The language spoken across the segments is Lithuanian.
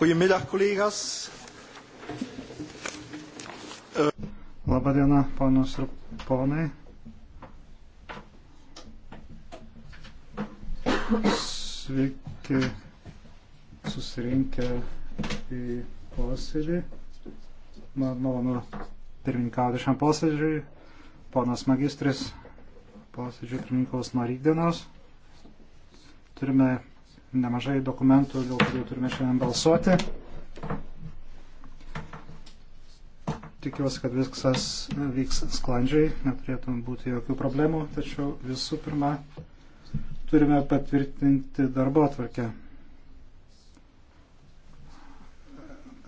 Goedemiddag, collega's. Labadiena, ponios ir ponai. Sveiki susirinkę į posėdį. Man malonu pirmininkauti šiam posėdžiui. Ponas magistris posėdžių pirmininkaus nuo rykdienos. Turime nemažai dokumentų, dėl kurių turime šiandien balsuoti. Tikiuosi, kad viskas vyks sklandžiai, neturėtų būti jokių problemų, tačiau visų pirma turime patvirtinti darbo atvarkę.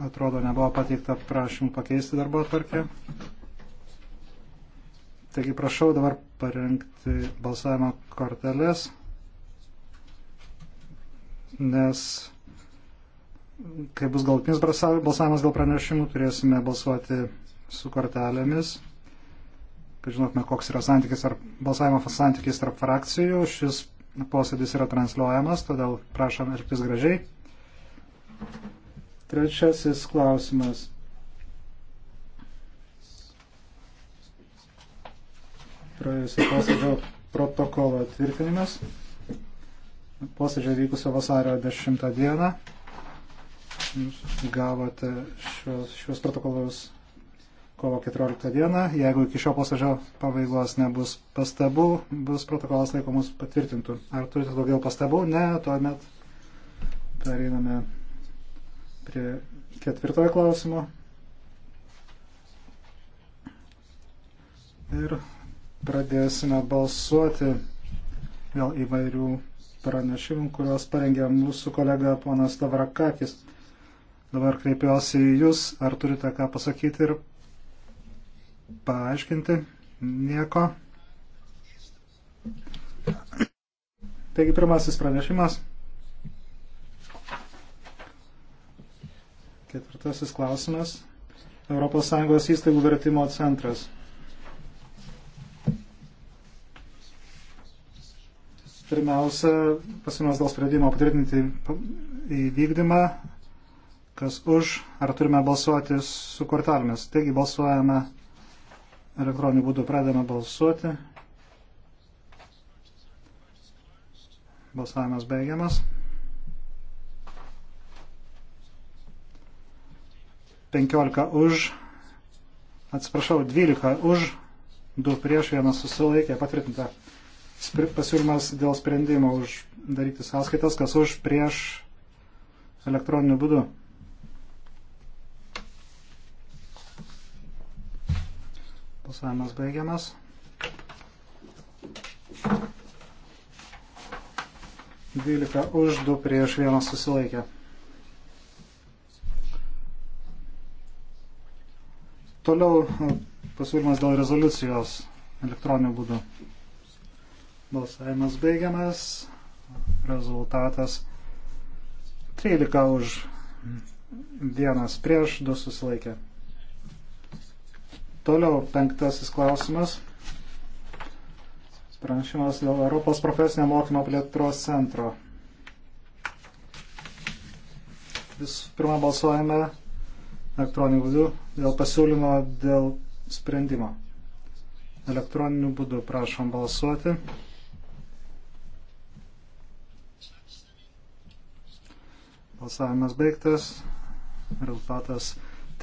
Atrodo, nebuvo pateikta prašymų pakeisti darbo atvarkę. Taigi prašau dabar parengti balsavimo korteles nes kai bus galtinis balsavimas dėl pranešimų, turėsime balsuoti su kortelėmis, kad žinotume, koks yra santykis ar balsavimo santykis tarp frakcijų. Šis posėdis yra transliuojamas, todėl prašom elgtis gražiai. Trečiasis klausimas. Praėjusio posėdžio protokolo tvirtinimas posėdžio vykusio vasario 10 dieną. Jūs gavote šios, šios protokolus kovo 14 dieną. Jeigu iki šio posėdžio pabaigos nebus pastabų, bus protokolas laikomus patvirtintų. Ar turite daugiau pastabų? Ne, tuomet pereiname prie ketvirtojo klausimo. Ir pradėsime balsuoti dėl įvairių pranešimų, kuriuos parengė mūsų kolega ponas Tavrakakis. Dabar kreipiuosi į Jūs, ar turite ką pasakyti ir paaiškinti nieko. Taigi pirmasis pranešimas. Ketvirtasis klausimas. ES įstaigų vertimo centras. Pirmiausia, pasiūlymas dėl sprendimo patvirtinti įvykdymą, kas už, ar turime balsuoti su kortelėmis. Taigi balsuojame elektroniniu būdu, pradedame balsuoti. Balsavimas baigiamas. 15 už, atsiprašau, 12 už, 2 prieš, 1 susilaikė, patvirtinta pasiūlymas dėl sprendimo už daryti sąskaitas, kas už prieš elektroniniu būdu. Balsavimas baigiamas. Dvylika už, du prieš vieną susilaikė. Toliau e, pasiūlymas dėl rezoliucijos elektroniniu būdu. Balsavimas baigiamas. Rezultatas 13 už vienas prieš, du susilaikė. Toliau penktasis klausimas. Pranešimas dėl Europos profesinio mokymo plėtros centro. Visų pirma, balsuojame elektroniniu būdu dėl pasiūlymo dėl sprendimo. Elektroniniu būdu prašom balsuoti. Balsavimas baigtas. Rezultatas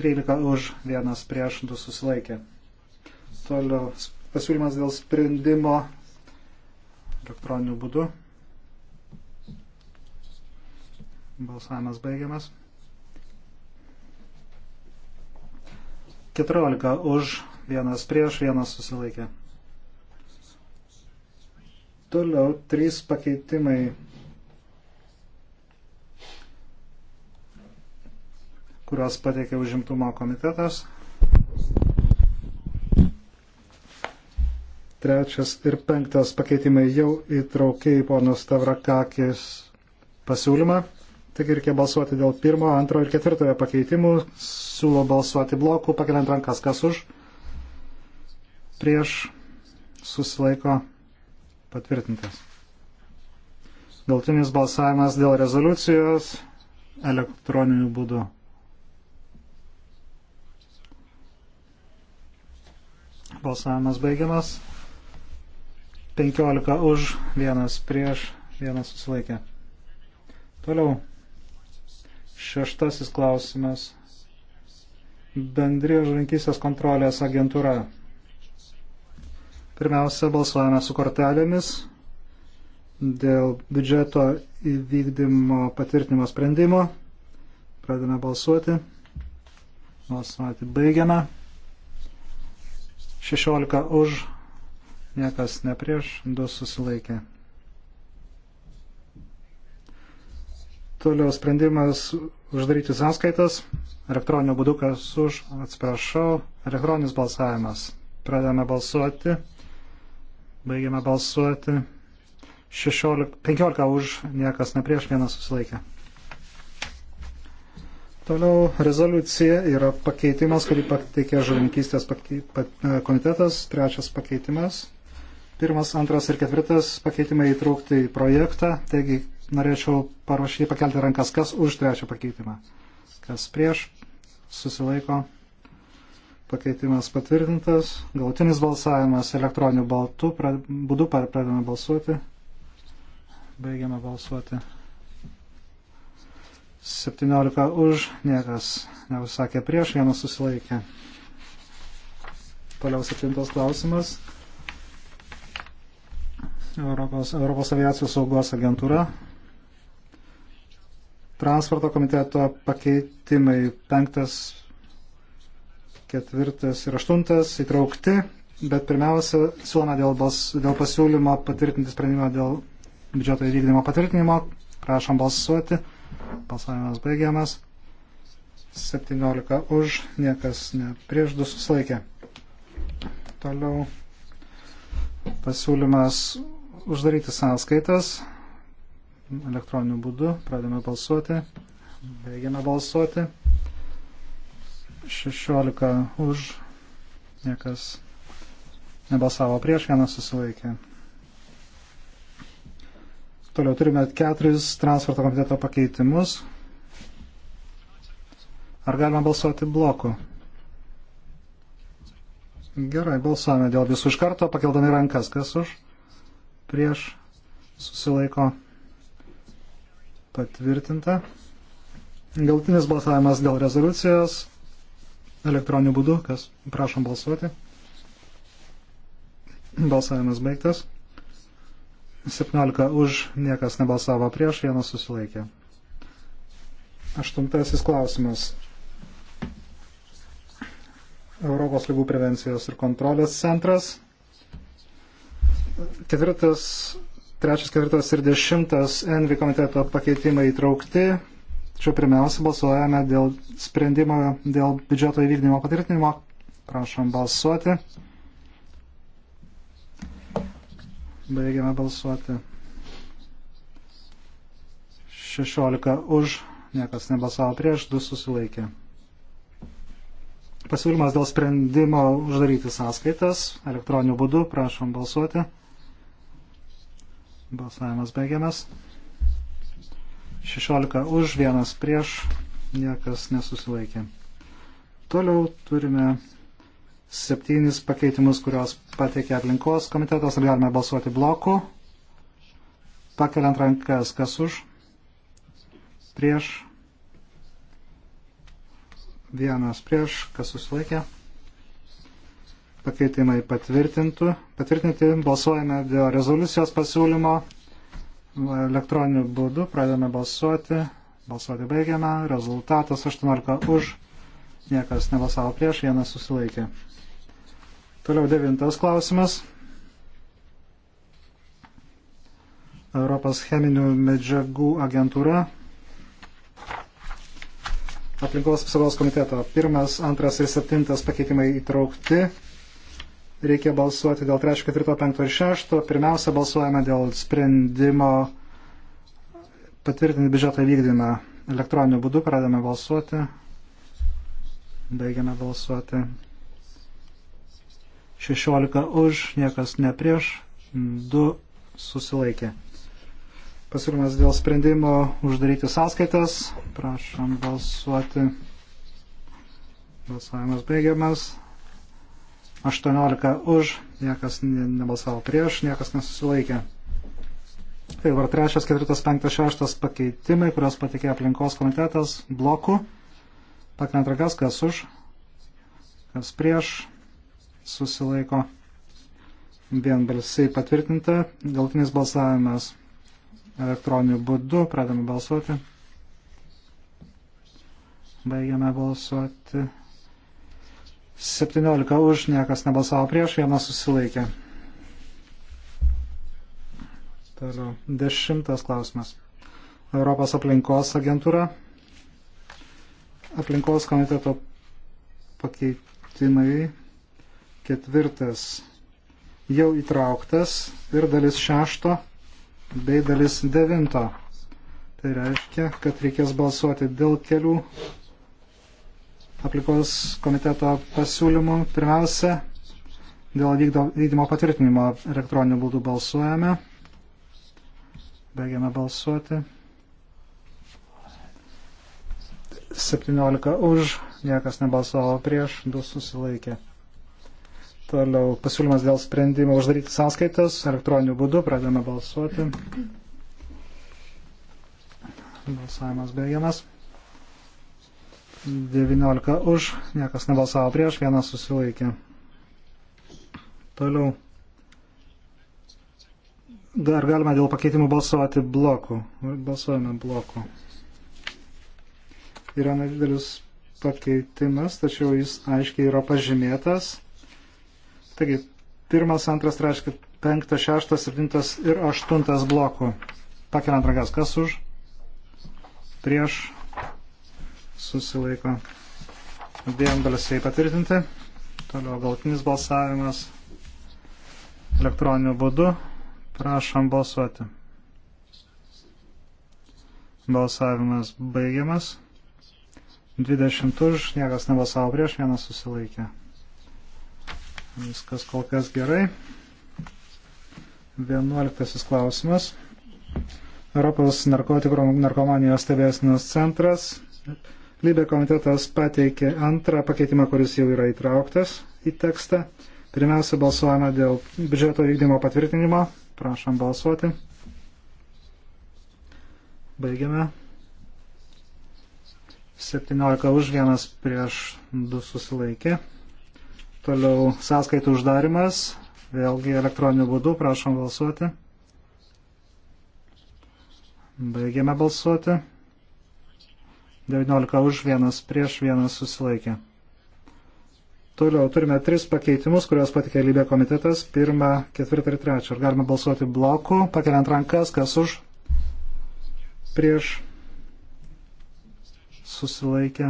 13 už, 1 prieš, 2 susilaikė. Toliau pasiūlymas dėl sprendimo elektroniniu būdu. Balsavimas baigiamas. 14 už, 1 prieš, 1 susilaikė. Toliau 3 pakeitimai kuriuos pateikė užimtumo komitetas. Trečias ir penktas pakeitimai jau įtraukė į pono Stavrakakis pasiūlymą. Taigi reikia balsuoti dėl pirmo, antro ir ketvirtojo pakeitimų. Siūlo balsuoti blokų, pakeliant rankas kas už. Prieš susilaiko patvirtintas. Galtinis balsavimas dėl rezoliucijos elektroniniu būdu. Balsavimas baigiamas. 15 už, 1 prieš, 1 susilaikė. Toliau. Šeštasis klausimas. Bendrijos žuvinkystės kontrolės agentūra. Pirmiausia, balsuojame su kortelėmis dėl biudžeto įvykdymo patvirtinimo sprendimo. Pradame balsuoti. Balsuoti baigiame. 16 už, niekas ne prieš, 2 susilaikė. Toliau sprendimas uždaryti sąskaitas, elektroninių būdukas už, atsiprašau, elektroninis balsavimas. Pradėjome balsuoti, baigėme balsuoti, 16, 15 už, niekas ne prieš, vienas susilaikė. Toliau rezoliucija yra pakeitimas, kurį pateikė žalinkystės e, komitetas, trečias pakeitimas. Pirmas, antras ir ketvirtas pakeitimai įtraukti į projektą, taigi norėčiau parašyti pakelti rankas, kas už trečią pakeitimą, kas prieš, susilaiko. Pakeitimas patvirtintas, galutinis balsavimas elektroniniu baltu, pra, būdu pradedame balsuoti, baigiame balsuoti. 17 už, niekas neužsakė prieš, vienas susilaikė. Toliau septintas klausimas. Europos, Europos aviacijos saugos agentūra. Transporto komiteto pakeitimai 5, 4 ir 8 įtraukti, bet pirmiausia, siūloma dėl, bals, dėl pasiūlymo patvirtinti sprendimą dėl biudžeto įvykdymo patvirtinimo. Prašom balsuoti. Balsavimas baigiamas. 17 už, niekas ne. Prieš du susilaikė. Toliau pasiūlymas uždaryti sąskaitas elektroniniu būdu. Pradėme balsuoti. Baigiame balsuoti. 16 už, niekas nebalsavo prieš, vienas susilaikė. Toliau turime keturis transporto komiteto pakeitimus. Ar galima balsuoti bloku? Gerai, balsuojame dėl visų iš karto, pakeldami rankas, kas už, prieš, susilaiko, patvirtinta. Galtinis balsavimas dėl rezoliucijos, elektroniniu būdu, kas prašom balsuoti. Balsavimas baigtas. 17 už, niekas nebalsavo prieš, vienas susilaikė. Aštuntasis klausimas. Europos lygų prevencijos ir kontrolės centras. Ketvirtas, trečias, ketvirtas ir dešimtas Envi komiteto pakeitimai įtraukti. Tačiau pirmiausia balsuojame dėl sprendimo dėl biudžeto įvykdymo patvirtinimo. Prašom balsuoti. Baigiame balsuoti. 16 už, niekas nebalsavo prieš, 2 susilaikė. Pasiūlymas dėl sprendimo uždaryti sąskaitas elektroniniu būdu, prašom balsuoti. Balsavimas baigiamas. 16 už, 1 prieš, niekas nesusilaikė. Toliau turime septynis pakeitimus, kurios pateikė aplinkos komitetas, ar galime balsuoti bloku. Pakeliant rankas, kas už, prieš, vienas prieš, kas susilaikė. Pakeitimai patvirtintų. Patvirtinti balsuojame dėl rezoliucijos pasiūlymo elektroniniu būdu, pradedame balsuoti, balsuoti baigiame, rezultatas 18 už, Niekas nebalsavo prieš, vienas susilaikė. Toliau devintas klausimas. Europos cheminių medžiagų agentūra. Aplinkos apsaugos komiteto. Pirmas, antras ir septintas pakeitimai įtraukti. Reikia balsuoti dėl 3, 4, 5 ir 6. Pirmiausia, balsuojame dėl sprendimo patvirtinti biudžeto vykdymą elektroniniu būdu. Pradame balsuoti. Baigiame balsuoti. 16 už, niekas ne prieš, 2 susilaikė. Pasiūlymas dėl sprendimo uždaryti sąskaitas. Prašom balsuoti. Balsavimas baigiamas. 18 už, niekas nebalsavo prieš, niekas nesusilaikė. Tai dabar trečias, ketvirtas, penktas, šeštas pakeitimai, kurios patikė aplinkos komitetas blokų. Pakrant rankas, kas už, kas prieš, susilaiko vienbalsiai patvirtinta. Galtinis balsavimas elektroniniu būdu. Pradame balsuoti. Baigiame balsuoti. 17 už, niekas nebalsavo prieš, vienas susilaikė. Toliau, dešimtas klausimas. Europos aplinkos agentūra Aplinkos komiteto pakeitimai ketvirtas jau įtrauktas ir dalis šešto bei dalis devinto. Tai reiškia, kad reikės balsuoti dėl kelių aplinkos komiteto pasiūlymų. Pirmiausia, dėl vykdymo patvirtinimo elektroniniu būdu balsuojame. Baigiame balsuoti. 17 už, niekas nebalsavo prieš, 2 susilaikė. Toliau pasiūlymas dėl sprendimo uždaryti sąskaitas elektroniniu būdu, pradėjome balsuoti. Balsavimas baigiamas. 19 už, niekas nebalsavo prieš, vienas susilaikė. Toliau. Dar galima dėl pakeitimų balsuoti blokų. Balsuojame blokų yra nedidelis pakeitimas, tačiau jis aiškiai yra pažymėtas. Taigi, pirmas, antras, reiškia, penktas, šeštas, septintas ir aštuntas blokų. Pakeliant rankas, kas už, prieš, susilaiko. Vienbalsiai patvirtinti. Toliau galtinis balsavimas elektroniniu būdu. Prašom balsuoti. Balsavimas baigiamas. 20 už, niekas nebalsavo prieš, vienas susilaikė. Viskas kol kas gerai. 11 klausimas. Europos narkotikų narkomanijos stebėsinos centras. Lybė komitetas pateikė antrą pakeitimą, kuris jau yra įtrauktas į tekstą. Pirmiausia, balsuojame dėl biudžeto vykdymo patvirtinimo. Prašom balsuoti. Baigiame. 17 už vienas prieš 2 susilaikė. Toliau sąskaitų uždarimas. Vėlgi elektroniniu būdu prašom balsuoti. Baigėme balsuoti. 19 už vienas prieš vienas susilaikė. Toliau turime tris pakeitimus, kuriuos patikė lybė komitetas. Pirmą, ketvirtą ir trečią. Ar galima balsuoti blokų, pakeliant rankas, kas už, prieš susilaikė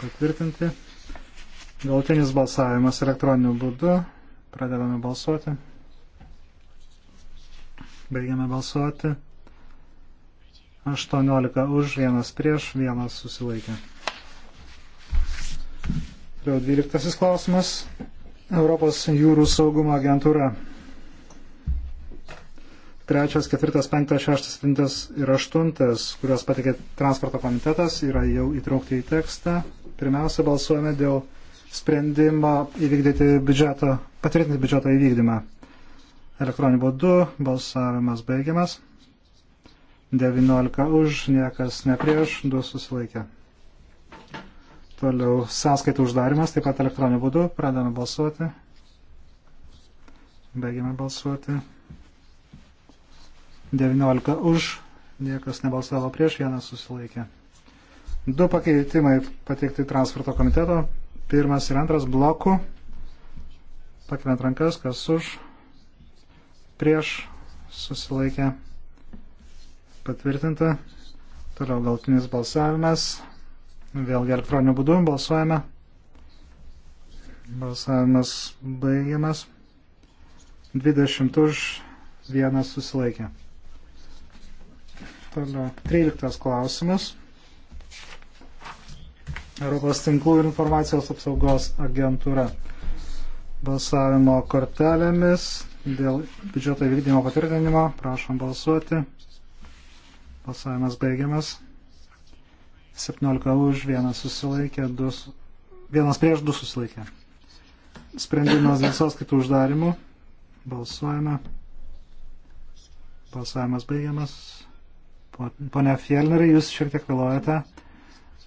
patvirtinti. Galtinis balsavimas elektroniniu būdu. Pradedame balsuoti. Baigiame balsuoti. 18 už, 1 prieš, 1 susilaikė. Toliau 12 klausimas. Europos jūrų saugumo agentūra. Trečias, ketvirtas, penktas, šeštas, septintas ir aštuntas, kuriuos patikė transporto komitetas, yra jau įtraukti į tekstą. Pirmiausia, balsuojame dėl sprendimo įvykdyti biudžeto, patvirtinti biudžeto įvykdymą. Elektroniniu būdu balsavimas baigiamas. 19 už, niekas ne prieš, 2 susilaikė. Toliau sąskaitų uždarimas, taip pat elektroniniu būdu, pradame balsuoti. Baigiame balsuoti. 19 už, niekas nebalsavo prieš, vienas susilaikė. Du pakeitimai pateikti transporto komiteto. Pirmas ir antras blokų. Pakeliant rankas, kas už, prieš, susilaikė, patvirtinta. Toliau galtinis balsavimas. Vėlgi elektroniniu būdu balsuojame. Balsavimas baigiamas. 20 už, vienas susilaikė. Toliau, 13 klausimas. Europos tinklų ir informacijos apsaugos agentūra. Balsavimo kortelėmis dėl biudžeto įvykdymo patvirtinimo. Prašom balsuoti. Balsavimas baigiamas. 17 už, vienas susilaikė, du, vienas prieš du susilaikė. Sprendimas dėl sąskaitų uždarimų. Balsuojame. Balsavimas baigiamas. Pone Fjellneri, jūs šiek tiek vėluojate.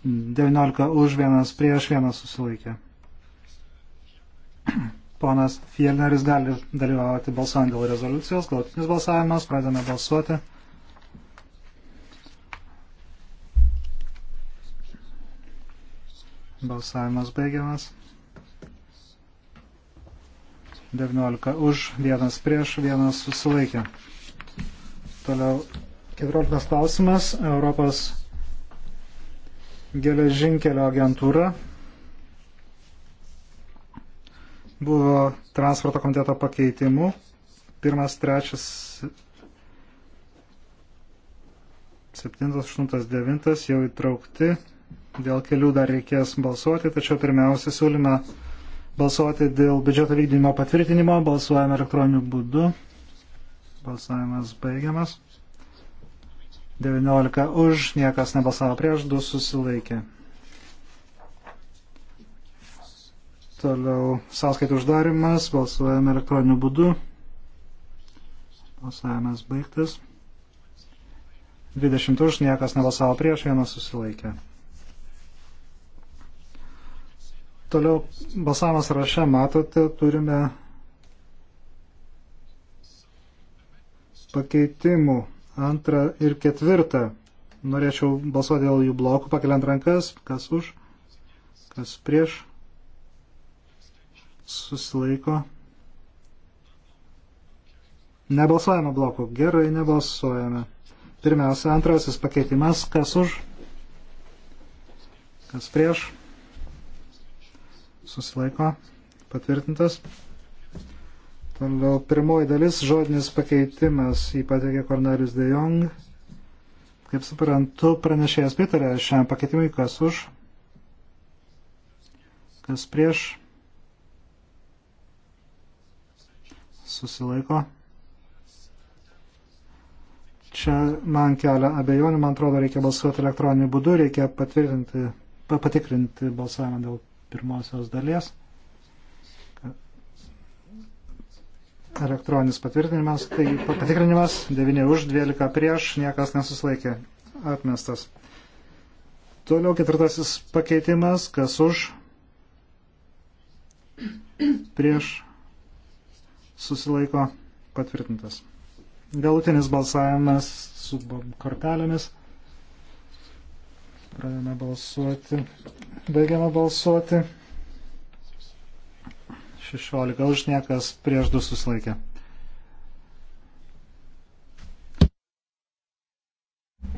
19 už vienas prieš vienas susilaikė. Ponas Fjellneris gali dalyvauti balsuojant dėl rezoliucijos. Galutinis balsavimas. Pradame balsuoti. Balsavimas baigiamas. 19 už, vienas prieš, vienas susilaikė. Toliau 14 klausimas. Europos geležinkelio agentūra buvo transporto komiteto pakeitimų. Pirmas, trečias, septintas, aštuntas, devintas jau įtraukti. Dėl kelių dar reikės balsuoti, tačiau pirmiausia siūlyme balsuoti dėl biudžeto vykdymo patvirtinimo. Balsuojame elektroniniu būdu. Balsavimas baigiamas. 19 už, niekas nebalsavo prieš, 2 susilaikė. Toliau sąskaitų uždarimas, balsuojame elektroniniu būdu. Balsavimas baigtas. 20 už, niekas nebalsavo prieš, vienas susilaikė. Toliau balsavimas raše, matote, turime pakeitimų antrą ir ketvirtą. Norėčiau balsuoti dėl jų blokų, pakeliant rankas, kas už, kas prieš, susilaiko. Nebalsuojame blokų, gerai, nebalsuojame. Pirmiausia, antrasis pakeitimas, kas už, kas prieš, susilaiko, patvirtintas. Toliau pirmoji dalis žodinis pakeitimas jį pateikė Kornelius de Jong. Kaip suprantu, pranešėjas pritarė šiam pakeitimui, kas už, kas prieš, susilaiko. Čia man kelia abejonių, man atrodo, reikia balsuoti elektroniniu būdu, reikia patvirtinti, patikrinti balsavimą dėl pirmosios dalies. Elektroninis patvirtinimas, tai patikrinimas 9 už, 12 prieš, niekas nesuslaikė. Atmestas. Toliau ketvirtasis pakeitimas, kas už, prieš, susilaiko patvirtintas. Galutinis balsavimas su kortelėmis. Pradėjome balsuoti. Baigiame balsuoti. 16 už niekas prieš du susilaikė.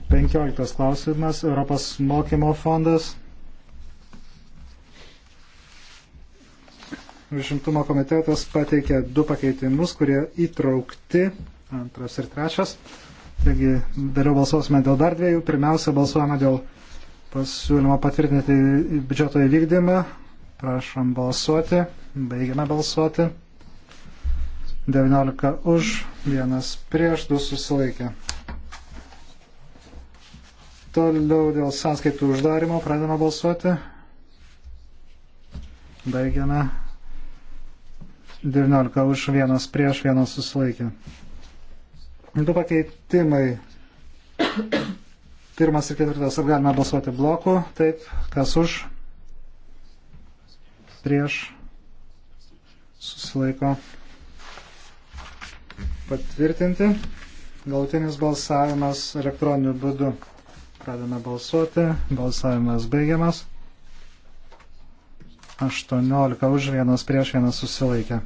Penkioliktas klausimas. Europos mokymo fondas. Žimtumo komitetas pateikė du pakeitimus, kurie įtraukti, antras ir trečias. Taigi, dariau balsuosime dėl dar dviejų. Pirmiausia, balsuojame dėl pasiūlymo patvirtinti biudžeto įvykdymą Prašom balsuoti. Baigiame balsuoti. 19 už, 1 prieš, 2 susilaikė. Toliau dėl sąskaitų uždarimo pradame balsuoti. Baigiame. 19 už, 1 prieš, 1 susilaikė. Du pakeitimai. Pirmas ir ketvirtas. Ar galime balsuoti blokų? Taip. Kas už? prieš susilaiko patvirtinti. Galutinis balsavimas elektroniniu būdu. Pradame balsuoti. Balsavimas baigiamas. 18 už vienas prieš vienas susilaikė.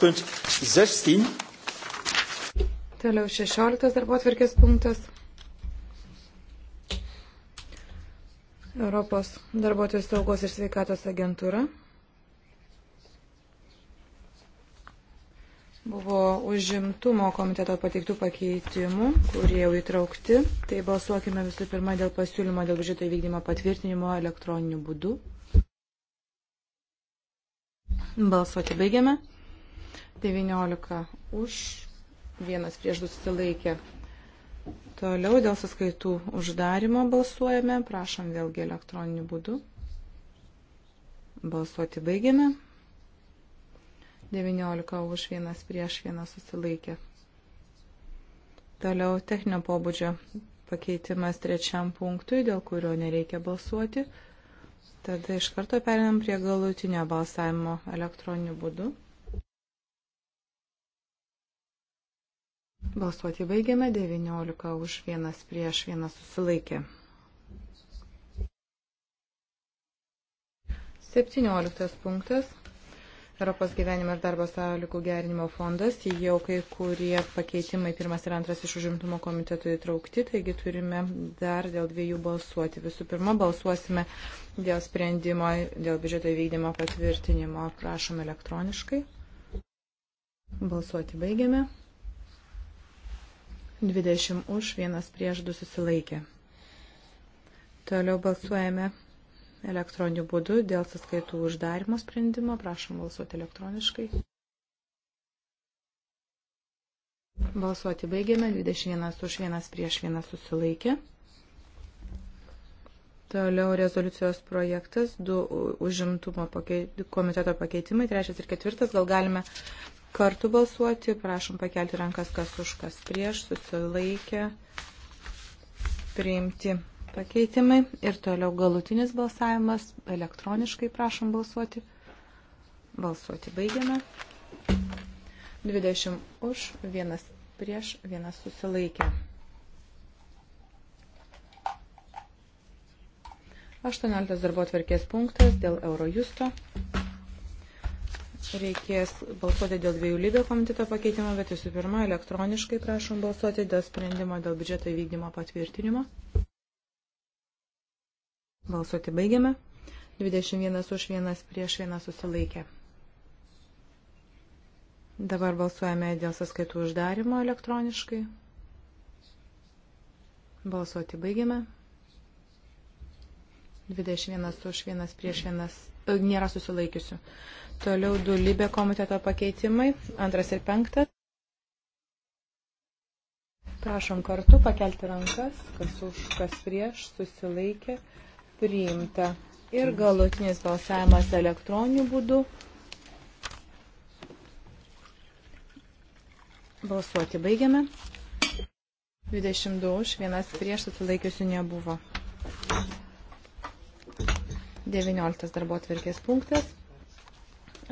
16. Toliau 16 darbo atvirkės punktas. Europos darbuotojų saugos ir sveikatos agentūra Buvo užimtumo komiteto pateiktų pakeitimų, kurie jau įtraukti. Tai balsuokime visų pirma dėl pasiūlymo dėl biudžeto įvykdymo patvirtinimo elektroniniu būdu. Balsuoti baigiame. 19 už, vienas prieš du susilaikė. Toliau dėl sąskaitų uždarimo balsuojame. Prašom vėlgi elektroniniu būdu. Balsuoti baigiame. 19 už vienas prieš vieną susilaikė. Toliau techninio pobūdžio pakeitimas trečiam punktui, dėl kurio nereikia balsuoti. Tada iš karto perinam prie galutinio balsavimo elektroniniu būdu. Balsuoti baigiame 19 už vienas prieš vieną susilaikė. 17 punktas. Europos gyvenimo ir darbo sąlygų gerinimo fondas, jau kai kurie pakeitimai pirmas ir antras iš užimtumo komitetų įtraukti, taigi turime dar dėl dviejų balsuoti. Visų pirma, balsuosime dėl sprendimo, dėl biudžeto įvykdymo patvirtinimo, prašom elektroniškai. Balsuoti baigiame. 20 už, vienas prieš, du susilaikė. Toliau balsuojame elektroniniu būdu dėl sąskaitų uždarimo sprendimo. Prašom balsuoti elektroniškai. Balsuoti baigėme. 21 už 1 prieš 1 susilaikė. Toliau rezoliucijos projektas, du užimtumo pakei, komiteto pakeitimai, trečias ir ketvirtas. Gal galime kartu balsuoti. Prašom pakelti rankas, kas už, kas prieš, susilaikė, priimti pakeitimai ir toliau galutinis balsavimas. Elektroniškai prašom balsuoti. Balsuoti baigiame. 20 už, vienas prieš, vienas susilaikė. 18 darbo atverkės punktas dėl Eurojusto. Reikės balsuoti dėl dviejų lygio komiteto pakeitimo, bet visų pirma, elektroniškai prašom balsuoti dėl sprendimo dėl biudžeto įvykdymo patvirtinimo. Balsuoti baigiame. 21 už 1 prieš 1 susilaikė. Dabar balsuojame dėl sąskaitų uždarimo elektroniškai. Balsuoti baigiame. 21 už 1 prieš 1 e, nėra susilaikiusių. Toliau du Libė komiteto pakeitimai, antras ir penktas. Prašom kartu pakelti rankas, kas už, kas prieš, susilaikė priimta. Ir galutinis balsavimas elektroniniu būdu. Balsuoti baigiame. 22 už, vienas prieš, atsilaikiusių nebuvo. 19 darbo atvirkės punktas.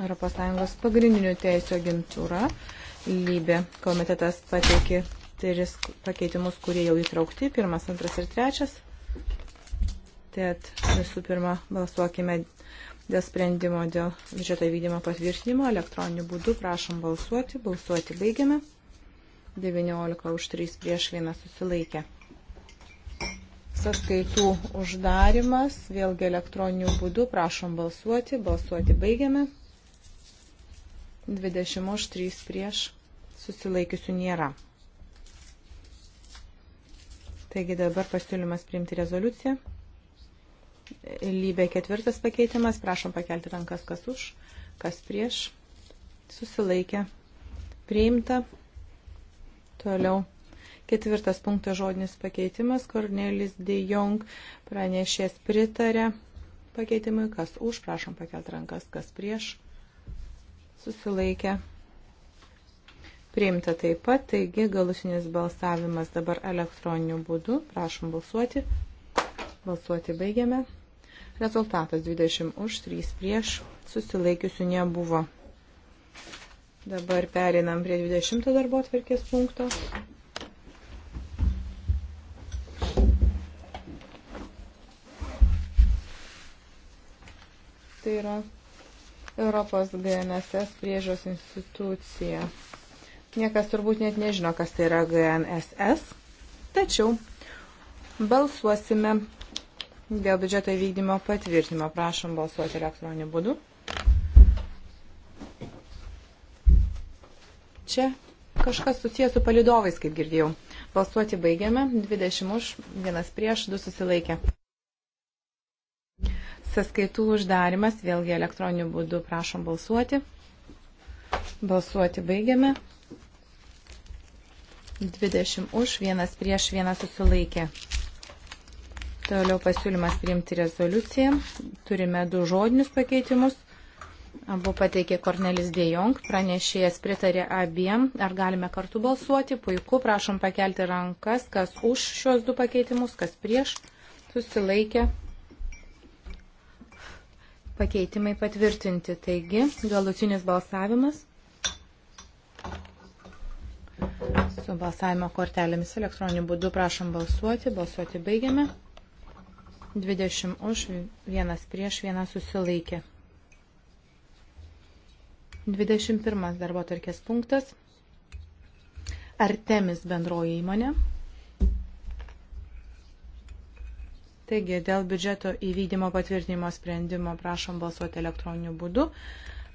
ES pagrindinių teisų agentūra lybė. Komitetas pateikė tris pakeitimus, kurie jau įtraukti. Pirmas, antras ir trečias. Tad visų pirma balsuokime dėl sprendimo dėl biudžeto įvykdymo patvirtinimo elektroniniu būdu. Prašom balsuoti. Balsuoti baigiame. 19 už 3 prieš 1 susilaikė. Saskaitų uždarimas, vėlgi elektroniniu būdu, prašom balsuoti, balsuoti baigiame. 20 už 3 prieš susilaikiusių nėra. Taigi dabar pasiūlymas priimti rezoliuciją. Lybė ketvirtas pakeitimas. Prašom pakelti rankas, kas už, kas prieš. Susilaikė. Priimta. Toliau. Ketvirtas punktas žodinis pakeitimas. Kornelis D. Jong pranešės pritarė pakeitimui. Kas už, prašom pakelti rankas, kas prieš. Susilaikė. Priimta taip pat, taigi galutinis balsavimas dabar elektroniniu būdu. Prašom balsuoti. Balsuoti baigiame. Rezultatas 20 už, 3 prieš, susilaikiusių nebuvo. Dabar perinam prie 20 darbo atvirkės punkto. Tai yra Europos GNSS priežos institucija. Niekas turbūt net nežino, kas tai yra GNSS, tačiau balsuosime dėl biudžeto įvykdymo patvirtinimo. Prašom balsuoti elektroniniu būdu. Čia kažkas susijęs su palidovais, kaip girdėjau. Balsuoti baigiame. 20 už, 1 prieš, 2 susilaikė. Saskaitų uždarimas, vėlgi elektroniniu būdu prašom balsuoti. Balsuoti baigiame. 20 už, 1 prieš, 1 susilaikė. Toliau pasiūlymas priimti rezoliuciją. Turime du žodinius pakeitimus. Abu pateikė Kornelis Dejong, pranešėjas pritarė abiem. Ar galime kartu balsuoti? Puiku, prašom pakelti rankas, kas už šios du pakeitimus, kas prieš. Susilaikė. Pakeitimai patvirtinti. Taigi, galutinis balsavimas. Su balsavimo kortelėmis elektroniniu būdu prašom balsuoti. Balsuoti baigiame. 20 už, vienas prieš, vienas susilaikė. 21 darbo tarkės punktas. Artemis bendroji įmonė. Taigi, dėl biudžeto įvykdymo patvirtinimo sprendimo prašom balsuoti elektroniniu būdu.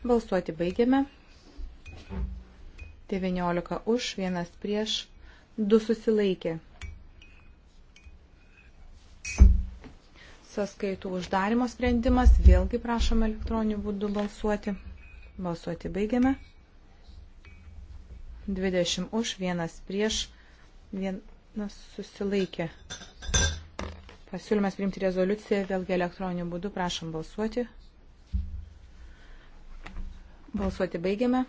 Balsuoti baigiame. 19 už, 1 prieš, 2 susilaikė. Saskaitų uždarimo sprendimas. Vėlgi prašom elektroniniu būdu balsuoti. Balsuoti baigiame. 20 už, 1 prieš, 1 susilaikė. Pasiūlymas priimti rezoliuciją vėlgi elektroniniu būdu. Prašom balsuoti. Balsuoti baigiame.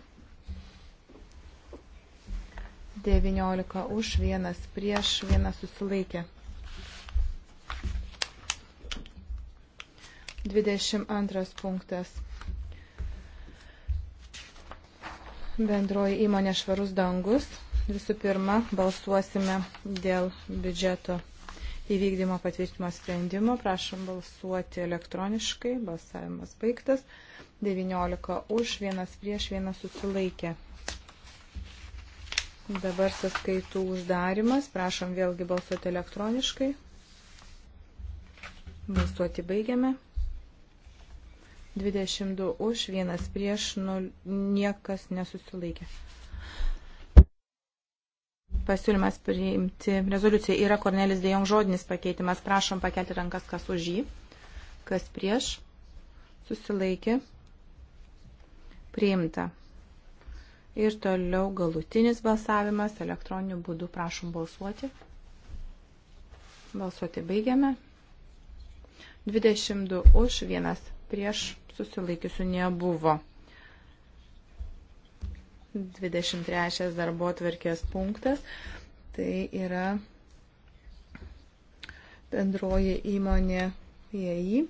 19 už, 1 prieš, 1 susilaikė. 22 punktas. Bendroji įmonė švarus dangus. Visų pirma, balsuosime dėl biudžeto įvykdymo patvirtimo sprendimo. Prašom balsuoti elektroniškai. Balsavimas baigtas. 19 už, vienas prieš, vienas susilaikė. Dabar saskaitų uždarimas. Prašom vėlgi balsuoti elektroniškai. Balsuoti baigiame. 22 už, vienas prieš, nu, niekas nesusilaikė. Pasiūlymas priimti rezoliuciją yra Kornelis Dėjom žodinis pakeitimas. Prašom pakelti rankas, kas už jį, kas prieš, susilaikė, priimta. Ir toliau galutinis balsavimas elektroniniu būdu. Prašom balsuoti. Balsuoti baigiame. 22 už, 1 prieš susilaikiusių nebuvo. 23 darbo atverkės punktas. Tai yra bendroji įmonė EI.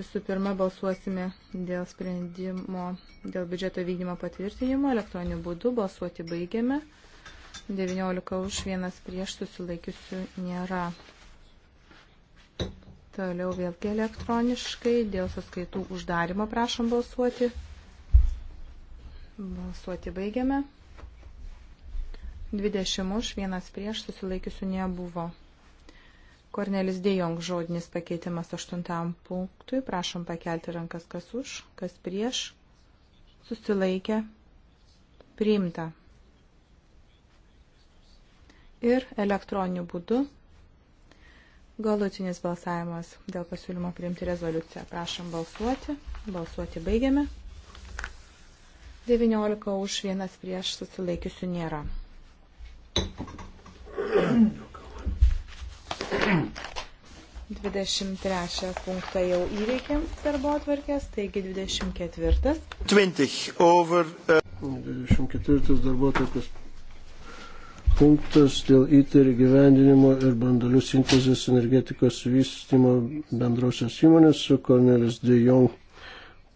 Visų pirma, balsuosime dėl sprendimo, dėl biudžeto vykdymo patvirtinimo elektroniniu būdu. Balsuoti baigiame. 19 už, 1 prieš susilaikiusių nėra. Toliau vėlgi elektroniškai dėl sąskaitų uždarimo prašom balsuoti. Balsuoti baigiame. 20 už, vienas prieš, susilaikiusių nebuvo. Kornelis Dejong žodinis pakeitimas aštuntam punktui. Prašom pakelti rankas, kas už, kas prieš. Susilaikė. Priimta. Ir elektroniniu būdu Galutinis balsavimas dėl pasiūlymo priimti rezoliuciją. Prašom balsuoti. Balsuoti baigiame. 19 už vienas prieš susilaikiusių nėra. Mm. 23 punktą jau įveikėm darbo atvarkės, taigi 24. 20 over. Uh... 24 darbo atvarkės punktas dėl įtėrį gyvendinimo ir bandalių sintezės energetikos vystymo bendrosios įmonės su Kornelis de Jong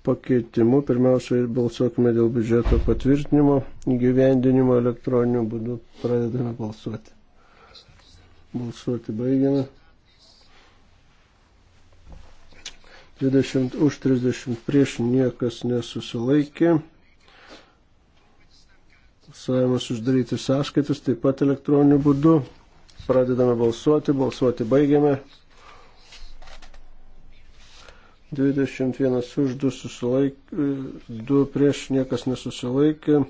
pakeitimu. Pirmiausia, balsuokime dėl biudžeto patvirtinimo, gyvendinimo elektroniniu būdu pradedame balsuoti. Balsuoti baigiame. 20 už 30 prieš niekas nesusilaikė. Savavimas uždaryti sąskaitas, taip pat elektroniniu būdu. Pradedame balsuoti, balsuoti baigiame. 21 už 2 susilaikė, 2 prieš niekas nesusilaikė.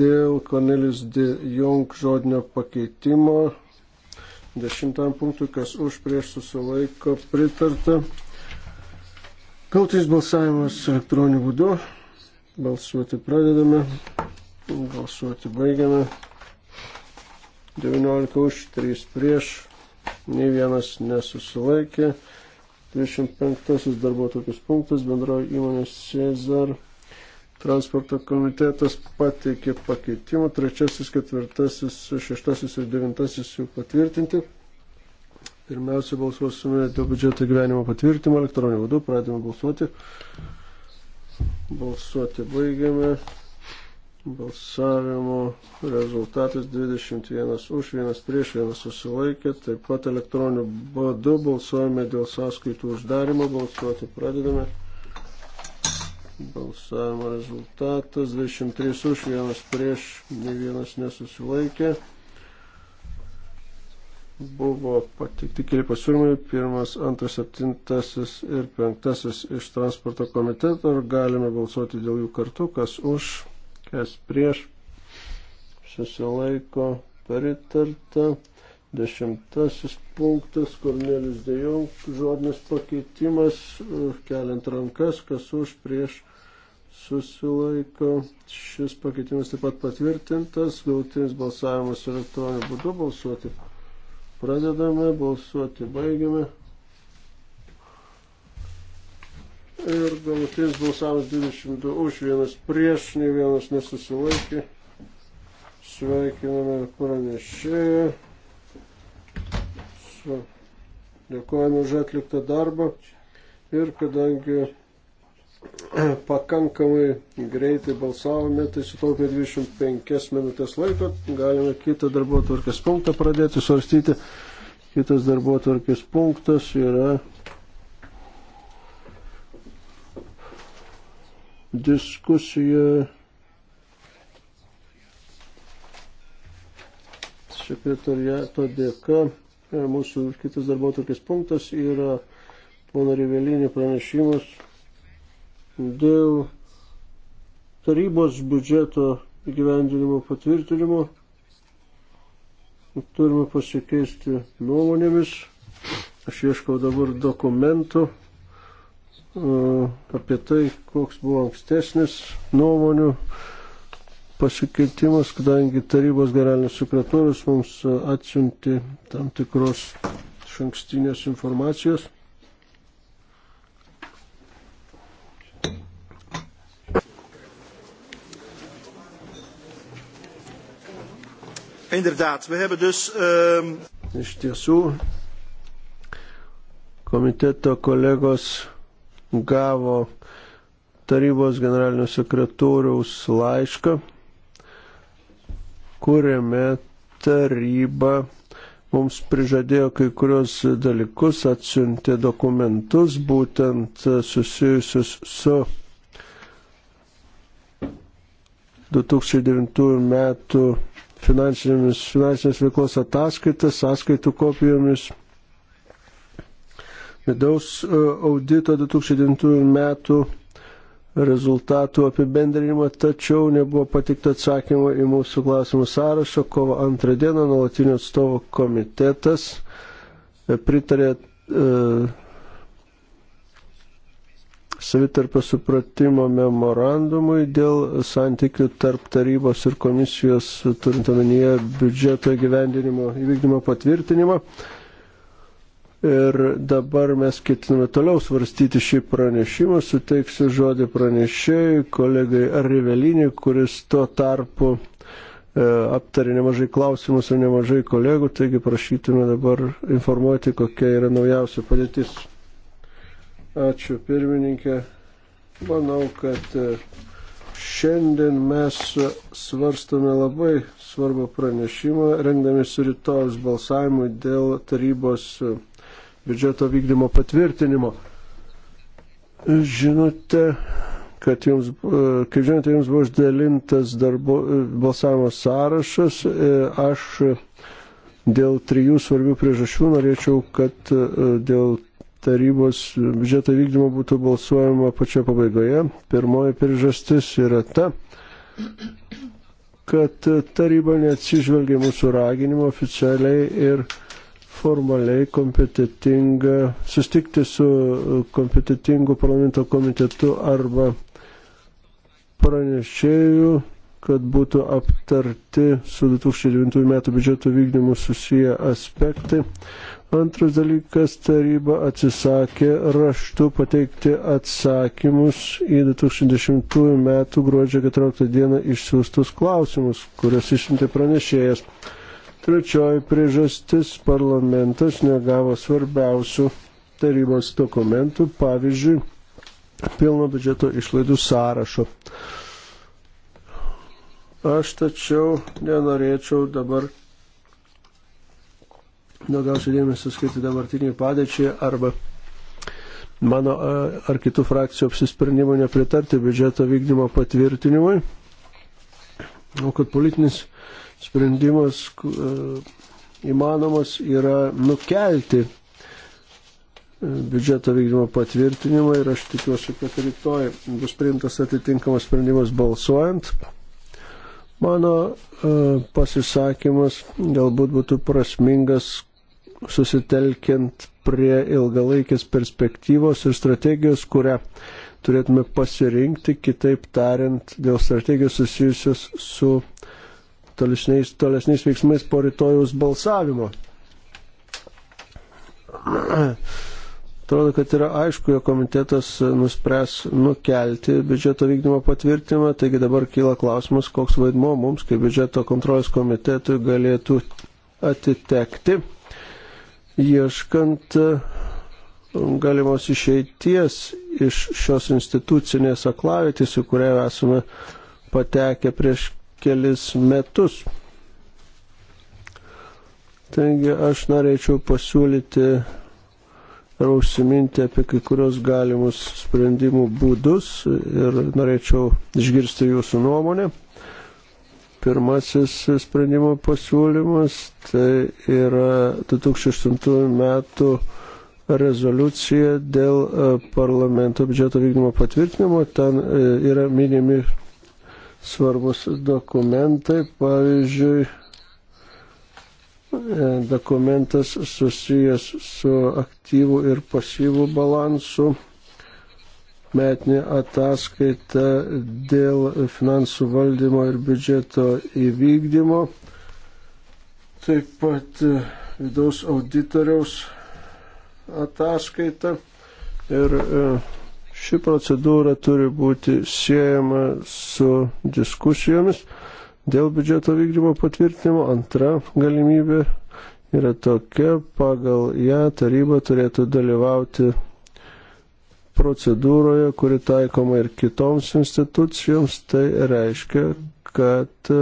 Dėl Cornelis de Jong žodinio pakeitimo dešimtam punktui, kas už prieš susilaiko pritarta. Kautis balsavimas elektroniniu būdu. Balsuoti pradedame. Balsuoti baigiame. 19 už, 3 prieš, nei vienas nesusilaikė. 25 darbo tokius punktus bendroji įmonės Cezar transporto komitetas pateikė pakeitimų, trečiasis, ketvirtasis, šeštasis ir devintasis jau patvirtinti. Pirmiausia, balsuosime dėl biudžeto gyvenimo patvirtimo elektroniniu būdu, pradėjome balsuoti. Balsuoti baigiame. Balsavimo rezultatas 21 už, 1 prieš, 1 susilaikė. Taip pat elektroniniu būdu balsuojame dėl sąskaitų uždarimo. Balsuoti pradedame. Balsavimo rezultatas 23 už, 1 prieš, ne 1 nesusilaikė. Buvo patikti keli pasiūlymai. Pirmas, antras, septintasis ir penktasis iš transporto komiteto. Ar galime balsuoti dėl jų kartu? Kas už? kas prieš susilaiko pritarta. Dešimtasis punktas, Kornelis Dėjau, žodinis pakeitimas, e, keliant rankas, kas už prieš susilaiko. Šis pakeitimas taip pat patvirtintas, gautinis balsavimas elektroniniu būdu balsuoti. Pradedame, balsuoti baigiame. ir galutinis balsavimas 22 už vienas prieš, nei vienas nesusilaikė. Sveikiname pranešėją. Su. Dėkojame už atliktą darbą ir kadangi pakankamai greitai balsavome, tai sutaupė 25 minutės laiko, galime kitą darbo tvarkės punktą pradėti svarstyti. Kitas darbo tvarkės punktas yra diskusija sekretariato dėka. E, mūsų kitas darbo tokias punktas yra pono Rivelinio pranešimas dėl tarybos biudžeto įgyvendinimo patvirtinimo. Turime pasikeisti nuomonėmis. Aš ieškau dabar dokumentų apie tai, koks buvo ankstesnis nuomonių pasikeitimas, kadangi tarybos generalinis sekretorius mums atsiunti tam tikros šankstinės informacijos. Inderdaad, we hebben dus. Um... Iš tiesų, komiteto kolegos gavo tarybos generalinio sekretoriaus laišką, kuriame taryba mums prižadėjo kai kurios dalykus, atsiuntė dokumentus, būtent susijusius su 2009 metų finansinės veiklos ataskaitas, sąskaitų kopijomis Vidaus e, audito 2009 metų rezultatų apibendrinimą, tačiau nebuvo patikta atsakymo į mūsų klausimų sąrašą. Kovo antrą dieną nuolatinio atstovo komitetas e, pritarė e, savitarpio supratimo memorandumui dėl santykių tarp tarybos ir komisijos, turint omenyje biudžeto gyvendinimo įvykdymo patvirtinimo. E, Ir dabar mes ketiname toliau svarstyti šį pranešimą, suteiksiu žodį pranešėjui, kolegai Rivelinį, kuris tuo tarpu e, aptarė nemažai klausimų su nemažai kolegų, taigi prašytume dabar informuoti, kokia yra naujausia padėtis. Ačiū pirmininkė. Manau, kad e, šiandien mes svarstome labai svarbą pranešimą, rengdamės rytojus balsavimui dėl tarybos biudžeto vykdymo patvirtinimo. Žinote, kad jums, e, kaip žinote, jums buvo išdalintas darbo, e, balsavimo sąrašas. E, aš dėl trijų svarbių priežasčių norėčiau, kad dėl tarybos biudžeto vykdymo būtų balsuojama pačioje pabaigoje. Pirmoji priežastis yra ta, kad taryba neatsižvelgia mūsų raginimo oficialiai ir formaliai kompetitinga, sustikti su uh, kompetitingu parlamento komitetu arba pranešėjų, kad būtų aptarti su 2009 metų biudžeto vykdymu susiję aspektai. Antras dalykas, taryba atsisakė raštu pateikti atsakymus į 2010 metų gruodžio 14 dieną išsiųstus klausimus, kurias išsiuntė pranešėjas. Trečioji priežastis - parlamentas negavo svarbiausių tarybos dokumentų, pavyzdžiui, pilno biudžeto išlaidų sąrašo. Aš tačiau nenorėčiau dabar daugiausiai dėmesio skirti dabartiniai padėčiai arba mano ar kitų frakcijų apsisprendimo nepritarti biudžeto vykdymo patvirtinimui. Manau, kad politinis sprendimas e, įmanomas yra nukelti e, biudžeto vykdymo patvirtinimą ir aš tikiuosi, kad rytoj bus priimtas atitinkamas sprendimas balsuojant. Mano e, pasisakymas galbūt būtų prasmingas susitelkiant prie ilgalaikės perspektyvos ir strategijos, kurią turėtume pasirinkti, kitaip tariant, dėl strategijos susijusios su tolesniais, tolesniais veiksmais po rytojaus balsavimo. Atrodo, kad yra aišku, jo komitetas nuspręs nukelti biudžeto vykdymo patvirtinimą, taigi dabar kyla klausimas, koks vaidmo mums, kaip biudžeto kontrolės komitetui, galėtų atitekti, ieškant uh, galimos išeities iš šios institucinės aklavitės, į kurią esame patekę prieš kelis metus. Taigi aš norėčiau pasiūlyti ir užsiminti apie kai kurios galimus sprendimų būdus ir norėčiau išgirsti jūsų nuomonę. Pirmasis sprendimo pasiūlymas tai yra 2008 metų rezoliuciją dėl e, parlamento biudžeto vykdymo patvirtinimo. Ten e, yra minimi svarbus dokumentai, pavyzdžiui, e, dokumentas susijęs su aktyvų ir pasyvų balansu, metinė ataskaita dėl finansų valdymo ir biudžeto įvykdymo, taip pat vidaus auditoriaus ataskaitą ir e, ši procedūra turi būti siejama su diskusijomis dėl biudžeto vykdymo patvirtinimo. Antra galimybė yra tokia, pagal ją taryba turėtų dalyvauti procedūroje, kuri taikoma ir kitoms institucijoms, tai reiškia, kad e,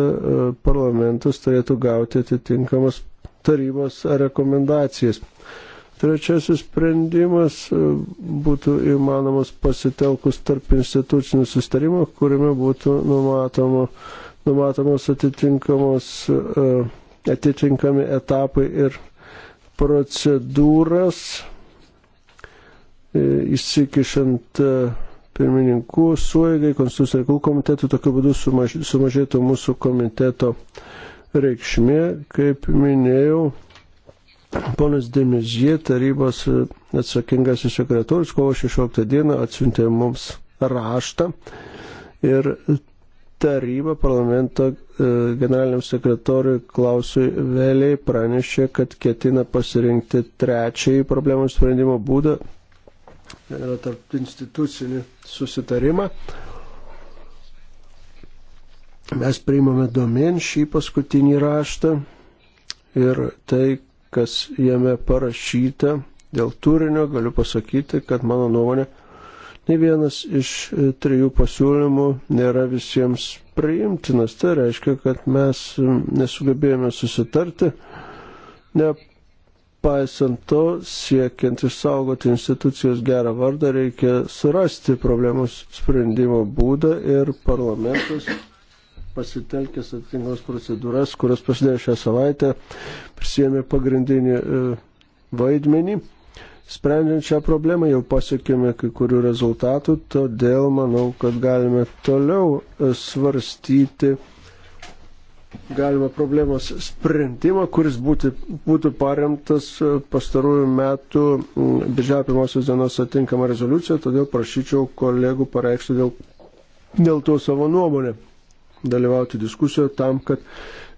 parlamentas turėtų gauti atitinkamas tarybos rekomendacijas. Trečiasis sprendimas e, būtų įmanomas pasitelkus tarp institucinių sustarimą, kuriame būtų numatoma, numatomos atitinkamos, e, atitinkami etapai ir procedūras e, įsikišant pirmininkų suėgai, konstitucinio reikalų komitetų, tokiu būdu sumažėtų mūsų komiteto reikšmė, kaip minėjau, Ponas Demizie, tarybos atsakingasis sekretorius, kovo 16 dieną atsiuntė mums raštą ir taryba parlamento e, generaliniam sekretoriui Klausui Vėliai pranešė, kad ketina pasirinkti trečiąjį problemų sprendimo būdą, tai yra tarp institucinį susitarimą. Mes priimame domen šį paskutinį raštą ir tai, kas jame parašyta dėl turinio, galiu pasakyti, kad mano nuomonė, ne vienas iš e, trijų pasiūlymų nėra visiems priimtinas. Tai reiškia, kad mes nesugebėjome susitarti, nepaisant to, siekiant išsaugoti institucijos gerą vardą, reikia surasti problemos sprendimo būdą ir parlamentas pasitelkęs atitinkamos procedūras, kurios prasidėjo šią savaitę, prisėmė pagrindinį e, vaidmenį. Sprendžiant šią problemą jau pasiekėme kai kurių rezultatų, todėl manau, kad galime toliau e, svarstyti galima problemos sprendimą, kuris būti, būtų paremtas e, pastarųjų metų birželio pirmosios dienos atinkama rezoliucija, todėl prašyčiau kolegų pareikšti dėl, dėl to savo nuomonę dalyvauti diskusijoje tam, kad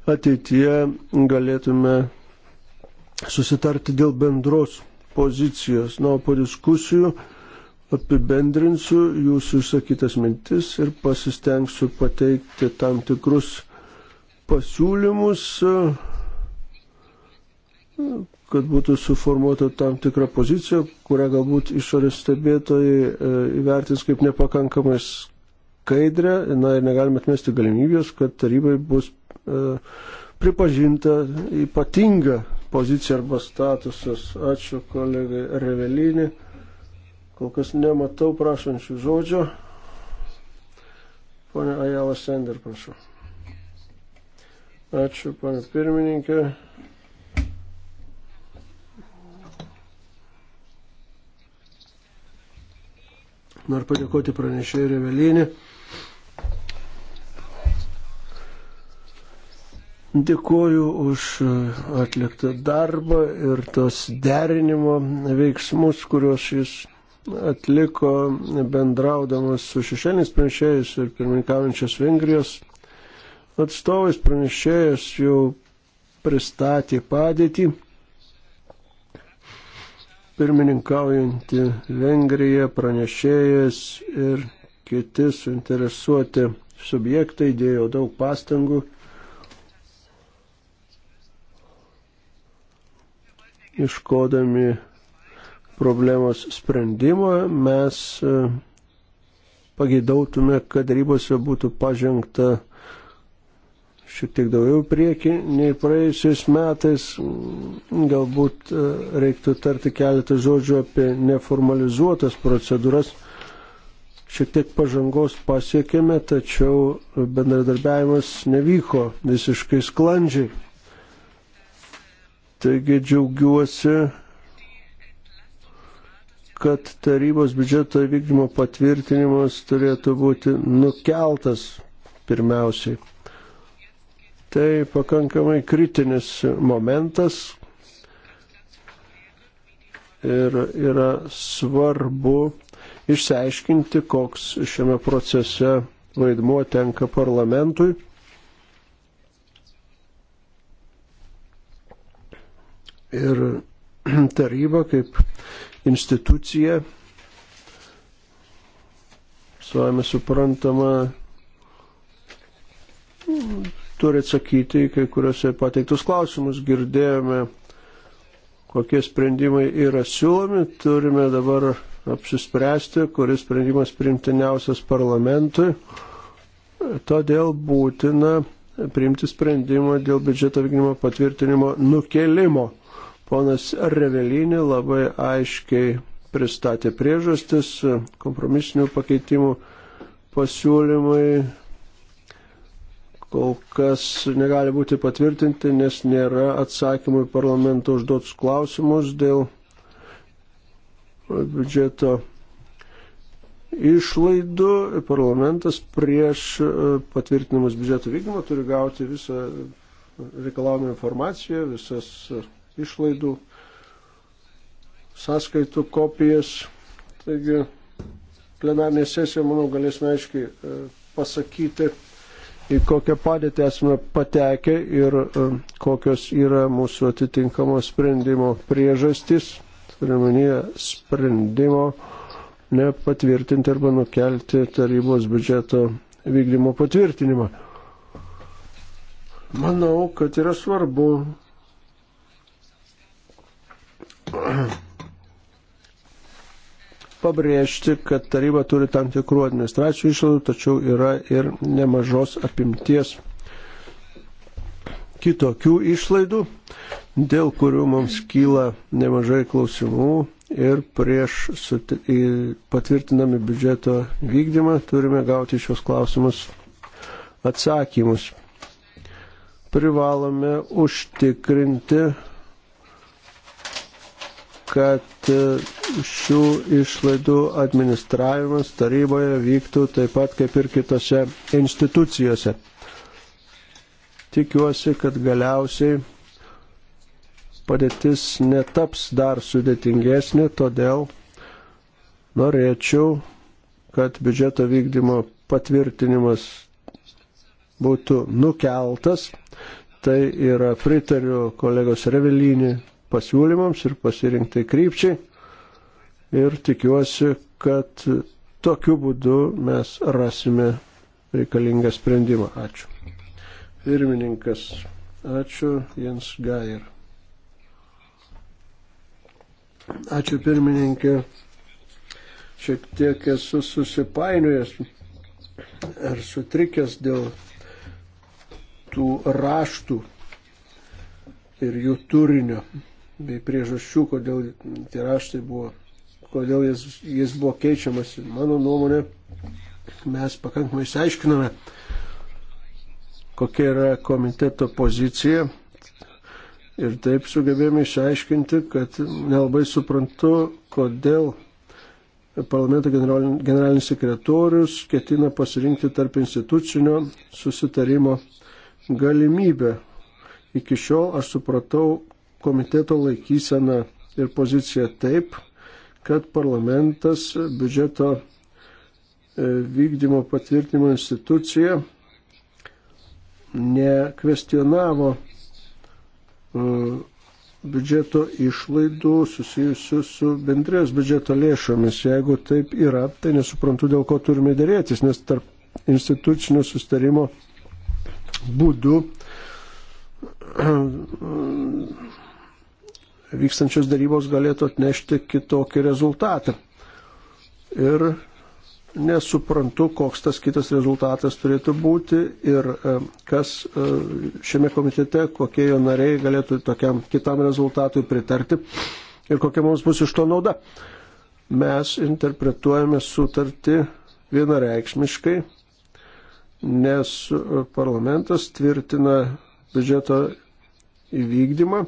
ateityje galėtume susitarti dėl bendros pozicijos. Na, o po diskusijų apibendrinsiu jūsų išsakytas mintis ir pasistengsiu pateikti tam tikrus pasiūlymus, kad būtų suformuota tam tikra pozicija, kurią galbūt išorės stebėtojai e, įvertins kaip nepakankamai skaidrę, na ir negalime atmesti galimybės, kad tarybai bus e, pripažinta ypatinga pozicija arba statusas. Ačiū kolegai Revelinį. Kol kas nematau prašančių žodžio. Pone Ajala Sender, prašau. Ačiū, pane pirmininkė. Noriu padėkoti pranešėjai Revelinį Dėkuoju už e, atliktą darbą ir tos derinimo veiksmus, kuriuos jis atliko bendraudamas su šešėliniais pranešėjais ir pirmininkaujančios Vengrijos atstovais pranešėjas jau pristatė padėtį. Pirmininkaujantį Vengriją pranešėjas ir kiti suinteresuoti subjektai dėjo daug pastangų iškodami problemos sprendimo, mes e, pageidautume, kad rybose būtų pažengta šiek tiek daugiau prieki nei praėjusiais metais. Galbūt e, reiktų tarti keletą žodžių apie neformalizuotas procedūras. Šiek tiek pažangos pasiekėme, tačiau bendradarbiavimas nevyko visiškai sklandžiai. Taigi džiaugiuosi, kad tarybos biudžeto įvykdymo patvirtinimas turėtų būti nukeltas pirmiausiai. Tai pakankamai kritinis momentas ir yra svarbu išsiaiškinti, koks šiame procese vaidmuo tenka parlamentui. ir taryba kaip institucija, suojame suprantama, turi atsakyti į kai kuriuose pateiktus klausimus. Girdėjome, kokie sprendimai yra siūlomi, turime dabar apsispręsti, kuris sprendimas primtiniausias parlamentui. Todėl būtina priimti sprendimą dėl biudžeto vykdymo patvirtinimo nukelimo. Ponas Revelinė labai aiškiai pristatė priežastis kompromisinių pakeitimų pasiūlymai kol kas negali būti patvirtinti, nes nėra atsakymų į parlamento užduotus klausimus dėl biudžeto išlaidų. Parlamentas prieš patvirtinamus biudžeto vykdymą turi gauti visą reikalavimą informaciją, visas išlaidų sąskaitų kopijas. Taigi plenarinė sesija, manau, galėsime aiškiai e, pasakyti, į kokią padėtį esame patekę ir e, kokios yra mūsų atitinkamo sprendimo priežastys, turiuomenyje sprendimo nepatvirtinti arba nukelti tarybos biudžeto vykdymo patvirtinimą. Manau, kad yra svarbu pabrėžti, kad taryba turi tam tikrų administracijų išlaidų, tačiau yra ir nemažos apimties kitokių išlaidų, dėl kurių mums kyla nemažai klausimų ir prieš patvirtinami biudžeto vykdymą turime gauti šios klausimus atsakymus. Privalome užtikrinti kad e, šių išlaidų administravimas taryboje vyktų taip pat kaip ir kitose institucijose. Tikiuosi, kad galiausiai padėtis netaps dar sudėtingesnė, todėl norėčiau, kad biudžeto vykdymo patvirtinimas būtų nukeltas. Tai yra pritariu kolegos Revelinį pasiūlymams ir pasirinktai krypčiai. Ir tikiuosi, kad tokiu būdu mes rasime reikalingą sprendimą. Ačiū. Pirmininkas, ačiū Jens Gair. Ačiū pirmininkė. Šiek tiek esu susipainiojęs ar sutrikęs dėl tų raštų ir jų turinio bei priežasčių, kodėl tie raštai buvo, kodėl jis, jis buvo keičiamas. Mano nuomonė, mes pakankamai išsiaiškiname, kokia yra komiteto pozicija. Ir taip sugebėjome išaiškinti, kad nelabai suprantu, kodėl parlamento generalinis sekretorius ketina pasirinkti tarp institucinio susitarimo galimybę. Iki šiol aš supratau, komiteto laikyseną ir poziciją taip, kad parlamentas biudžeto e, vykdymo patvirtinimo institucija nekvestionavo e, biudžeto išlaidų susijusių su bendrijos biudžeto lėšomis. Jeigu taip yra, tai nesuprantu, dėl ko turime dėrėtis, nes tarp institucinio sustarimo būdu vykstančios darybos galėtų atnešti kitokį rezultatą. Ir nesuprantu, koks tas kitas rezultatas turėtų būti ir e, kas e, šiame komitete, kokie jo nariai galėtų tokiam kitam rezultatui pritarti ir kokia mums bus iš to nauda. Mes interpretuojame sutartį vienareikšmiškai, nes e, parlamentas tvirtina biudžeto įvykdymą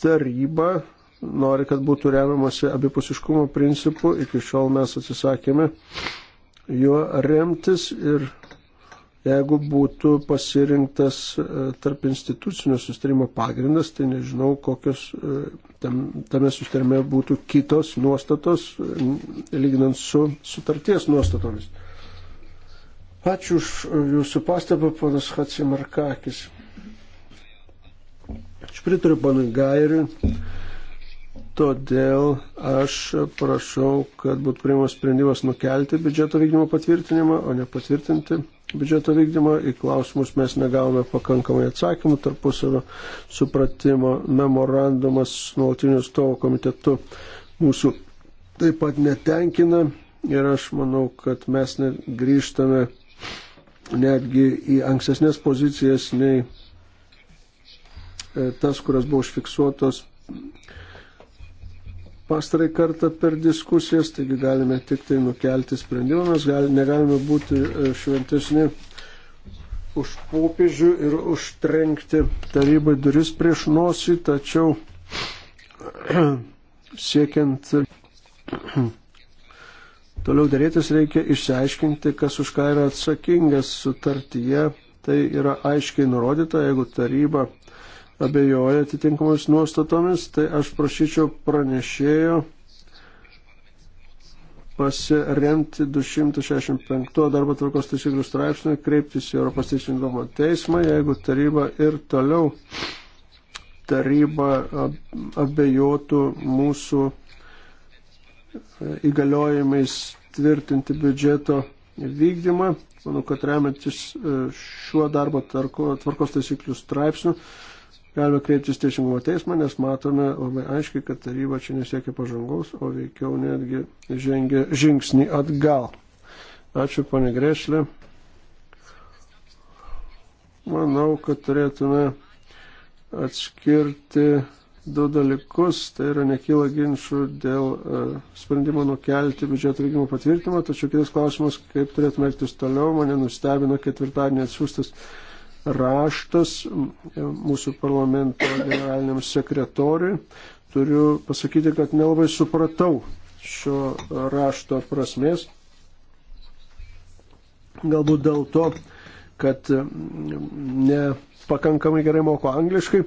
taryba nori, kad būtų remiamasi abipusiškumo principu. Iki šiol mes atsisakėme juo remtis ir jeigu būtų pasirinktas e, tarp institucinio sustarimo pagrindas, tai nežinau, kokios e, tam, tame sustarime būtų kitos nuostatos, e, lyginant su sutarties nuostatomis. Ačiū už Jūsų pastabą, ponas Hatsimarkakis. Aš pritariu panui Gairiui, todėl aš prašau, kad būtų priimamas sprendimas nukelti biudžeto vykdymo patvirtinimą, o ne patvirtinti biudžeto vykdymo. Į klausimus mes negavome pakankamai atsakymų, tarpusavio supratimo memorandumas nuolatiniu stovo komitetu mūsų taip pat netenkina ir aš manau, kad mes grįžtame netgi į ankstesnės pozicijas nei E, tas, kurios buvo užfiksuotos pastarai kartą per diskusijas, taigi galime tik tai nukelti sprendimą, mes gal, negalime būti e, šventesni už popiežių ir užtrenkti tarybai duris prieš nosį, tačiau siekiant toliau dėrėtis reikia išsiaiškinti, kas už ką yra atsakingas sutartyje. Tai yra aiškiai nurodyta, jeigu taryba abejoja atitinkamomis nuostatomis, tai aš prašyčiau pranešėjo pasiremti 265 darbo tvarkos taisyklių straipsnį, kreiptis į Europos teisingumo teismą, jeigu taryba ir toliau taryba abejotų mūsų e, įgaliojimais tvirtinti biudžeto vykdymą. Manau, kad remiantis e, šiuo darbo tvarkos taisyklių straipsniu galime kreiptis teisingumo teismą, nes matome labai aiškiai, kad taryba čia nesiekia pažangos, o veikiau netgi žengia žingsnį atgal. Ačiū, ponė Grešlė. Manau, kad turėtume atskirti du dalykus. Tai yra nekyla ginčių dėl e, sprendimo nukelti biudžeto vykdymo patvirtimą, tačiau kitas klausimas, kaip turėtume elgtis toliau, mane nustebino ketvirtadienį atsiųstas raštas e, mūsų parlamento generaliniam sekretoriui. Turiu pasakyti, kad nelabai supratau šio rašto prasmės. Galbūt dėl to, kad mm, nepakankamai gerai moku angliškai.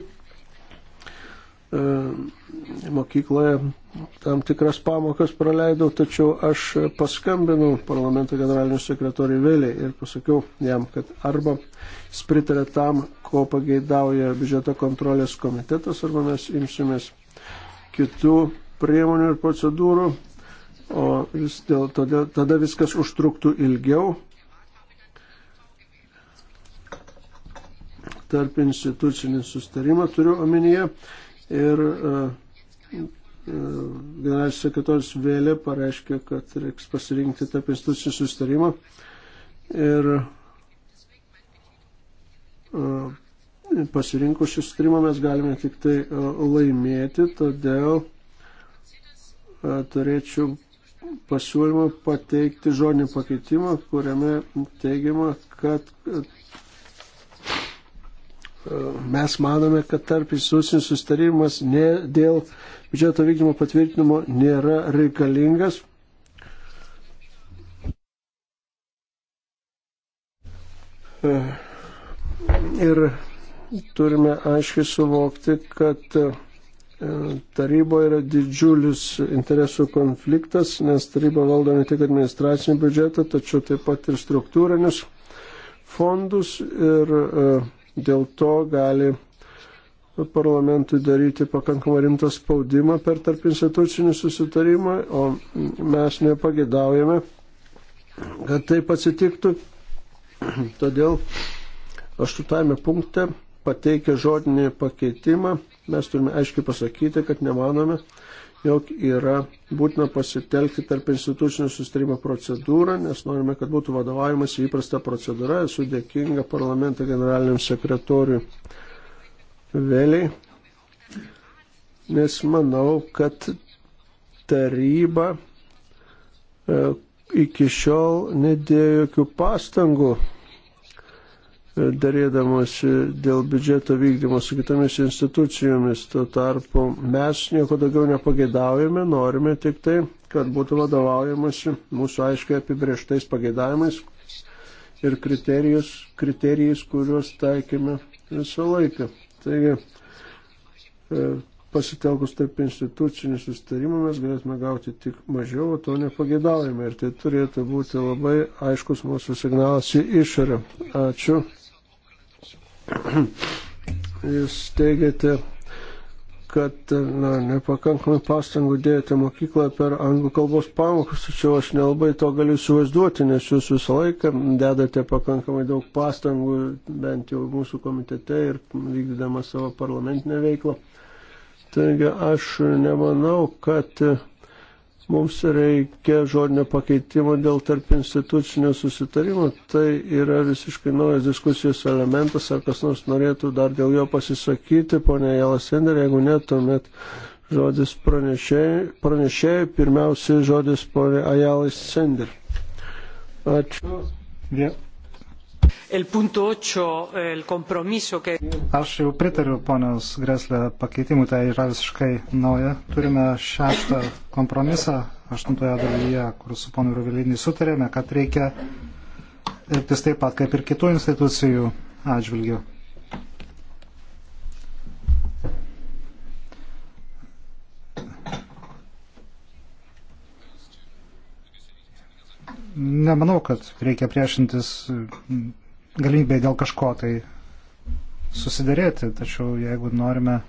E, mokykloje tam tikras pamokas praleidau, tačiau aš paskambinau parlamento generaliniu sekretoriu vėliai ir pasakiau jam, kad arba jis pritarė tam, ko pageidauja biudžeto kontrolės komitetas, arba mes imsimės kitų priemonių ir procedūrų, o vis dėl, tada, tada viskas užtruktų ilgiau. Tarp institucinį sustarimą turiu omenyje ir e, e, generalinis sekretorius vėlė pareiškė, kad reiks pasirinkti tarp institucijų sustarimą. Ir e, pasirinkus šį sustarimą mes galime tik tai laimėti, todėl turėčiau pasiūlymą pateikti žodinį pakeitimą, kuriame teigiama, kad mes manome, kad tarp institucinis sustarimas dėl biudžeto vykdymo patvirtinimo nėra reikalingas. E, ir turime aiškiai suvokti, kad e, taryboje yra didžiulis interesų konfliktas, nes taryba valdo ne tik administracinį biudžetą, tačiau taip pat ir struktūrinius fondus. Ir, uh, dėl to gali parlamentui daryti pakankamą rimtą spaudimą per tarp institucinį susitarimą, o mes nepagėdaujame, kad taip atsitiktų. Todėl aštuntame punkte pateikę žodinį pakeitimą, mes turime aiškiai pasakyti, kad nemanome, jog yra būtina pasitelkti tarp institucinio sustarimo procedūrą, nes norime, kad būtų vadovavimas įprasta procedūra. Esu dėkinga parlamento generaliniam sekretoriui Vėliai, nes manau, kad taryba e, iki šiol nedėjo jokių pastangų darėdamas dėl biudžeto vykdymo su kitomis institucijomis. Tuo tarpu mes nieko daugiau nepageidaujame, norime tik tai, kad būtų vadovaujamasi mūsų aiškiai apibrieštais pageidavimais ir kriterijais, kriterijais kuriuos taikėme visą laiką. Taigi, e, pasitelkus tarp institucinį sustarimą mes galėtume gauti tik mažiau, o to nepageidaujame. Ir tai turėtų būti labai aiškus mūsų signalas į išorę. Ačiū. Jūs teigiate, kad na, nepakankamai pastangų dėjote mokykloje per anglų kalbos pamokas, tačiau aš nelabai to galiu suvaizduoti, nes jūs visą laiką dedate pakankamai daug pastangų, bent jau mūsų komitete ir vykdydama savo parlamentinę veiklą. Taigi aš nemanau, kad Mums reikia žodinio pakeitimo dėl tarp institucinio susitarimo. Tai yra visiškai naujas diskusijos elementas. Ar kas nors norėtų dar dėl jo pasisakyti, ponė Jelasender, jeigu ne, tuomet žodis pranešėjai, pranešėjai pirmiausiai žodis ponė Ajalai Sender. Ačiū. Vėl. Aš jau pritariu ponios Greslė pakeitimų, tai yra visiškai nauja. Turime šeštą kompromisą, aštuntoje dalyje, kur su ponu Ruvilinį sutarėme, kad reikia elgtis taip pat kaip ir kitų institucijų atžvilgių. Nemanau, kad reikia priešintis galimybė dėl kažko tai susidarėti, tačiau jeigu norime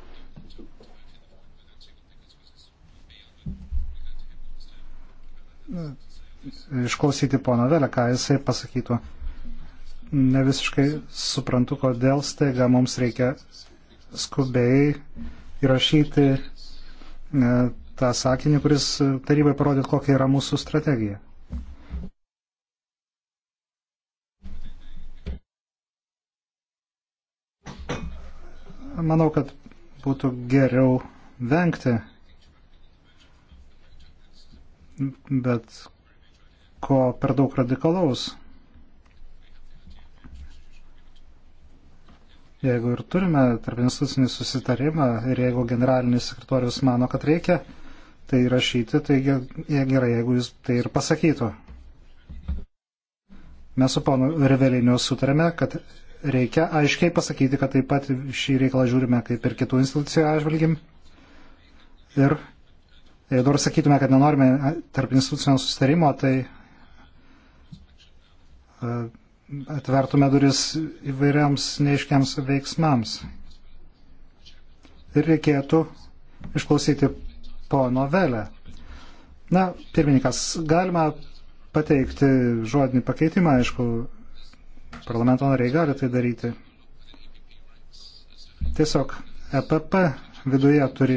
išklausyti pono Velę, ką jisai pasakytų. Ne visiškai suprantu, kodėl staiga mums reikia skubiai įrašyti e, tą sakinį, kuris tarybai parodyt, kokia yra mūsų strategija. manau, kad būtų geriau vengti, bet ko per daug radikalaus. Jeigu ir turime tarp institucinį susitarimą ir jeigu generalinis sekretorius mano, kad reikia tai rašyti, tai gerai, jeigu jis tai ir pasakytų. Mes su ponu Reveliniu sutarėme, kad reikia aiškiai pasakyti, kad taip pat šį reikalą žiūrime kaip ir kitų institucijų atžvilgim. Ir jeigu dar sakytume, kad nenorime tarp institucijų sustarimo, tai e, atvertume duris įvairiams neiškiams veiksmams. Ir reikėtų išklausyti pono Velę. Na, pirmininkas, galima pateikti žodinį pakeitimą, aišku, Parlamento nariai gali tai daryti. Tiesiog EPP viduje turi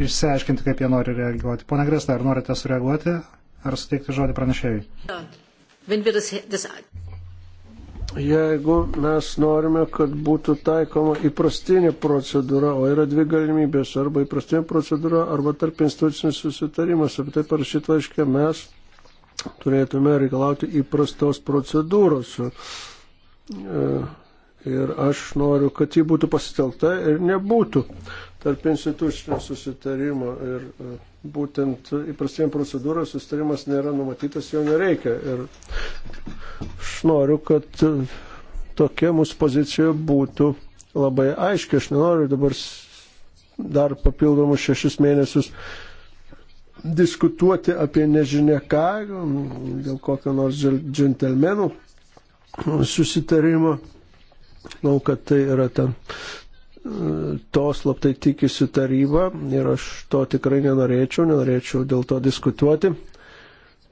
išsiaiškinti, kaip jie nori reaguoti. Pone Gresta, ar norite sureaguoti, ar suteikti žodį pranešėjai? Jeigu mes norime, kad būtų taikoma įprastinė procedūra, o yra dvi galimybės, arba įprastinė procedūra, arba tarp institucinis susitarimas, apie tai parašyta aiškiai, mes turėtume reikalauti įprastos procedūros E, ir aš noriu, kad ji būtų pasitelkta ir nebūtų tarp institucinio susitarimo. Ir e, būtent įprastiem procedūros susitarimas nėra numatytas, jo nereikia. Ir aš noriu, kad tokia mūsų pozicija būtų labai aiški. Aš nenoriu dabar dar papildomus šešis mėnesius diskutuoti apie nežinia ką, dėl kokio nors džentelmenų. Džel susitarimo. Manau, kad tai yra ten e, to slaptai tikisi taryba ir aš to tikrai nenorėčiau, nenorėčiau dėl to diskutuoti.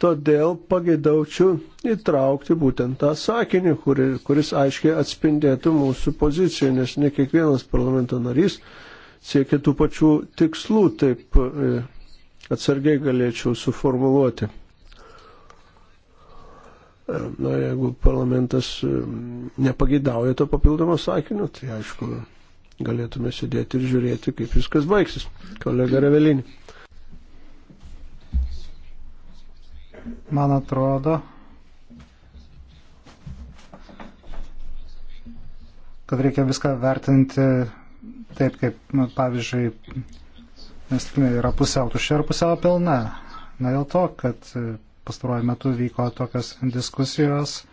Todėl pageidaučiau įtraukti būtent tą sakinį, kuri, kuris aiškiai atspindėtų mūsų poziciją, nes ne kiekvienas parlamento narys siekia tų pačių tikslų, taip e, atsargiai galėčiau suformuluoti. Na, jeigu parlamentas nepagidauja to papildomo sakinio, tai aišku, galėtume sėdėti ir žiūrėti, kaip viskas baigsis. Kolega Revelinį. Man atrodo, kad reikia viską vertinti taip, kaip, nu, pavyzdžiui, nes yra pusiau tuščia ir pusiau pilna. Ne dėl to, kad pastaruoju metu vyko tokios diskusijos,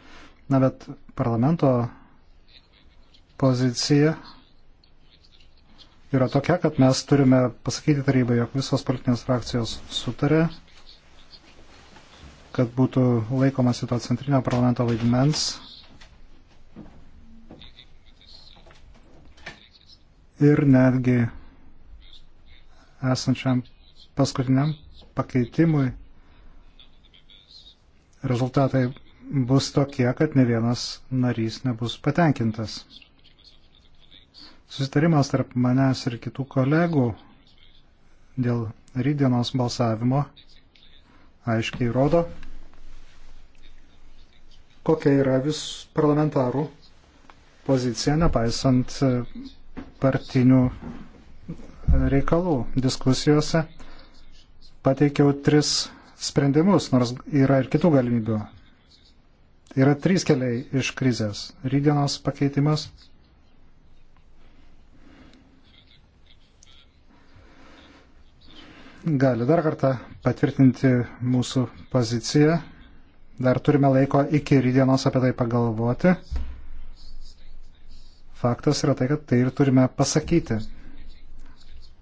na bet parlamento pozicija yra tokia, kad mes turime pasakyti tarybai, jog visos politinės frakcijos sutarė, kad būtų laikomasi to centrinio parlamento vaidmens. Ir netgi esančiam paskutiniam pakeitimui rezultatai bus tokie, kad ne vienas narys nebus patenkintas. Susitarimas tarp manęs ir kitų kolegų dėl rydienos balsavimo aiškiai rodo, kokia yra vis parlamentarų pozicija, nepaisant e, partinių reikalų diskusijose. Pateikiau tris sprendimus, nors yra ir kitų galimybių. Yra trys keliai iš krizės. Rydienos pakeitimas. Gali dar kartą patvirtinti mūsų poziciją. Dar turime laiko iki rydienos apie tai pagalvoti. Faktas yra tai, kad tai ir turime pasakyti.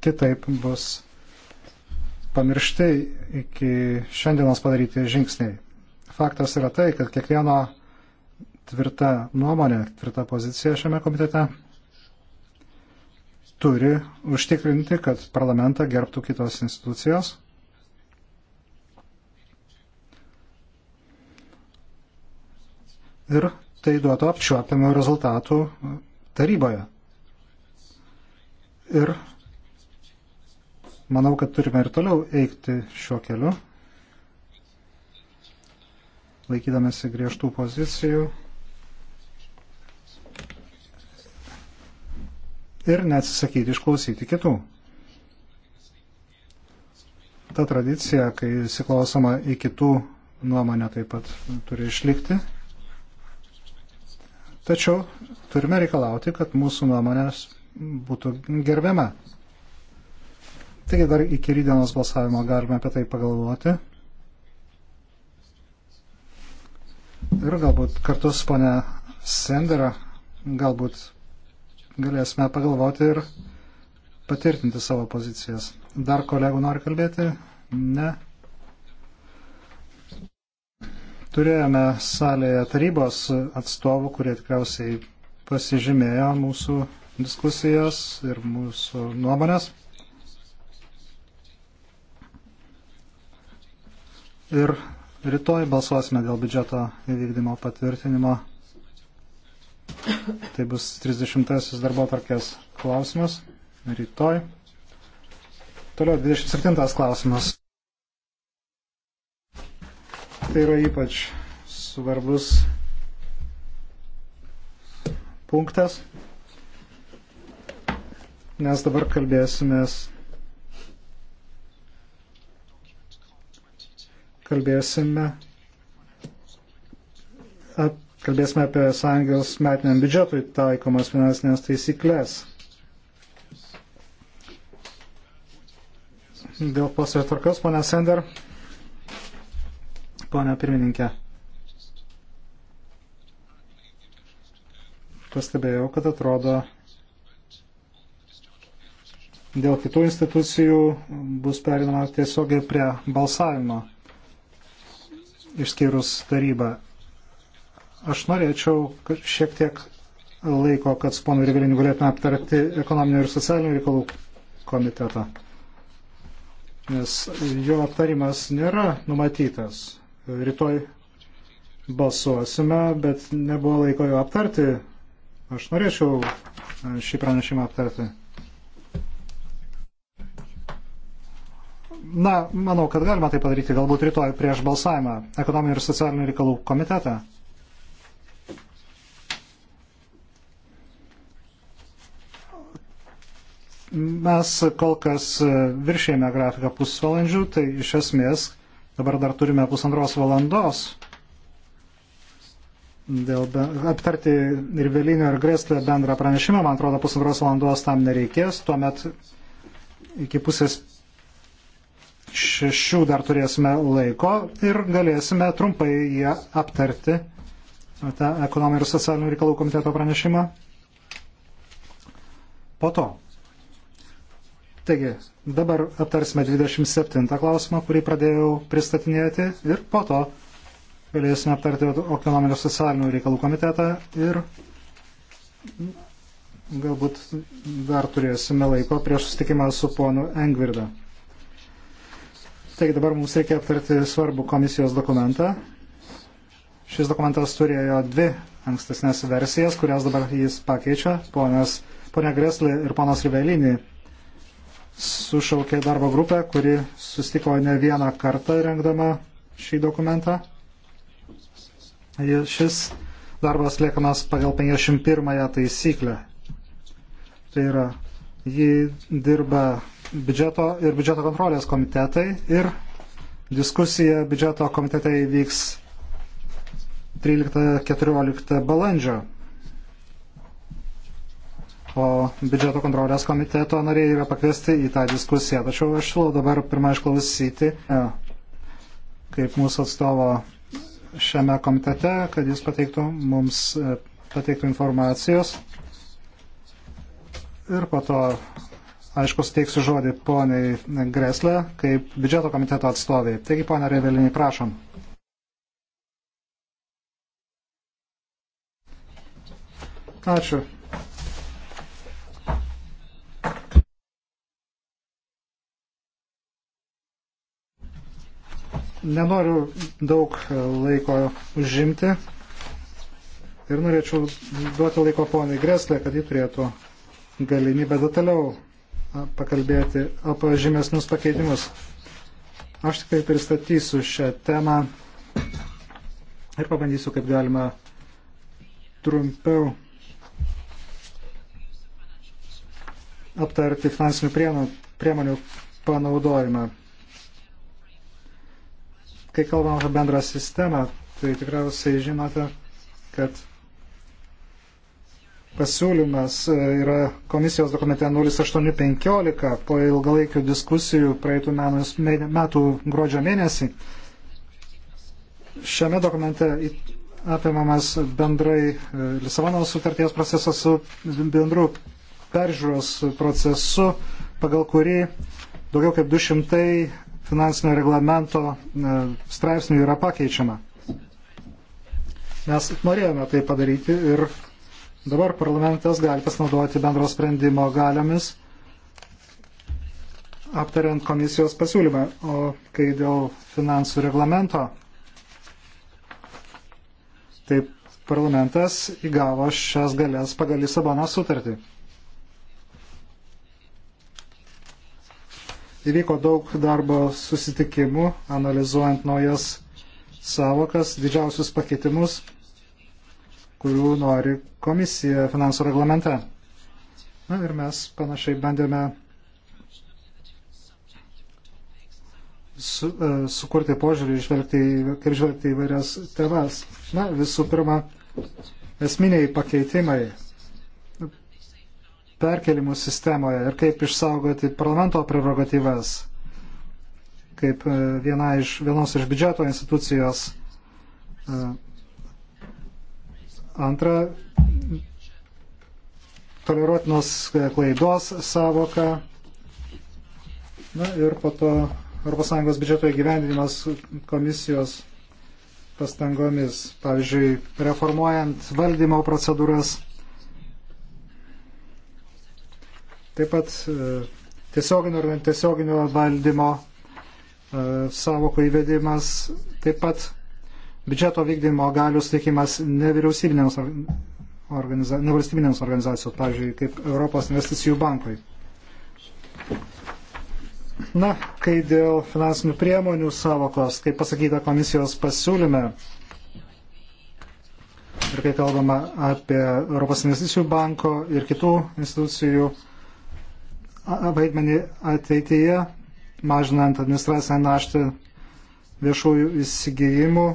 Kitaip bus pamiršti iki šiandienos padaryti žingsniai. Faktas yra tai, kad kiekvieno tvirta nuomonė, tvirta pozicija šiame komitete turi užtikrinti, kad parlamentą gerbtų kitos institucijos. Ir tai duotų apčiuopiamų rezultatų taryboje. Ir Manau, kad turime ir toliau eikti šiuo keliu, laikydamėsi griežtų pozicijų ir neatsisakyti išklausyti kitų. Ta tradicija, kai įsiklausoma į kitų nuomonę, taip pat turi išlikti. Tačiau turime reikalauti, kad mūsų nuomonės būtų gerbiama. Taigi dar iki rydienos balsavimo galime apie tai pagalvoti. Ir galbūt kartu su ponia Sendera galbūt galėsime pagalvoti ir patvirtinti savo pozicijas. Dar kolegų nori kalbėti? Ne. Turėjome salėje tarybos atstovų, kurie tikriausiai pasižymėjo mūsų diskusijas ir mūsų nuomonės. ir rytoj balsuosime dėl biudžeto įvykdymo patvirtinimo. Tai bus 30 darbo tarkės klausimas rytoj. Toliau 27 klausimas. Tai yra ypač svarbus punktas, nes dabar kalbėsimės kalbėsime, ap, kalbėsime apie sąjungos metiniam biudžetui taikomas finansinės taisyklės. Dėl posėdžio tvarkos, ponia Sender, ponia pirmininkė. Pastebėjau, kad atrodo dėl kitų institucijų bus perinama tiesiogiai prie balsavimo išskyrus tarybą. Aš norėčiau šiek tiek laiko, kad su ponu Riveliniu galėtume aptarti ekonominio ir socialinio reikalų komitetą, nes jo aptarimas nėra numatytas. Rytoj balsuosime, bet nebuvo laiko jo aptarti. Aš norėčiau e, šį pranešimą aptarti. Na, manau, kad galima tai padaryti galbūt rytoj prieš balsavimą ekonominių ir socialinių reikalų komitetą. Mes kol kas viršėjame grafiką pusvalandžių, tai iš esmės dabar dar turime pusantros valandos dėl be, aptarti ir Vėlinio ir Greslio bendrą pranešimą, man atrodo, pusantros valandos tam nereikės, tuomet iki pusės šešių dar turėsime laiko ir galėsime trumpai ją aptarti, tą ekonominio ir socialinių reikalų komiteto pranešimą. Po to. Taigi, dabar aptarsime 27 klausimą, kurį pradėjau pristatinėti ir po to galėsime aptarti ekonominio socialinių reikalų komitetą ir galbūt dar turėsime laiko prieš susitikimą su ponu Engvirda. Taigi dabar mums reikia aptarti svarbų komisijos dokumentą. Šis dokumentas turėjo dvi ankstesnės versijas, kurias dabar jis pakeičia. Ponas, ponia Greslė ir ponas Rivelinį sušaukė darbo grupę, kuri sustiko ne vieną kartą rengdama šį dokumentą. Šis darbas liekamas pagal 51 taisyklę. Tai yra, ji dirba biudžeto ir biudžeto kontrolės komitetai ir diskusija biudžeto komitete įvyks 13-14 balandžio. O biudžeto kontrolės komiteto nariai yra pakviesti į tą diskusiją. Tačiau aš siūlau dabar pirmą išklausyti, e, kaip mūsų atstovo šiame komitete, kad jis pateiktų mums e, pateiktų informacijos. Ir po to Aišku, steiksiu žodį poniai Greslė kaip biudžeto komiteto atstoviai. Taigi, ponia Revelinai, prašom. Ačiū. Nenoriu daug laiko užimti ir norėčiau duoti laiko poniai Greslė, kad ji turėtų galimybę detaliau pakalbėti apie žymesnius pakeitimus. Aš tikrai pristatysiu šią temą ir pabandysiu, kaip galima trumpiau aptarti finansinių priemonių panaudojimą. Kai kalbam apie bendrą sistemą, tai tikriausiai žinote, kad pasiūlymas e, yra komisijos dokumente 0815 po ilgalaikių diskusijų praeitų metų gruodžio mėnesį. Šiame dokumente apimamas bendrai e, Lisabonos sutarties procesas su bendru peržiūros procesu, pagal kurį daugiau kaip 200 finansinio reglamento e, straipsnių yra pakeičiama. Mes norėjome tai padaryti ir Dabar parlamentas gali pasinaudoti bendro sprendimo galiomis, aptariant komisijos pasiūlymą. O kai dėl finansų reglamento, tai parlamentas įgavo šias galės pagal Lisabono sutartį. Įvyko daug darbo susitikimų, analizuojant naujas savokas, didžiausius pakeitimus kurių nori komisija finansų reglamente. Na ir mes panašiai bandėme su, e, sukurti požiūrį, žvelgti, kaip žvelgti įvairias temas. Na, visų pirma, esminiai pakeitimai perkelimų sistemoje ir kaip išsaugoti parlamento prerogatyvas, kaip e, viena iš, vienos iš biudžeto institucijos e, Antra, toleruotinos klaidos savoka. Na ir po to ES biudžeto įgyvendinimas komisijos pastangomis, pavyzdžiui, reformuojant valdymo procedūras. Taip pat e, tiesioginio ir netiesioginio valdymo e, savokų įvedimas, taip pat biudžeto vykdymo galių suteikimas nevyriausybinėms organiza, nevalstybinėms organizacijoms, pavyzdžiui, kaip Europos investicijų bankui. Na, kai dėl finansinių priemonių savokos, kaip pasakyta komisijos pasiūlyme, ir kai kalbama apie Europos investicijų banko ir kitų institucijų vaidmenį ateityje, mažinant administracinę naštą viešųjų įsigijimų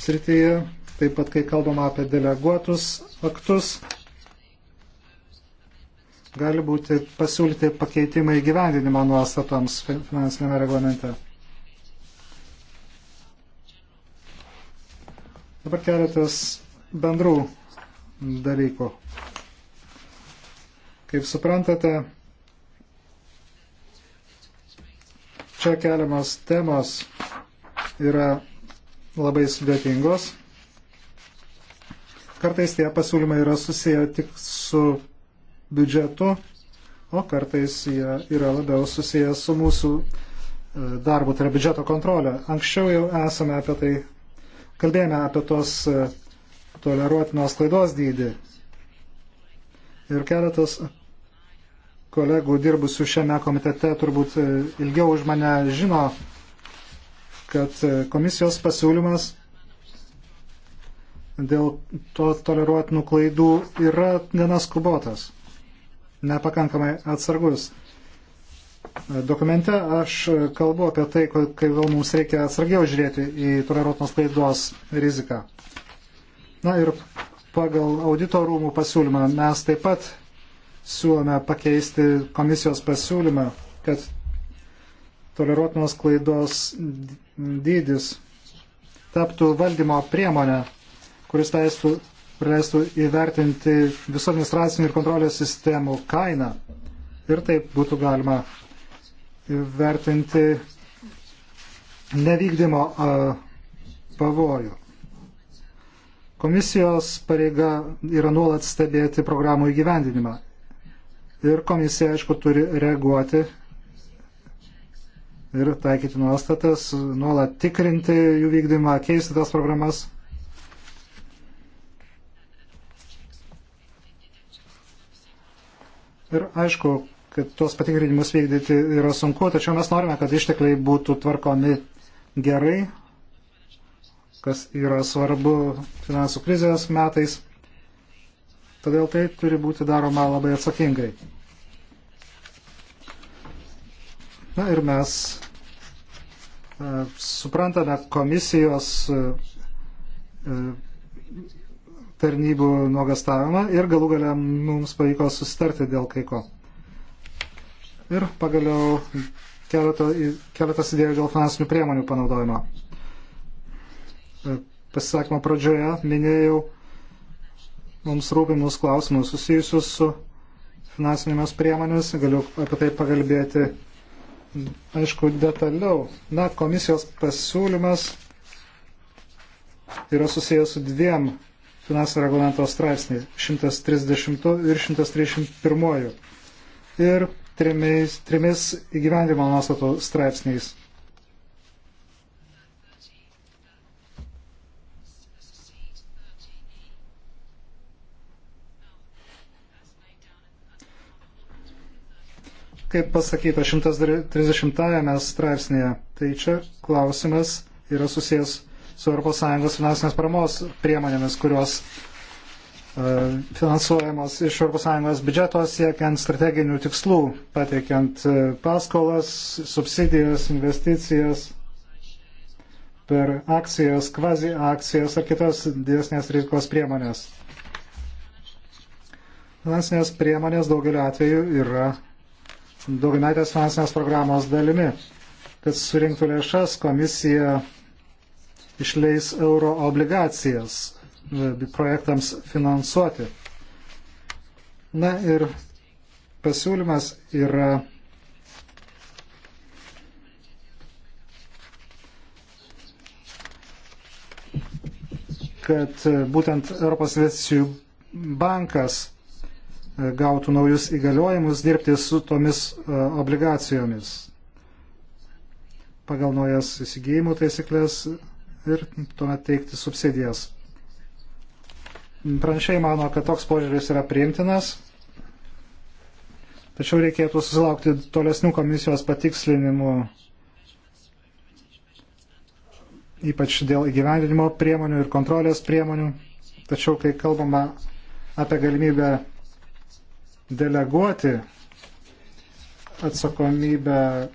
srityje, taip pat kai kalbama apie deleguotus aktus, gali būti pasiūlyti pakeitimai gyvendinimo nuostatoms finansinėme reglamente. Dabar keletas bendrų dalykų. Kaip suprantate, čia keliamos temos yra labai sudėtingos. Kartais tie pasiūlymai yra susiję tik su biudžetu, o kartais jie yra labiau susiję su mūsų e, darbu, tai yra biudžeto kontrolė. Anksčiau jau esame apie tai, kalbėjome apie tos e, toleruotinos klaidos dydį. Ir keletas kolegų dirbusių šiame komitete turbūt e, ilgiau už mane žino, kad komisijos pasiūlymas dėl to toleruotinų klaidų yra gana skubotas, nepakankamai atsargus. Dokumente aš kalbu apie tai, kai vėl mums reikia atsargiau žiūrėti į toleruotinos klaidos riziką. Na ir pagal audito rūmų pasiūlymą mes taip pat siūlome pakeisti komisijos pasiūlymą, kad toleruotinos klaidos dydis taptų valdymo priemonę, kuris leistų, leistų įvertinti visų administracinių ir kontrolės sistemų kainą. Ir taip būtų galima vertinti nevykdymo pavojų. Komisijos pareiga yra nuolat stebėti programų įgyvendinimą. Ir komisija, aišku, turi reaguoti ir taikyti nuostatas, nuolat tikrinti jų vykdymą, keisti tas programas. Ir aišku, kad tuos patikrinimus vykdyti yra sunku, tačiau mes norime, kad ištekliai būtų tvarkomi gerai, kas yra svarbu finansų krizės metais. Todėl tai turi būti daroma labai atsakingai. Na ir mes e, suprantame komisijos e, e, tarnybų nuogastavimą ir galų galę mums pavyko susitarti dėl kai ko. Ir pagaliau keleto, keletas idėjų dėl finansinių priemonių panaudojimo. Pasisakymo pradžioje minėjau mums rūpimus klausimus susijusius su finansinėmis priemonės. Galiu apie tai pakalbėti aišku, detaliau. Na, komisijos pasiūlymas yra susijęs su dviem finansų reglamento straipsniais - 130 ir 131. Ir trimis, trimis įgyvendimo nuostatų straipsniais. kaip pasakyta 130 straipsnėje. Tai čia klausimas yra susijęs su ES finansinės paramos priemonėmis, kurios uh, finansuojamos iš ES biudžeto siekiant strateginių tikslų, pateikiant e, paskolas, subsidijas, investicijas per akcijas, kvazi akcijas ar kitas didesnės rizikos priemonės. Finansinės priemonės daugeliu atveju yra daugiametės finansinės programos dalimi. Kad surinktų lėšas, komisija išleis euro obligacijas e, projektams finansuoti. Na ir pasiūlymas yra kad e, būtent Europos investicijų bankas gautų naujus įgaliojimus dirbti su tomis e, obligacijomis pagal naujas įsigijimų taisyklės ir tuomet teikti subsidijas. Pranešėjai mano, kad toks požiūris yra priimtinas, tačiau reikėtų susilaukti tolesnių komisijos patikslinimų, ypač dėl įgyvendinimo priemonių ir kontrolės priemonių. Tačiau, kai kalbama apie galimybę deleguoti atsakomybę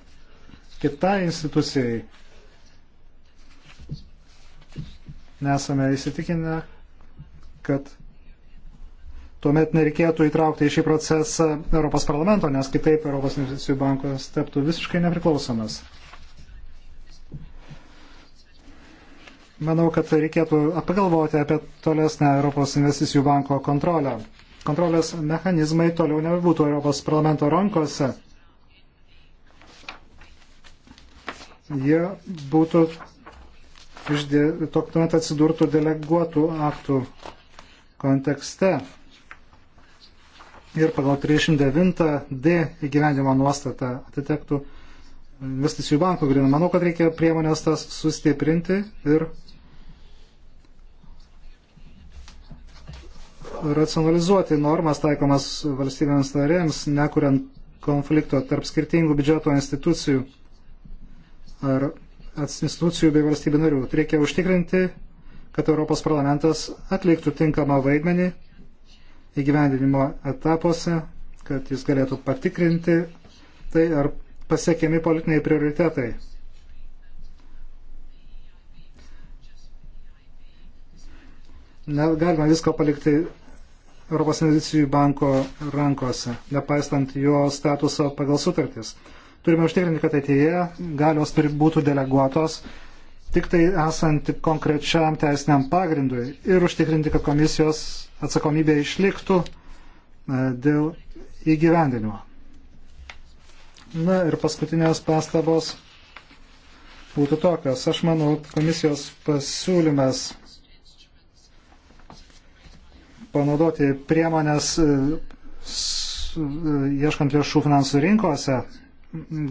kitai institucijai. Nesame įsitikinę, kad tuomet nereikėtų įtraukti į šį procesą Europos parlamento, nes kitaip Europos investicijų bankas taptų visiškai nepriklausomas. Manau, kad reikėtų pagalvoti apie tolesnę Europos investicijų banko kontrolę kontrolės mechanizmai toliau nebūtų Europos parlamento rankose. Jie būtų išdė, tuomet atsidurtų deleguotų aktų kontekste. Ir pagal 309D įgyvendimo nuostatą atitektų investicijų bankų grinų. Manau, kad reikia priemonės tas sustiprinti ir racionalizuoti normas taikomas valstybėms narėms, nekuriant konflikto tarp skirtingų biudžeto institucijų ar institucijų bei valstybių narių. Reikia užtikrinti, kad Europos parlamentas atliktų tinkamą vaidmenį įgyvendinimo etapuose, kad jis galėtų patikrinti tai, ar pasiekiami politiniai prioritetai. Negalima visko palikti Europos investicijų banko rankose, nepaistant jo statuso pagal sutartis. Turime užtikrinti, kad ateityje galios turi būtų deleguotos tik tai esant konkrečiam teisiniam pagrindui ir užtikrinti, kad komisijos atsakomybė išliktų e, dėl įgyvendinimo. Na ir paskutinės pastabos būtų tokios. Aš manau, komisijos pasiūlymas panaudoti priemonės e, e, ieškant lėšų finansų rinkose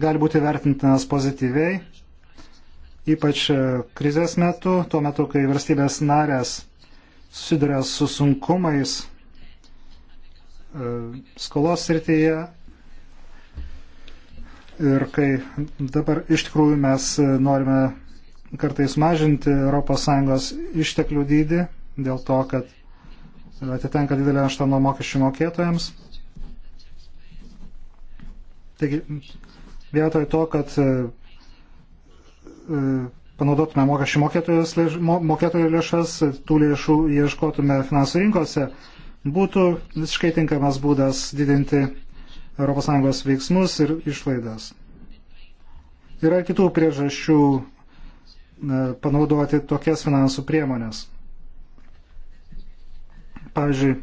gali būti vertintinas pozityviai, ypač e, krizės metu, tuo metu, kai valstybės narės susiduria su sunkumais skolos srityje ir kai dabar iš tikrųjų mes norime kartais mažinti ES išteklių dydį dėl to, kad atitenka didelė našta nuo mokesčių mokėtojams. Taigi, vietoj to, kad e, e, panaudotume mokesčių mokėtojų, mokėtojų lėšas, tų lėšų ieškotume finansų rinkose, būtų visiškai tinkamas būdas didinti ES veiksmus ir išlaidas. Yra kitų priežasčių e, panaudoti tokias finansų priemonės pavyzdžiui,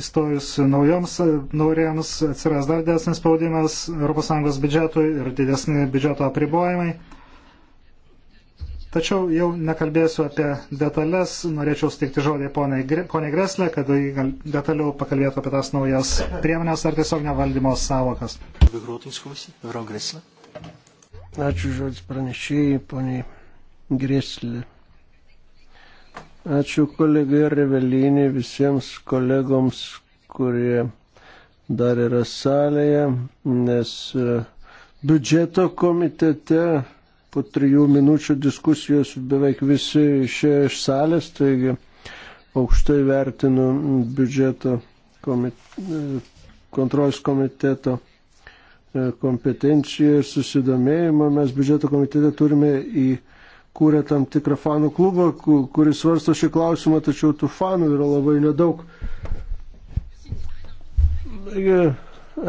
įstojus naujoms norėjams atsiras dar didesnis spaudimas ES biudžetui ir didesni biudžeto apribojimai. Tačiau jau nekalbėsiu apie detalės, norėčiau stikti žodį poniai Greslė, kad jį detaliau pakalbėtų apie tas naujas priemonės ar tiesiog nevaldymo savokas. Ačiū žodis pranešėjai, poniai Greslė. Ačiū kolegai Revelinį visiems kolegoms, kurie dar yra salėje, nes e, biudžeto komitete po trijų minučių diskusijos beveik visi išėjo iš salės, taigi aukštai vertinu biudžeto komit... E, kontrolės komiteto e, kompetenciją ir susidomėjimą. Mes biudžeto komitete turime į kūrė tam tikrą fanų klubą, kuris svarsto šį klausimą, tačiau tų fanų yra labai nedaug. Taigi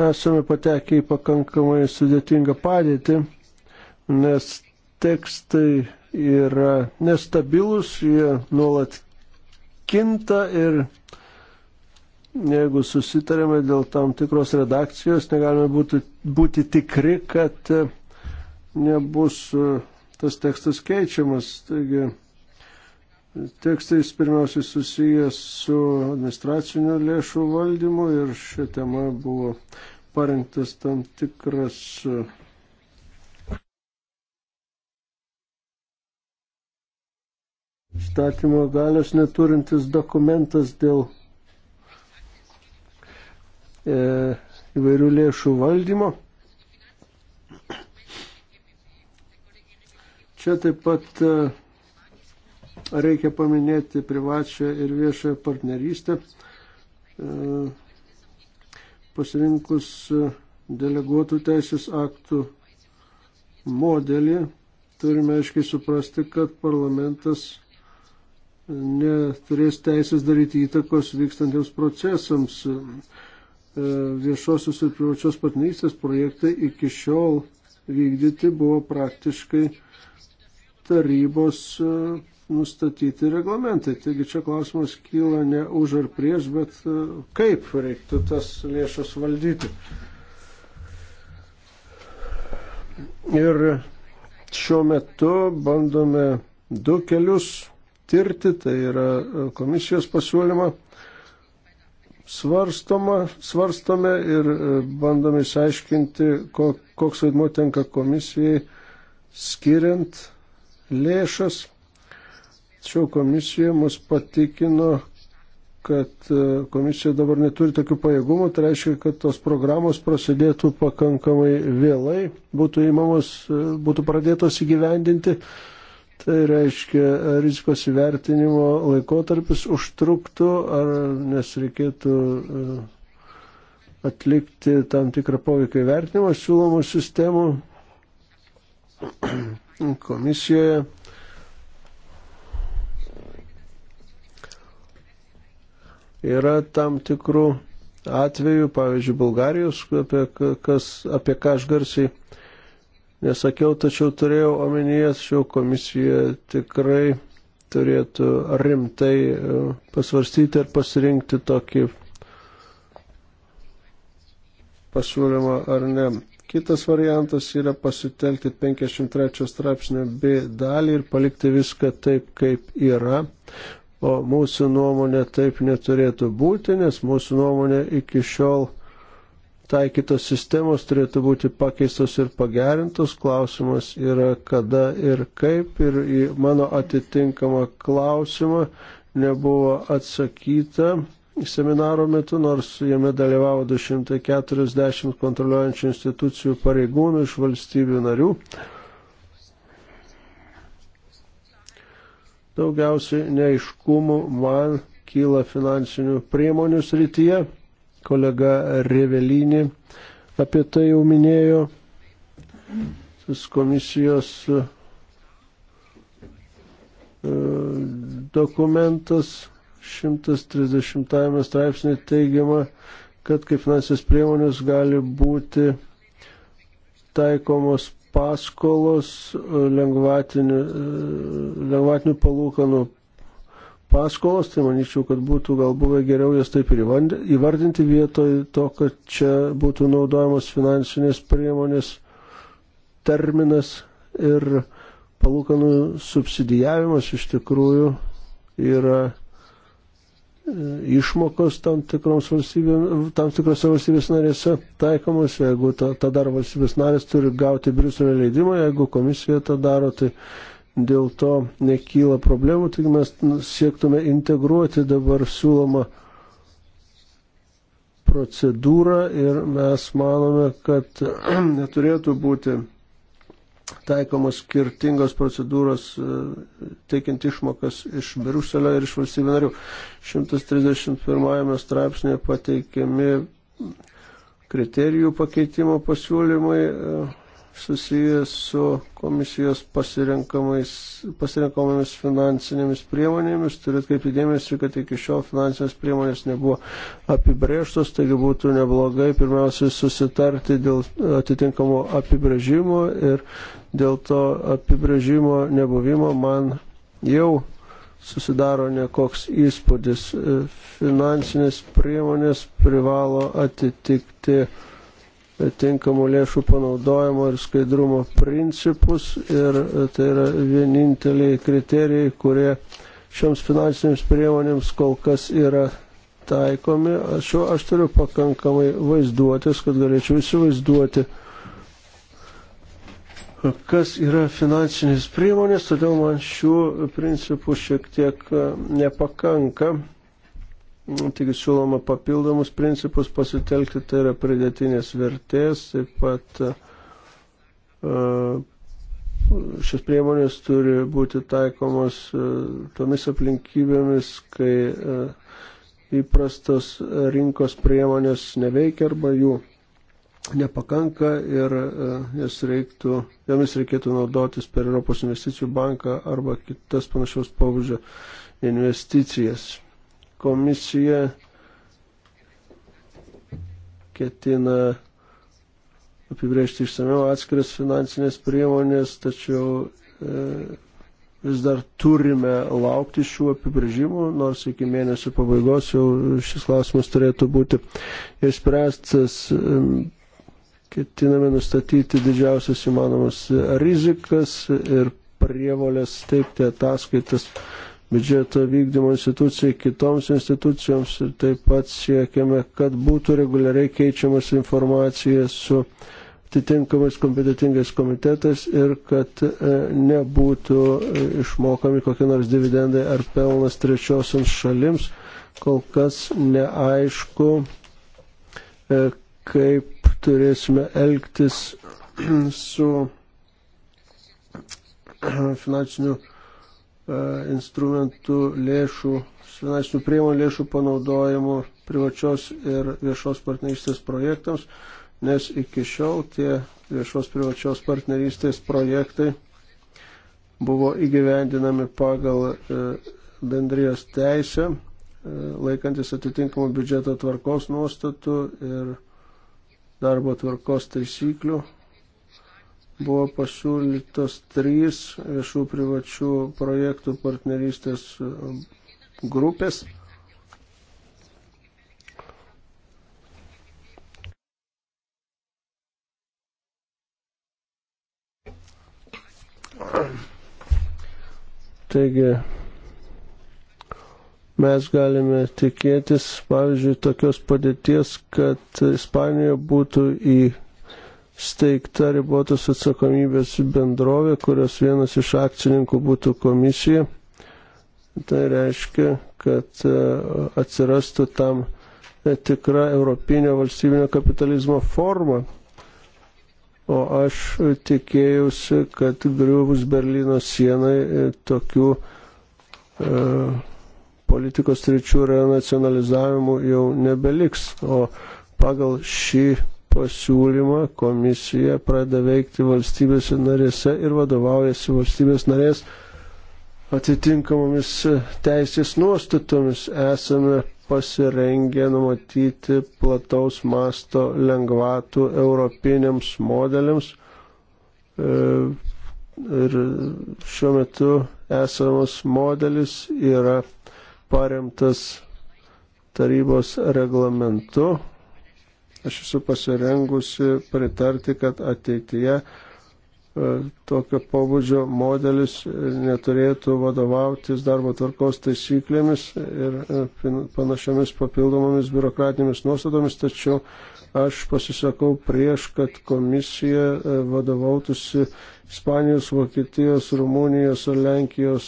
esame patekę į pakankamai sudėtingą padėtį, nes tekstai yra nestabilus, jie nuolat kinta ir jeigu susitarėme dėl tam tikros redakcijos, negalime būti, būti tikri, kad nebus tas tekstas keičiamas. Taigi, tekstais pirmiausiai susijęs su administraciniu lėšų valdymu ir šią temą buvo parengtas tam tikras statymo galios neturintis dokumentas dėl e, įvairių lėšų valdymo. Čia taip pat e, reikia paminėti privačią ir viešąją partnerystę. E, pasirinkus e, deleguotų teisės aktų modelį, turime aiškiai suprasti, kad parlamentas neturės teisės daryti įtakos vykstantiems procesams. Viešosios ir privačios partnerystės projektai iki šiol vykdyti buvo praktiškai tarybos e, nustatyti reglamentai. Taigi čia klausimas kyla ne už ar prieš, bet e, kaip reiktų tas lėšas valdyti. Ir šiuo metu bandome du kelius tirti, tai yra e, komisijos pasiūlymą svarstoma, svarstome ir bandome išaiškinti, koks vaidmuo tenka komisijai skiriant lėšas. Tačiau komisija mus patikino, kad e, komisija dabar neturi tokių pajėgumų, tai reiškia, kad tos programos prasidėtų pakankamai vėlai, būtų, įmamos, e, būtų pradėtos įgyvendinti. Tai reiškia, rizikos įvertinimo laikotarpis užtruktų, ar nes reikėtų e, atlikti tam tikrą poveikio įvertinimą siūlomų sistemų komisijoje. Yra tam tikrų atvejų, pavyzdžiui, Bulgarijos, apie, kas, apie ką aš garsiai nesakiau, tačiau turėjau omenyje, tačiau komisija tikrai turėtų rimtai e, pasvarstyti ir pasirinkti tokį pasiūlymą ar ne. Kitas variantas yra pasitelkti 53 straipsnio B dalį ir palikti viską taip, kaip yra. O mūsų nuomonė taip neturėtų būti, nes mūsų nuomonė iki šiol taikytos sistemos turėtų būti pakeistos ir pagerintos. Klausimas yra kada ir kaip. Ir į mano atitinkamą klausimą nebuvo atsakyta seminaro metu, nors jame dalyvavo 240 kontroliuojančių institucijų pareigūnų iš valstybių narių. Daugiausiai neiškumų man kyla finansinių priemonių srityje. Kolega Revelinį apie tai jau minėjo. Tas komisijos e, dokumentas 130 straipsnė teigiama, kad kaip finansinės priemonės gali būti taikomos paskolos e, lengvatinių, e, lengvatinių palūkanų paskolos, tai manyčiau, kad būtų gal buvę geriau jas taip ir įvardinti vietoj to, kad čia būtų naudojamos finansinės priemonės terminas ir palūkanų subsidijavimas iš tikrųjų yra išmokos tam, tam tikrose valstybės narėse taikomos, jeigu tą ta, ta daro valstybės narės, turi gauti Briuselio leidimą, jeigu komisija tą daro, tai dėl to nekyla problemų, tik mes siektume integruoti dabar siūlomą procedūrą ir mes manome, kad neturėtų būti taikomos skirtingos procedūros e, teikiant išmokas iš Briuselio ir iš valstybių narių. 131 straipsnėje pateikiami kriterijų pakeitimo pasiūlymai e, susijęs su komisijos pasirinkamomis finansinėmis priemonėmis. Turit kaip įdėmėsi, kad iki šiol finansinės priemonės nebuvo apibrėžtos, taigi būtų neblogai pirmiausiai susitarti dėl atitinkamo apibrėžimo ir dėl to apibrėžimo nebuvimo man jau susidaro nekoks įspūdis. Finansinės priemonės privalo atitikti tinkamų lėšų panaudojimo ir skaidrumo principus ir e, tai yra vieninteliai kriterijai, kurie šioms finansinėms priemonėms kol kas yra taikomi. Aš, aš turiu pakankamai vaizduotis, kad galėčiau įsivaizduoti, kas yra finansinės priemonės, todėl man šių principų šiek tiek e, nepakanka Nu, taigi siūloma papildomus principus pasitelkti, tai yra pridėtinės vertės, taip pat e, šios priemonės turi būti taikomos e, tomis aplinkybėmis, kai e, įprastos rinkos priemonės neveikia arba jų nepakanka ir jas reiktų, jomis reikėtų naudotis per Europos investicijų banką arba kitas panašiaus pobūdžio investicijas komisija ketina apibrėžti išsameu atskiras finansinės priemonės, tačiau e, vis dar turime laukti šių apibrėžimų, nors iki mėnesio pabaigos jau šis klausimas turėtų būti išspręstas. E, ketiname nustatyti didžiausias įmanomas rizikas ir prievolės teikti ataskaitas biudžeto vykdymo institucijai, kitoms institucijoms ir taip pat siekiame, kad būtų reguliariai keičiamas informacija su atitinkamais kompetitingais komitetais ir kad e, nebūtų e, išmokami kokie nors dividendai ar pelnas trečiosiams šalims. Kol kas neaišku, e, kaip turėsime elgtis su finansinių E, instrumentų lėšų, finansinių priemonių lėšų panaudojimo privačios ir viešos partnerystės projektams, nes iki šiol tie viešos privačios partnerystės projektai buvo įgyvendinami pagal e, bendrijos teisę, e, laikantis atitinkamų biudžeto tvarkos nuostatų ir darbo tvarkos taisyklių, buvo pasiūlytos trys viešų privačių projektų partnerystės e, grupės. Taigi mes galime tikėtis, pavyzdžiui, tokios padėties, kad Ispanija būtų į steigta ribotos atsakomybės bendrovė, kurios vienas iš akcininkų būtų komisija. Tai reiškia, kad e, atsirastų tam e, tikra europinio valstybinio kapitalizmo forma. O aš tikėjausi, kad griuvus Berlyno sienai e, tokių e, politikos ryčių renacionalizavimų jau nebeliks. O pagal šį pasiūlymą, komisija pradeda veikti valstybėse narėse ir vadovaujasi valstybės narės atitinkamomis teisės nuostatomis. Esame pasirengę numatyti plataus masto lengvatų europiniams modeliams. E, ir šiuo metu esamas modelis yra paremtas tarybos reglamentu, Aš esu pasirengusi pritarti, kad ateityje e, tokio pobūdžio modelis neturėtų vadovautis darbo tvarkos taisyklėmis ir e, panašiamis papildomomis biurokratinėmis nuostatomis, tačiau aš pasisakau prieš, kad komisija e, vadovautųsi Ispanijos, Vokietijos, Rumunijos ar Lenkijos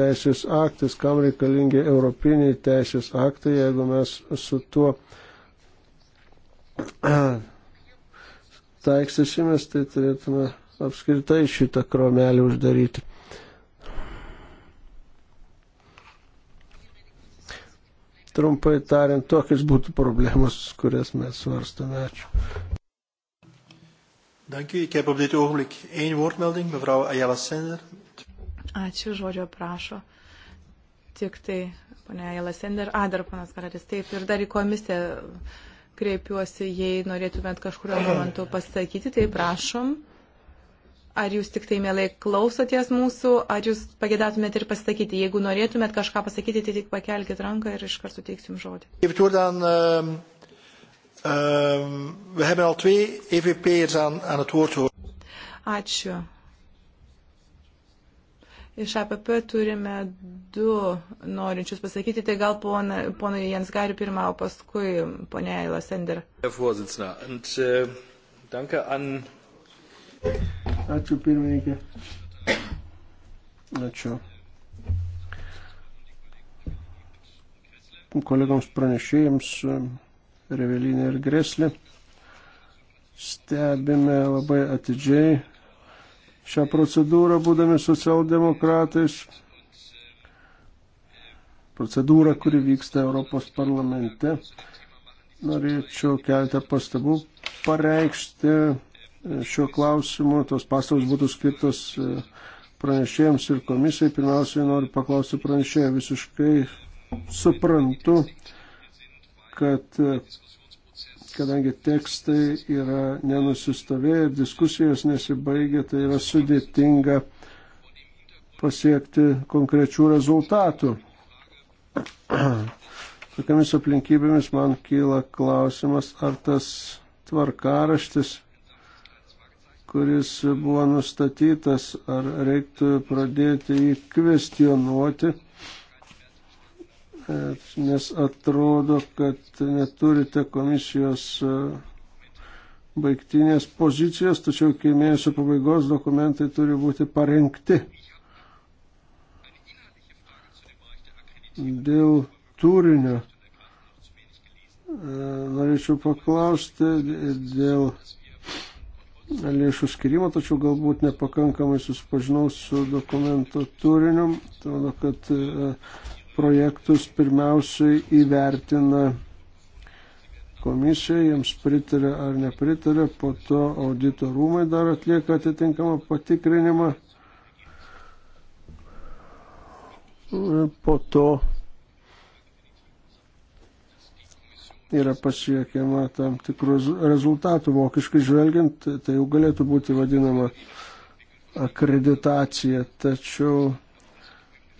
teisės aktais, kam reikalingi europiniai teisės aktai, jeigu mes su tuo taiksysimės, tai turėtume apskritai šitą kromelį uždaryti. Trumpai tariant, tokias būtų problemos, kurias mes svarstame. Ačiū. Dank u. Ik heb op dit ogenblik één woordmelding, mevrouw Ayala Sender. Ačiū, žodžio prašo. Tik tai, ponia Ayala Sender, a, dar panas Karatis, taip, ir dar į komisiją kreipiuosi, jei norėtumėt kažkurio momentu pasakyti, tai prašom. Ar jūs tik tai mielai klausoties mūsų, ar jūs pagėdatumėt ir pasakyti. Jeigu norėtumėt kažką pasakyti, tai tik pakelkite ranką ir iš karto teiksiu jums žodį. Kaip Jordan, um, um, we hebben al twee EVP'ers aan, aan het woord. Ačiū. Iš APP turime du norinčius pasakyti, tai gal ponai pona Jens Gari pirmą, o paskui ponia Eila Sender. Äh, Ačiū pirmininkė. Ačiū. Kolegoms pranešėjams Revelinė ir Greslė stebime labai atidžiai šią procedūrą, būdami socialdemokratais, procedūrą, kuri vyksta Europos parlamente. Norėčiau keletą pastabų pareikšti e, šiuo klausimu. Tos pastabos būtų skirtos e, pranešėjams ir komisijai. Pirmiausiai noriu paklausti pranešėją. Visiškai suprantu, kad e, kadangi tekstai yra nenusistovėję ir diskusijos nesibaigia, tai yra sudėtinga pasiekti konkrečių rezultatų. Tokiamis aplinkybėmis man kyla klausimas, ar tas tvarkaraštis, kuris buvo nustatytas, ar reiktų pradėti jį kvestionuoti nes atrodo, kad neturite komisijos e, baigtinės pozicijos, tačiau iki mėnesio pabaigos dokumentai turi būti parengti. Dėl turinio e, norėčiau paklausti dėl lėšų skirimo, tačiau galbūt nepakankamai susipažinau su dokumento turiniu. Atrodo, kad e, projektus pirmiausiai įvertina komisija, jiems pritarė ar nepritarė, po to audito rūmai dar atlieka atitinkamą patikrinimą. Po to yra pasiekiama tam tikrų rezultatų. Vokiškai žvelgiant, tai jau galėtų būti vadinama akreditacija, tačiau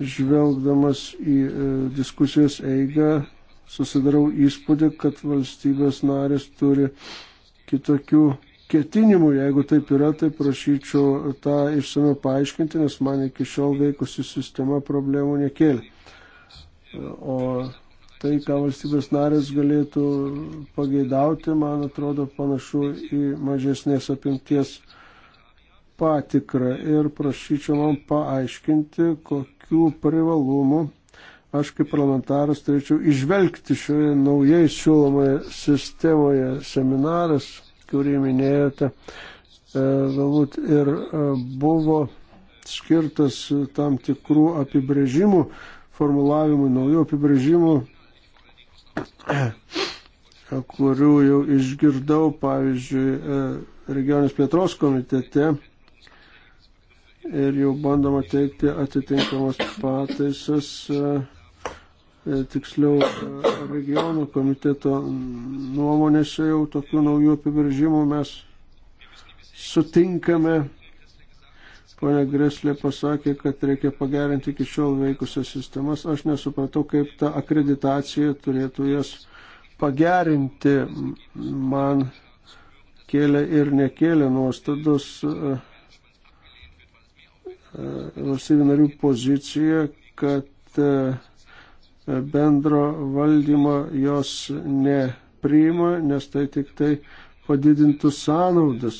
žvelgdamas į e, diskusijos eigą, susidarau įspūdį, kad valstybės narės turi kitokių ketinimų. Jeigu taip yra, tai prašyčiau tą išsame paaiškinti, nes man iki šiol veikusi sistema problemų nekėlė. O tai, ką valstybės narės galėtų pageidauti, man atrodo panašu į mažesnės apimties patikrą ir prašyčiau man paaiškinti, ko, kokių privalumų aš kaip parlamentaras turėčiau išvelgti šioje naujai siūlomoje sistemoje seminaras, kurį minėjote, e, galbūt ir e, buvo skirtas tam tikrų apibrėžimų, formulavimų, naujų apibrėžimų, e, kurių jau išgirdau, pavyzdžiui, regionės plėtros komitete ir jau bandoma teikti atitinkamas pataisas, e, tiksliau e, regionų komiteto nuomonėse jau tokių naujų apibrėžimų mes sutinkame. Pone Greslė pasakė, kad reikia pagerinti iki šiol veikusias sistemas. Aš nesupratau, kaip ta akreditacija turėtų jas pagerinti. Man kėlė ir nekėlė nuostados. Uh, E, valstybių narių pozicija, kad e, bendro valdymo jos nepriima, nes tai tik tai padidintų sąnaudas.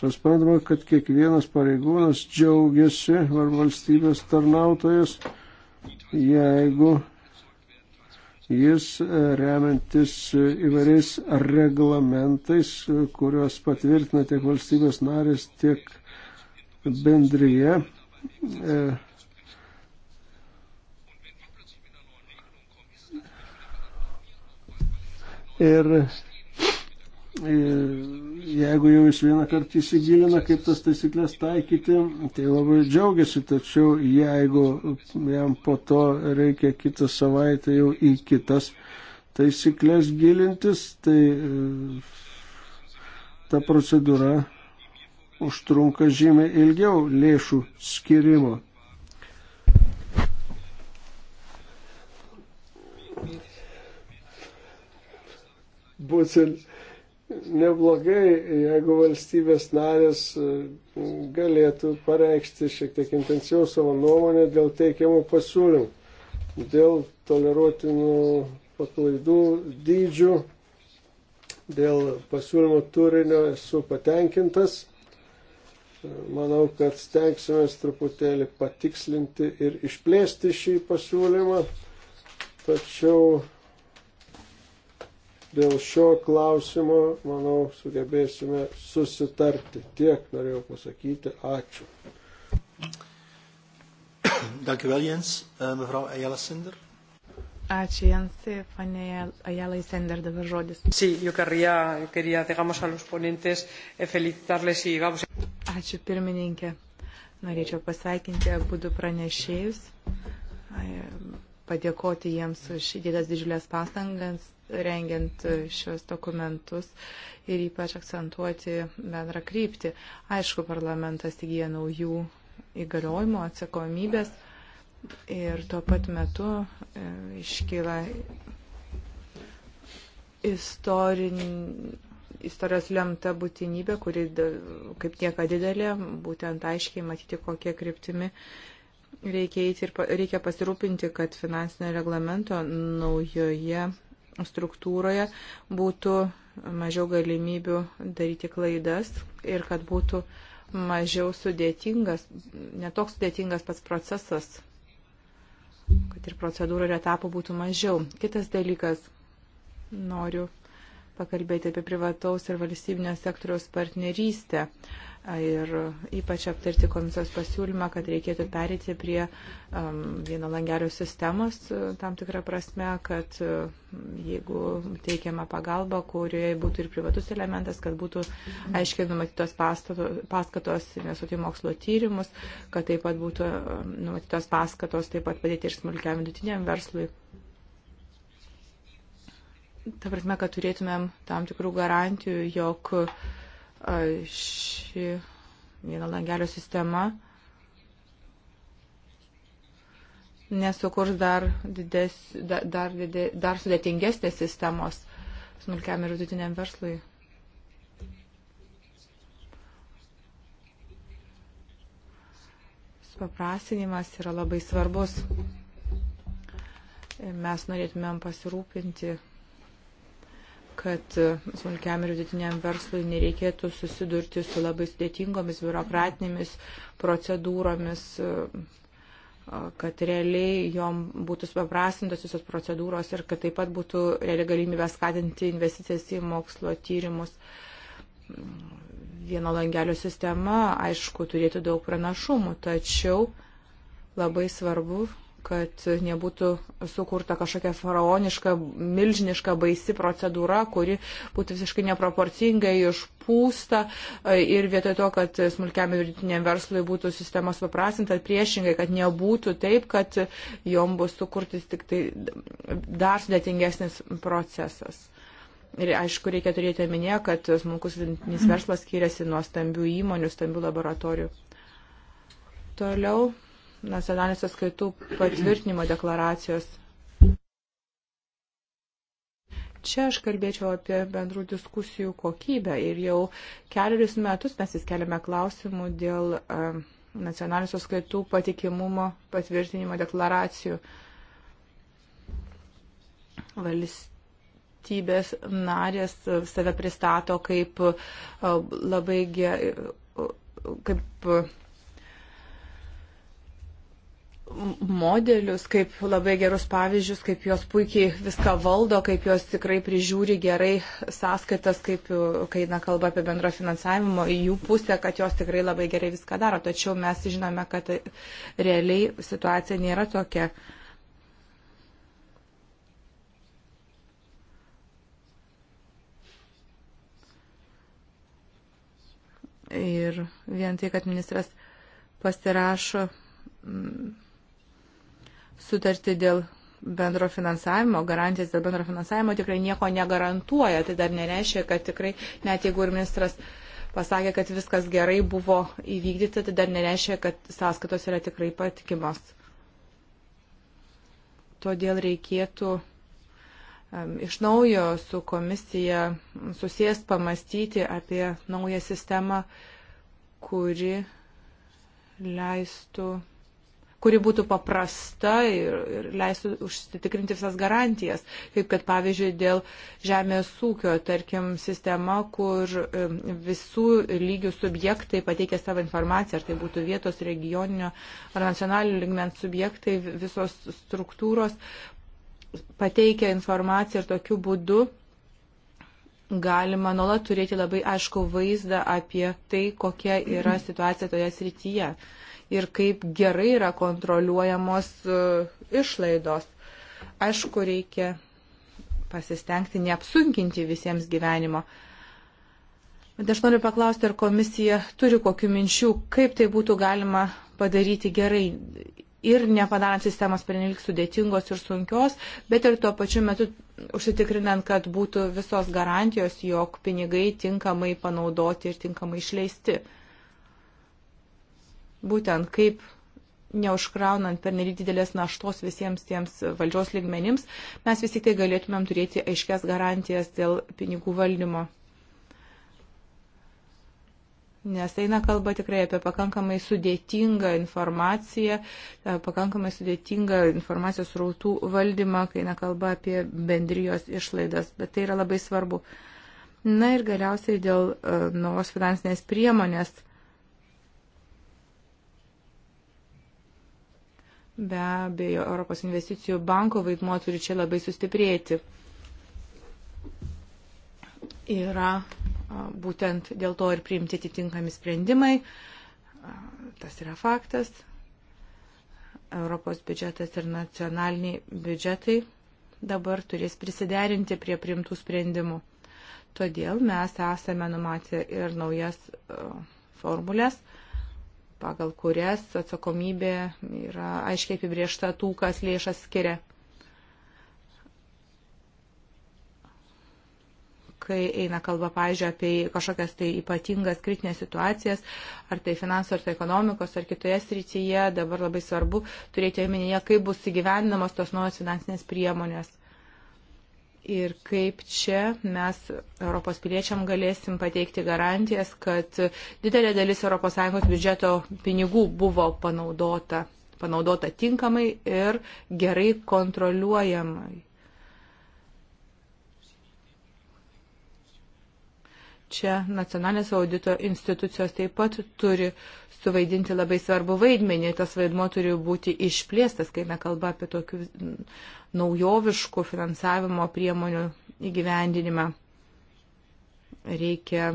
Suspantama, kad kiekvienas pareigūnas džiaugiasi ar valstybės tarnautojas, jeigu jis e, remiantis įvairiais reglamentais, kuriuos patvirtina tiek valstybės narės, tiek bendryje e, Ir e, jeigu jau iš vieną kartą įsigilina, kaip tas taisyklės taikyti, tai labai džiaugiasi, tačiau jeigu jam po to reikia kitą savaitę jau į kitas taisyklės gilintis, tai e, ta procedūra užtrunka žymiai ilgiau lėšų skirimo. Būtent neblogai, jeigu valstybės narės e, galėtų pareikšti šiek tiek intensyviau savo nuomonę dėl teikiamų pasiūlymų, dėl toleruotinų paklaidų dydžių, dėl pasiūlymo turinio esu patenkintas manau, kad stengsimės truputėlį patikslinti ir išplėsti šį pasiūlymą, tačiau dėl šio klausimo, manau, sugebėsime susitarti. Tiek norėjau pasakyti. Ačiū. Dank u wel, Jens. Uh, mevrouw Ayala Sender. Ačiū, Jensai. Pane Ayala Sender, dabar žodis. Sí, yo querría, quería, digamos, a los ponentes eh, felicitarles y vamos. Ačiū pirmininkė. Norėčiau pasveikinti abu du pranešėjus, padėkoti jiems už įdėtas didžiulės pastangas, rengiant šios dokumentus ir ypač akcentuoti bendrą kryptį. Aišku, parlamentas įgyja naujų įgaliojimų, atsakomybės ir tuo pat metu e, iškyla istorin, istorijos lemta būtinybė, kuri kaip tiek didelė, būtent aiškiai matyti, kokie kryptimi reikia eiti ir reikia pasirūpinti, kad finansinio reglamento naujoje struktūroje būtų mažiau galimybių daryti klaidas ir kad būtų mažiau sudėtingas, netoks sudėtingas pats procesas, kad ir procedūrų ir etapų būtų mažiau. Kitas dalykas, noriu pakalbėti apie privataus ir valstybinio sektoriaus partnerystę ir ypač aptarti komisijos pasiūlymą, kad reikėtų perėti prie um, vieno langelio sistemos uh, tam tikrą prasme, kad uh, jeigu teikiama pagalba, kurioje būtų ir privatus elementas, kad būtų aiškiai numatytos pastato, paskatos investuoti mokslo tyrimus, kad taip pat būtų um, numatytos paskatos taip pat padėti ir smulkiam vidutiniam verslui ta prasme, kad turėtumėm tam tikrų garantijų, jog ši vieno langelio sistema nesukurs dar, dides, dar, dar, dar sudėtingesnės sistemos smulkiam ir vidutiniam verslui. Paprasinimas yra labai svarbus. Mes norėtumėm pasirūpinti kad smulkiam ir vidutiniam verslui nereikėtų susidurti su labai sudėtingomis biurokratinėmis procedūromis, kad realiai jom būtų supaprastintos visos procedūros ir kad taip pat būtų reali galimybė skatinti investicijas į mokslo tyrimus. Vieno langelio sistema, aišku, turėtų daug pranašumų, tačiau labai svarbu kad nebūtų sukurta kažkokia faraoniška, milžiniška, baisi procedūra, kuri būtų visiškai neproporcingai išpūsta e, ir vietoj to, kad smulkiam ir vidutiniam verslui būtų sistema suprasinta, priešingai, kad nebūtų taip, kad jom bus sukurtis tik tai dar sudėtingesnis procesas. Ir aišku, reikia turėti omenyje, kad smulkus mhm. verslas skiriasi nuo stambių įmonių, stambių laboratorijų. Toliau nacionalinės atskaitų patvirtinimo deklaracijos. Čia aš kalbėčiau apie bendrų diskusijų kokybę ir jau keliarius metus mes įskeliame klausimų dėl um, nacionalinės atskaitų patikimumo patvirtinimo deklaracijų. Valst valstybės narės save pristato kaip uh, labai ge, uh, kaip modelius, kaip labai gerus pavyzdžius, kaip jos puikiai viską valdo, kaip jos tikrai prižiūri gerai sąskaitas, kaip, kai na, kalba apie bendro finansavimo, jų pusę, kad jos tikrai labai gerai viską daro. Tačiau mes žinome, kad realiai situacija nėra tokia. Ir vien tai, kad ministras pasirašo. Mm, sutartį dėl bendro finansavimo, garantijas dėl bendro finansavimo tikrai nieko negarantuoja. Tai dar nereiškia, kad tikrai, net jeigu ir ministras pasakė, kad viskas gerai buvo įvykdyti, tai dar nereiškia, kad sąskaitos yra tikrai patikimos. Todėl reikėtų iš naujo su komisija susijęs pamastyti apie naują sistemą, kuri leistų kuri būtų paprasta ir, ir leistų užsitikrinti visas garantijas, kaip kad pavyzdžiui dėl žemės ūkio, tarkim, sistema, kur visų lygių subjektai pateikia savo informaciją, ar tai būtų vietos, regioninio ar nacionalinio ligmens subjektai, visos struktūros pateikia informaciją ir tokiu būdu galima nuolat turėti labai aišku vaizdą apie tai, kokia yra situacija toje srityje. Mhm ir kaip gerai yra kontroliuojamos e, išlaidos. Aišku, reikia pasistengti neapsunkinti visiems gyvenimo. Bet aš noriu paklausti, ar komisija turi kokių minčių, kaip tai būtų galima padaryti gerai ir nepadarant sistemos pernelik sudėtingos ir sunkios, bet ir tuo pačiu metu užsitikrinant, kad būtų visos garantijos, jog pinigai tinkamai panaudoti ir tinkamai išleisti būtent kaip neužkraunant per nelik didelės naštos visiems tiems valdžios lygmenims, mes vis tik tai galėtumėm turėti aiškias garantijas dėl pinigų valdymo. Nes eina kalba tikrai apie pakankamai sudėtingą informaciją, e, pakankamai sudėtingą informacijos rautų valdymą, kai eina kalba apie bendrijos išlaidas, bet tai yra labai svarbu. Na ir galiausiai dėl uh, naujos finansinės priemonės. Uh, Be abejo, Europos investicijų banko vaidmuo turi čia labai sustiprėti. Yra būtent dėl to ir priimti atitinkami sprendimai. Tas yra faktas. Europos biudžetas ir nacionaliniai biudžetai dabar turės prisiderinti prie priimtų sprendimų. Todėl mes esame numatę ir naujas formulės, uh, pagal kurias atsakomybė yra aiškiai apibriešta tų, kas lėšas skiria. Kai eina kalba, pažiūrėjau, apie kažkokias tai ypatingas kritinės situacijas, ar tai finansų, ar tai ekonomikos, ar kitoje srityje, dabar labai svarbu turėti omenyje, kaip bus įgyvendinamos tos naujos finansinės priemonės ir kaip čia mes Europos piliečiam galėsim pateikti garantijas, kad didelė dalis ES biudžeto pinigų buvo panaudota, panaudota tinkamai ir gerai kontroliuojamai. Čia nacionalinės audito institucijos taip pat turi suvaidinti labai svarbu vaidmenį. Tas vaidmo turi būti išplėstas, kai nekalba apie tokių naujoviškų finansavimo priemonių įgyvendinimą. Reikia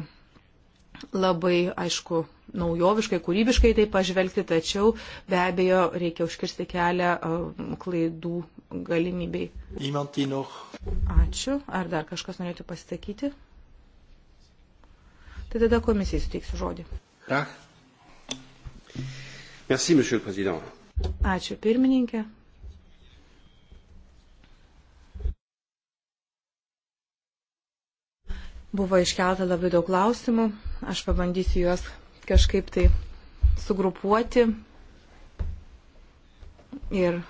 labai, aišku, naujoviškai, kūrybiškai tai pažvelgti, tačiau be abejo reikia užkirsti kelią klaidų galimybei. Ačiū. Ar dar kažkas norėtų pasisakyti? Tai tada komisijai suteiksiu žodį. Ach. Merci, monsieur le président. Ačiū, pirmininkė. Buvo iškelta labai daug klausimų. Aš pabandysiu juos kažkaip tai sugrupuoti ir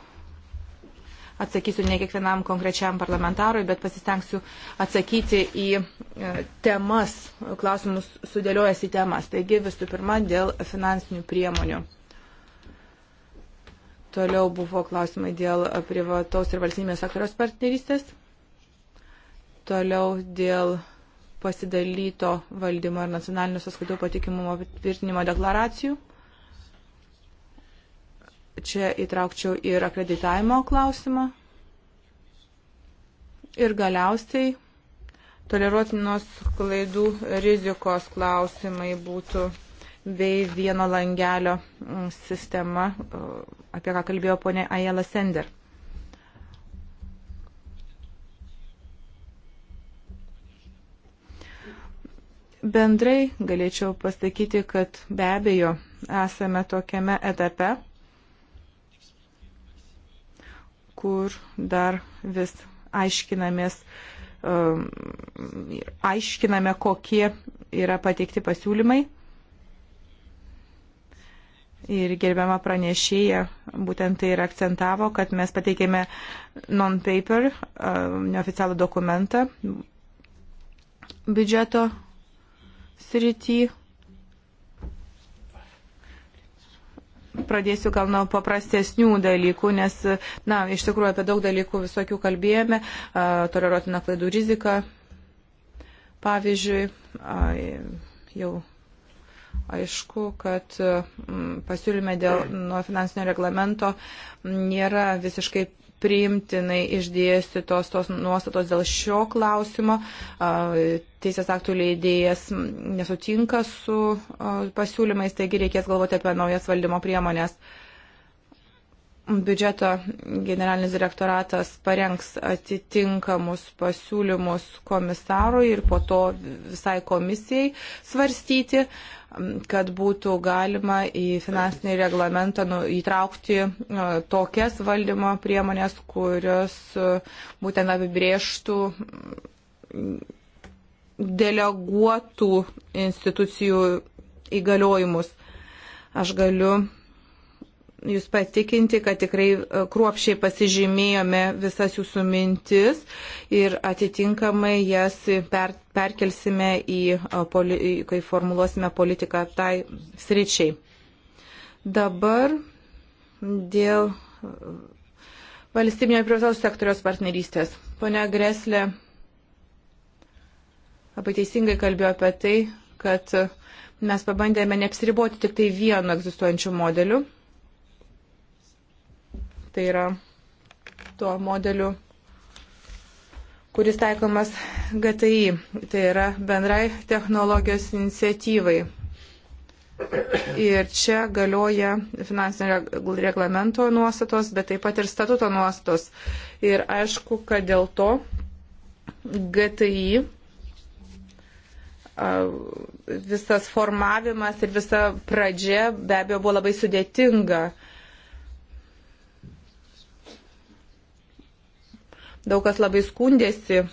atsakysiu ne kiekvienam konkrečiam parlamentarui, bet pasistengsiu atsakyti į e, temas, klausimus sudėliojęs į temas. Taigi visų pirma dėl finansinių priemonių. Toliau buvo klausimai dėl privataus ir valstybės sektoriaus partnerystės. Toliau dėl pasidalyto valdymo ir nacionalinių sąskaitų patikimumo tvirtinimo deklaracijų čia įtraukčiau ir akreditavimo klausimą. Ir galiausiai toleruotinos klaidų rizikos klausimai būtų bei vieno langelio mm, sistema, apie ką kalbėjo ponė Ajela Sender. Bendrai galėčiau pasakyti, kad be abejo esame tokiame etape, kur dar vis aiškinamės, um, aiškiname, kokie yra pateikti pasiūlymai. Ir gerbiama pranešėja būtent tai ir akcentavo, kad mes pateikėme non-paper, um, neoficialų dokumentą biudžeto srity pradėsiu gal nuo paprastesnių dalykų, nes, na, iš tikrųjų apie daug dalykų visokių kalbėjome, toleruotina klaidų rizika, pavyzdžiui, jau aišku, kad pasiūlyme dėl nuo finansinio reglamento nėra visiškai priimtinai išdėstytos tos nuostatos dėl šio klausimo. Teisės aktų leidėjas nesutinka su pasiūlymais, taigi reikės galvoti apie naujas valdymo priemonės biudžeto generalinis direktoratas parengs atitinkamus pasiūlymus komisarui ir po to visai komisijai svarstyti, kad būtų galima į finansinį reglamentą nu, įtraukti e, tokias valdymo priemonės, kurios e, būtent apibrėžtų deleguotų institucijų įgaliojimus. Aš galiu Jūs patikinti, kad tikrai e, kruopšiai pasižymėjome visas jūsų mintis ir atitinkamai jas per, perkelsime į, e, kai formuluosime politiką tai sričiai. Dabar dėl e, valstybinio ir privataus sektoriaus partnerystės. Pone Greslė labai teisingai kalbėjo apie tai, kad mes pabandėme neapsiriboti tik tai vienu egzistuojančiu modeliu Tai yra tuo modeliu, kuris taikomas GTI. Tai yra bendrai technologijos iniciatyvai. Ir čia galioja finansinio reglamento nuostatos, bet taip pat ir statuto nuostatos. Ir aišku, kad dėl to GTI visas formavimas ir visa pradžia be abejo buvo labai sudėtinga. Daug kas labai skundėsi, e,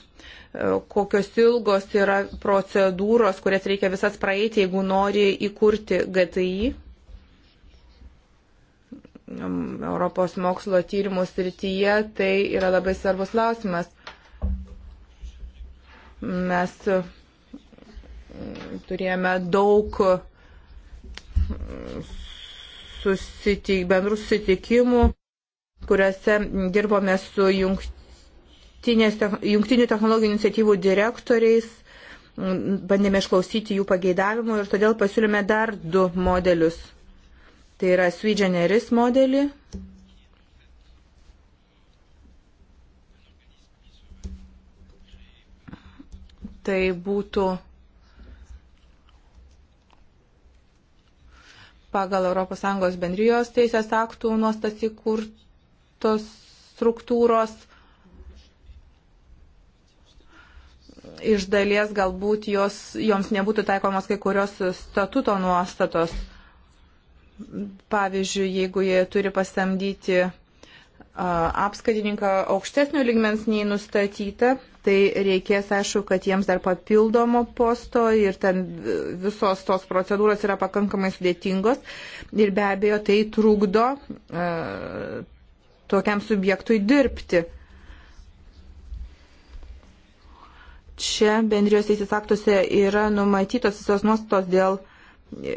kokios ilgos yra procedūros, kurias reikia visas praeiti, jeigu nori įkurti GTI. Mm, Europos mokslo tyrimų srityje tai yra labai svarbus klausimas. Mes mm, turėjome daug mm, susitik, bendrų susitikimų, kuriuose dirbome su jungti jungtinių technologijų iniciatyvų direktoriais, bandėme išklausyti jų pageidavimų ir todėl pasiūlėme dar du modelius. Tai yra sui generis modelį. Tai būtų pagal ES bendrijos teisės aktų nuostas įkurtos struktūros iš dalies galbūt jos, joms nebūtų taikomos kai kurios statuto nuostatos. Pavyzdžiui, jeigu jie turi pasamdyti apskatininką aukštesnio ligmens nei nustatyta, tai reikės, aišku, kad jiems dar papildomo posto ir ten visos tos procedūros yra pakankamai sudėtingos ir be abejo tai trukdo uh, tokiam subjektui dirbti. Uh, čia bendrijos teisės aktuose yra numatytos visos nuostatos dėl e,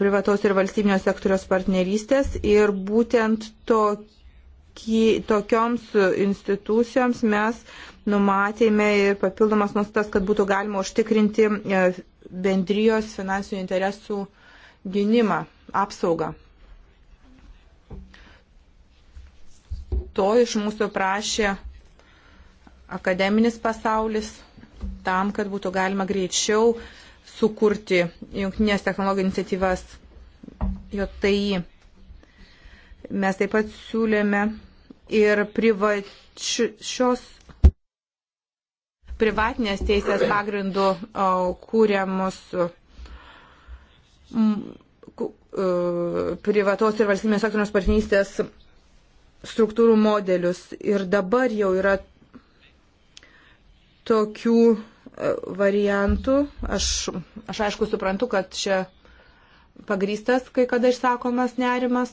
privataus ir valstybinio sektoriaus partnerystės ir būtent toki, tokioms institucijoms mes numatėme ir papildomas nuostatas, kad būtų galima užtikrinti e, bendrijos finansinių interesų gynimą, apsaugą. To iš mūsų prašė akademinis pasaulis tam, kad būtų galima greičiau sukurti jungtinės technologijų iniciatyvas JTI. Mes taip pat siūlėme ir privačios privatinės teisės pagrindų kūriamus e, privatos ir valstybės sektoriaus partnerystės struktūrų modelius. Ir dabar jau yra tokių e, variantų. Aš, aš aišku suprantu, kad čia pagrystas kai kada išsakomas nerimas.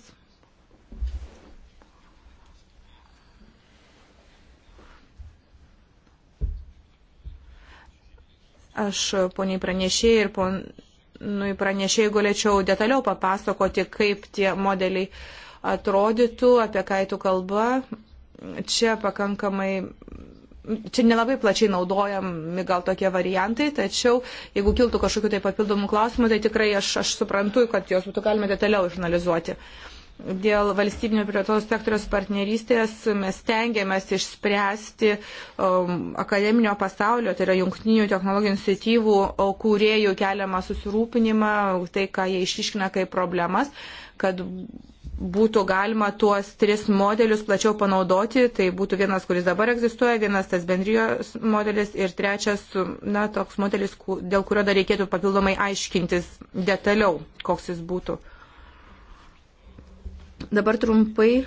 Aš poniai pranešėjai ir ponui pranešėjai galėčiau detaliau papasakoti, kaip tie modeliai atrodytų, apie ką tu kalba. Čia pakankamai čia nelabai plačiai naudojami gal tokie variantai, tačiau jeigu kiltų kažkokiu tai papildomų klausimų, tai tikrai aš, aš suprantu, kad juos būtų galima detaliau išanalizuoti. Dėl valstybinio privataus sektoriaus partnerystės mes tengiamės išspręsti um, akademinio pasaulio, tai yra jungtinių technologijų iniciatyvų kūrėjų keliamą susirūpinimą, tai ką jie išiškina kaip problemas, kad būtų galima tuos tris modelius plačiau panaudoti. Tai būtų vienas, kuris dabar egzistuoja, vienas tas bendrijos modelis ir trečias, na, toks modelis, dėl kurio dar reikėtų papildomai aiškintis detaliau, koks jis būtų. Dabar trumpai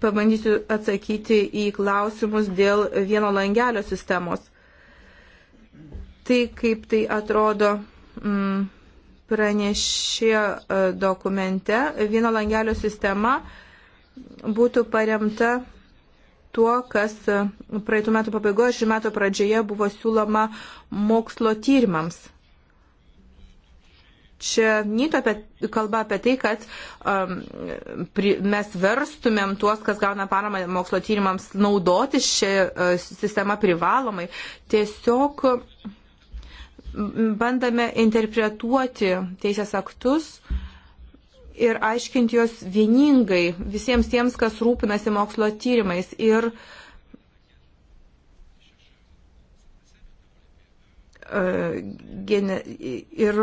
pabandysiu atsakyti į klausimus dėl vieno langelio sistemos. Tai kaip tai atrodo. Mm, pranešė e, dokumente, vieno langelio sistema būtų paremta tuo, kas e, praeitų metų pabaigoje, šių metų pradžioje buvo siūloma mokslo tyrimams. Čia nyto apie, kalba apie tai, kad um, pri, mes verstumėm tuos, kas gauna paramą mokslo tyrimams, naudotis šią uh, e, sistemą privalomai. Tiesiog uh, bandame interpretuoti teisės aktus ir aiškinti juos vieningai visiems tiems, kas rūpinasi mokslo tyrimais. Ir e, ir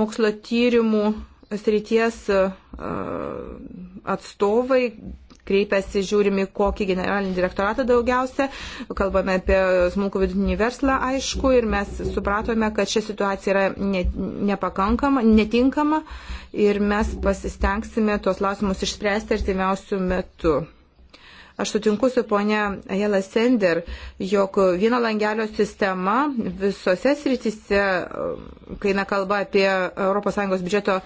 mokslo tyrimų srities e, atstovai kreipiasi, žiūrimi, kokį generalinį direktoratą daugiausia, kalbame apie smulkų vidutinį verslą, aišku, ir mes supratome, kad ši situacija yra ne, nepakankama, netinkama ir mes pasistengsime tuos klausimus išspręsti artimiausių metų. Aš sutinku su ponia Jela Sender, jog vieno langelio sistema visose srityse, kai nekalba apie ES biudžeto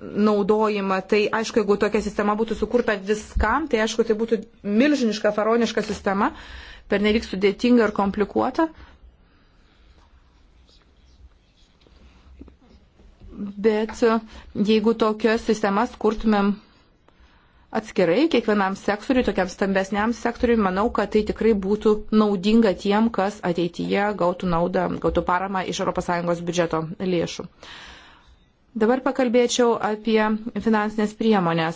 naudojimą. Tai aišku, jeigu tokia sistema būtų sukurta viskam, tai aišku, tai būtų milžiniška faroniška sistema, per nelik sudėtinga ir komplikuota. Bet e, jeigu tokias sistemas kurtumėm atskirai, kiekvienam sektoriui, tokiam stambesniam sektoriui, manau, kad tai tikrai būtų naudinga tiem, kas ateityje gautų naudą, gautų paramą iš ES biudžeto lėšų. Uh, Dabar pakalbėčiau apie finansinės priemonės.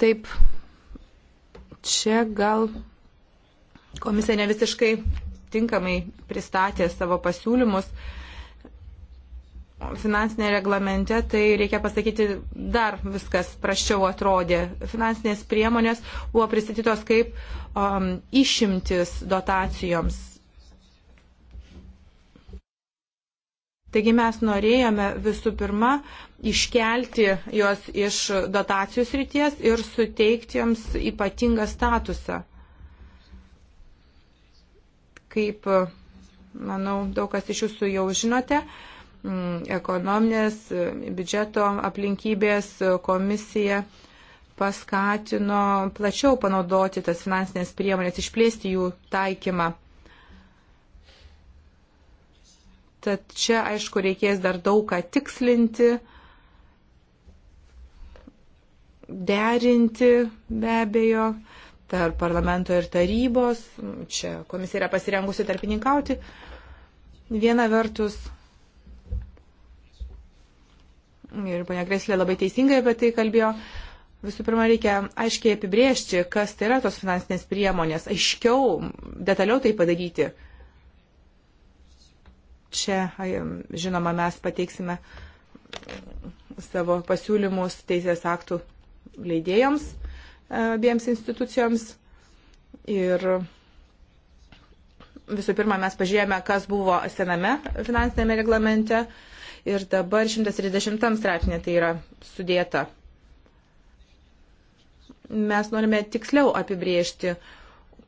Taip, čia gal komisija ne visiškai tinkamai pristatė savo pasiūlymus. Finansinė reglamente, tai reikia pasakyti, dar viskas prašiau atrodė. Finansinės priemonės buvo pristatytos kaip um, išimtis dotacijoms Taigi mes norėjome visų pirma iškelti juos iš dotacijų srities ir suteikti joms ypatingą statusą. Kaip, manau, daug kas iš jūsų jau žinote, mm, ekonominės biudžeto aplinkybės komisija paskatino plačiau panaudoti tas finansinės priemonės, išplėsti jų taikymą. Tad čia, aišku, reikės dar daug ką tikslinti, derinti be abejo tarp parlamento ir tarybos. Čia komisija yra pasirengusi tarpininkauti. Viena vertus. Ir ponia Greslė labai teisingai apie tai kalbėjo. Visų pirma, reikia aiškiai apibriežti, kas tai yra tos finansinės priemonės, aiškiau, detaliau tai padaryti. Čia, žinoma, mes pateiksime savo pasiūlymus teisės aktų leidėjams e, abiems institucijoms. Ir visų pirma, mes pažiūrėjome, kas buvo sename finansinėme reglamente ir dabar 130 straipsnė tai yra sudėta. Mes norime tiksliau apibriežti uh,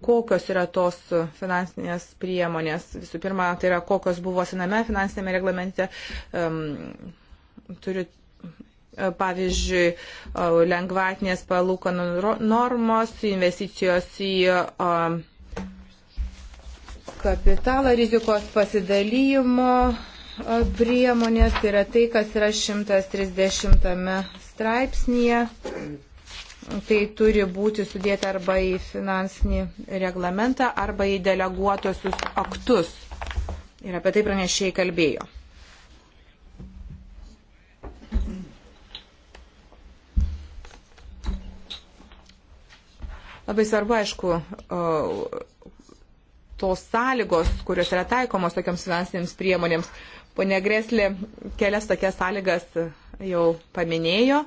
kokios yra tos finansinės priemonės. Visų pirma, tai yra kokios buvo sename finansinėme reglamente. Um, turiu e, pavyzdžiui, e, lengvatinės palūkanų normos, investicijos į e, kapitalą, rizikos pasidalymo priemonės, tai yra tai, kas yra 130 straipsnėje tai turi būti sudėta arba į finansinį reglamentą, arba į deleguotosius aktus. Ir apie tai pranešėjai kalbėjo. Labai svarbu, aišku, tos sąlygos, kurios yra taikomos tokiams finansinėms priemonėms. Pone Greslė kelias tokias sąlygas jau paminėjo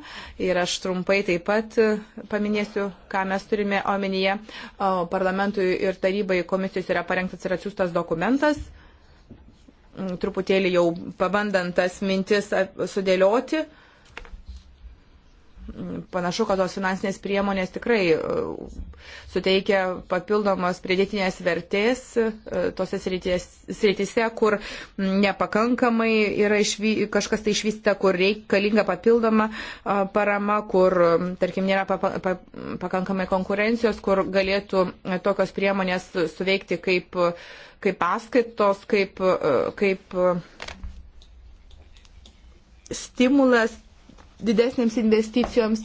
ir aš trumpai taip pat paminėsiu, ką mes turime omenyje. Parlamentui ir tarybai komisijos yra parengtas ir atsiųstas dokumentas, truputėlį jau pabandant tas mintis sudėlioti panašu, kad tos finansinės priemonės tikrai e, suteikia papildomos pridėtinės vertės e, tose srityse, kur nepakankamai yra išvy, kažkas tai išvysta, kur reikalinga papildoma e, parama, kur, tarkim, nėra pa, pa, pakankamai konkurencijos, kur galėtų tokios priemonės suveikti kaip, kaip paskaitos, kaip, kaip stimulas didesnėms investicijoms.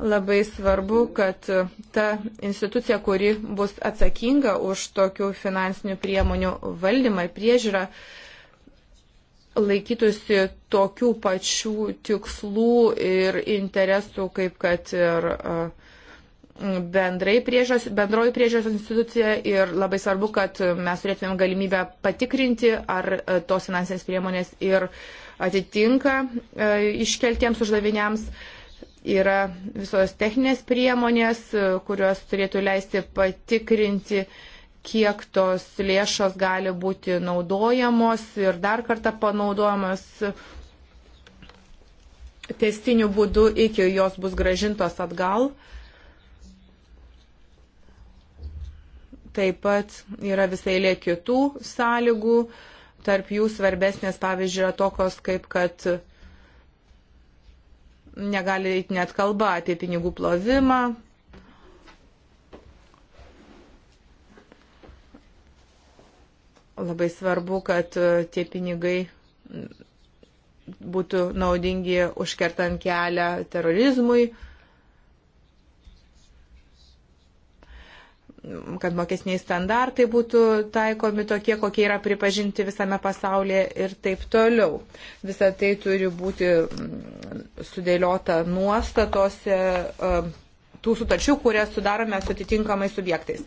Labai svarbu, kad ta institucija, kuri bus atsakinga už tokių finansinių priemonių valdymą ir priežiūrą, laikytųsi tokių pačių tikslų ir interesų, kaip kad ir uh, priežos, bendroji priežios institucija ir labai svarbu, kad mes turėtumėm galimybę patikrinti, ar e, tos finansinės priemonės ir atitinka e, iškeltiems uždaviniams. Yra visos techninės priemonės, e, kurios turėtų leisti patikrinti, kiek tos lėšos gali būti naudojamos ir dar kartą panaudojamos testiniu būdu, iki jos bus gražintos atgal. Uh, Taip pat yra visai lė kitų sąlygų, tarp jų svarbesnės, pavyzdžiui, yra tokios kaip, kad negali eiti net kalba apie pinigų plovimą. Labai svarbu, kad tie pinigai būtų naudingi užkertant kelią terorizmui. kad mokesniai standartai būtų taikomi tokie, kokie yra pripažinti visame pasaulyje ir taip toliau. Visą tai turi būti mm, sudėliota nuostatose mm, tų sutarčių, kurias sudarome su atitinkamai subjektais.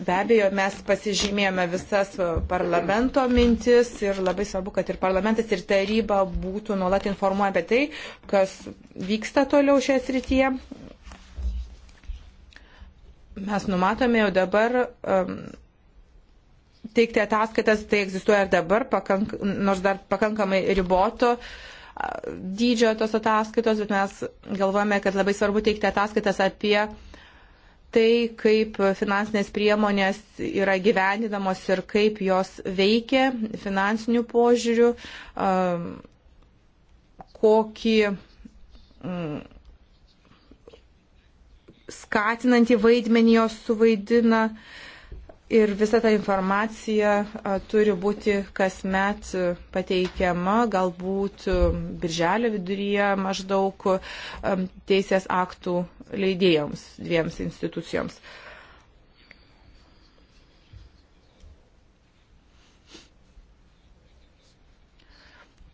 Be abejo, mes pasižymėjome visas parlamento mintis ir labai svarbu, kad ir parlamentas, ir taryba būtų nuolat informuoja apie tai, kas vyksta toliau šioje srityje mes numatome jau dabar um, teikti ataskaitas, tai egzistuoja ir dabar, pakank, nors dar pakankamai riboto uh, dydžio tos ataskaitos, bet mes galvojame, kad labai svarbu teikti ataskaitas apie tai, kaip finansinės priemonės yra gyvendinamos ir kaip jos veikia finansinių požiūrių, um, kokį um, skatinantį vaidmenį jos suvaidina. Ir visa ta informacija a, turi būti kasmet pateikiama, galbūt birželio viduryje maždaug a, teisės aktų leidėjams, dviems institucijoms. A,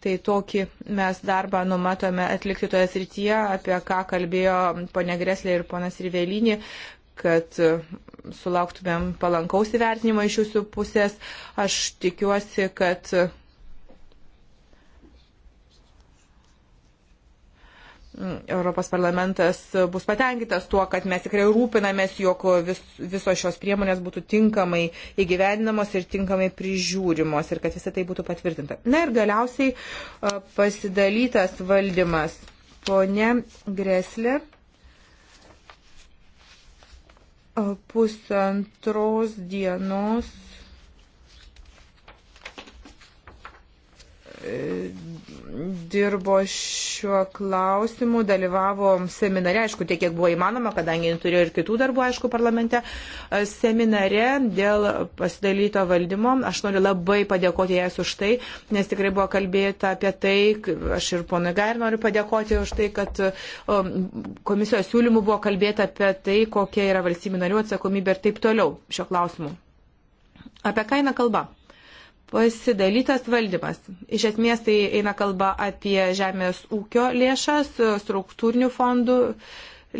Tai tokį mes darbą numatome atlikti toje srityje, apie ką kalbėjo ponė Greslė ir ponas Rivelinį, kad sulauktumėm palankaus įvertinimo iš jūsų pusės. Aš tikiuosi, kad Europos parlamentas bus patenkintas tuo, kad mes tikrai rūpinamės, jog vis, visos šios priemonės būtų tinkamai įgyvendinamos ir tinkamai prižiūrimos ir kad visą tai būtų patvirtinta. Na ir galiausiai pasidalytas valdymas. Pone Greslė pusantros dienos dirbo šiuo klausimu, dalyvavo seminare, aišku, tiek, kiek buvo įmanoma, kadangi turėjo ir kitų darbų, aišku, parlamente, e, seminare dėl pasidalyto valdymo. Aš noriu labai padėkoti jas už tai, nes tikrai buvo kalbėta apie tai, aš ir ponui Gair noriu padėkoti už tai, kad e, komisijos siūlymų buvo kalbėta apie tai, kokia yra valstybių narių atsakomybė ir taip toliau šio klausimu. Apie kainą kalba pasidalytas valdymas. Iš esmės tai eina kalba apie žemės ūkio lėšas, struktūrinių fondų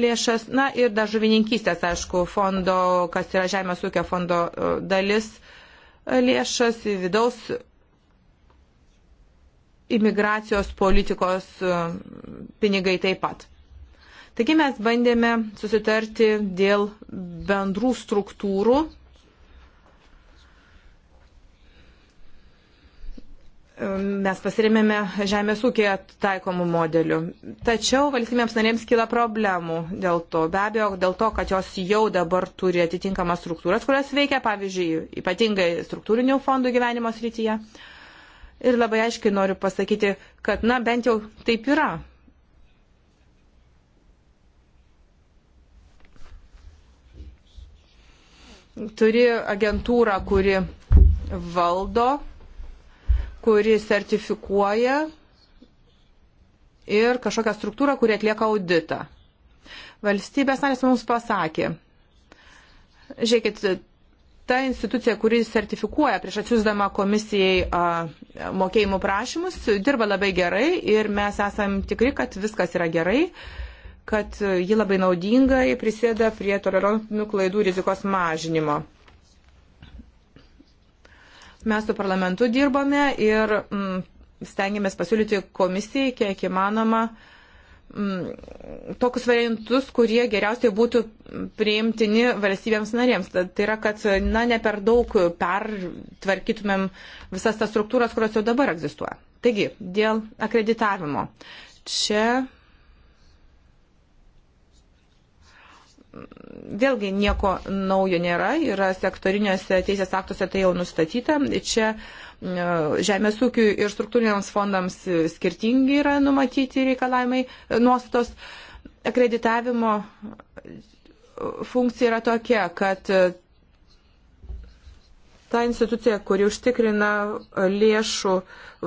lėšas, na ir dar žuvininkystės, aišku, fondo, kas yra žemės ūkio fondo e, dalis e, lėšas, vidaus imigracijos politikos e, pinigai taip pat. Taigi mes bandėme susitarti dėl bendrų struktūrų mes pasiremėme žemės ūkėje taikomų modelių. Tačiau valstybėms narėms kyla problemų dėl to. Be abejo, dėl to, kad jos jau dabar turi atitinkamas struktūras, kurios veikia, pavyzdžiui, ypatingai struktūrinių fondų gyvenimo srityje. Ir labai aiškiai noriu pasakyti, kad, na, bent jau taip yra. Turi agentūrą, kuri valdo kuri sertifikuoja ir kažkokią struktūrą, kuri atlieka auditą. Valstybės narės mums pasakė, žiūrėkit, ta institucija, kuri sertifikuoja prieš atsiūsdama komisijai a, mokėjimų prašymus, dirba labai gerai ir mes esam tikri, kad viskas yra gerai, kad ji labai naudingai prisėda prie tolerantinių klaidų rizikos mažinimo. Mes su parlamentu dirbame ir mm, stengiamės pasiūlyti komisijai, kiek įmanoma, mm, tokius variantus, kurie geriausiai būtų priimtini valstybėms narėms. Tai yra, kad na, ne per daug pertvarkytumėm visas tas struktūras, kurios jau dabar egzistuoja. Taigi, dėl akreditavimo. Čia vėlgi nieko naujo nėra, yra sektoriniuose teisės aktuose tai jau nustatyta. Čia e, žemės ūkiui ir struktūriniams fondams skirtingi yra numatyti reikalavimai, e, nuostatos. Akreditavimo funkcija yra tokia, kad e, ta institucija, kuri užtikrina lėšų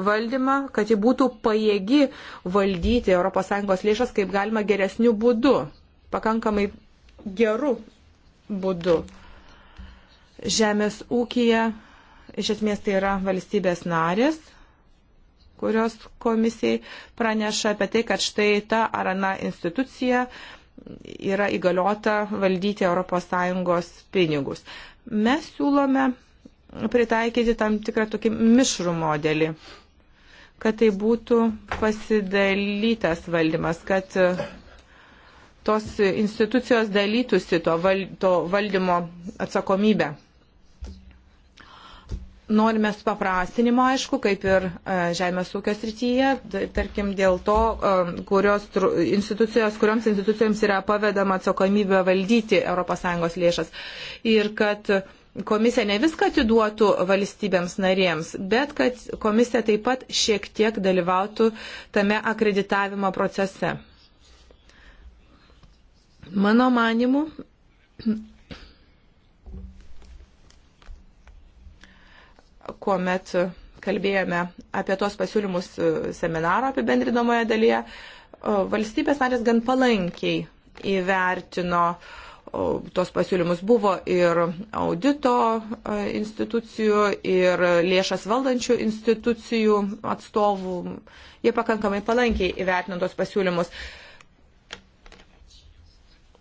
valdymą, kad ji būtų pajėgi valdyti ES lėšas kaip galima geresnių būdų, pakankamai gerų būdų. Žemės ūkija iš esmės tai yra valstybės narės, kurios komisijai praneša apie tai, kad štai ta ar ana institucija yra įgaliota valdyti ES pinigus. Mes siūlome pritaikyti tam tikrą tokį mišrų modelį, kad tai būtų pasidalytas valdymas, kad tos institucijos dalytųsi to, val, to valdymo atsakomybę. Norime supaprastinimo, aišku, kaip ir e, žemės ūkio srityje, tai tarkim, dėl to, e, kurios institucijos, kurioms institucijoms yra pavedama atsakomybė valdyti ES lėšas. Ir kad komisija ne viską atiduotų valstybėms narėms, bet kad komisija taip pat šiek tiek dalyvautų tame akreditavimo procese. Mano manimu, kuomet kalbėjome apie tos pasiūlymus e, seminaro apibendrinamoje dalyje, e, valstybės narės gan palankiai įvertino e, tos pasiūlymus. Buvo ir audito institucijų, ir lėšas valdančių institucijų atstovų. Jie pakankamai palankiai įvertino tos pasiūlymus.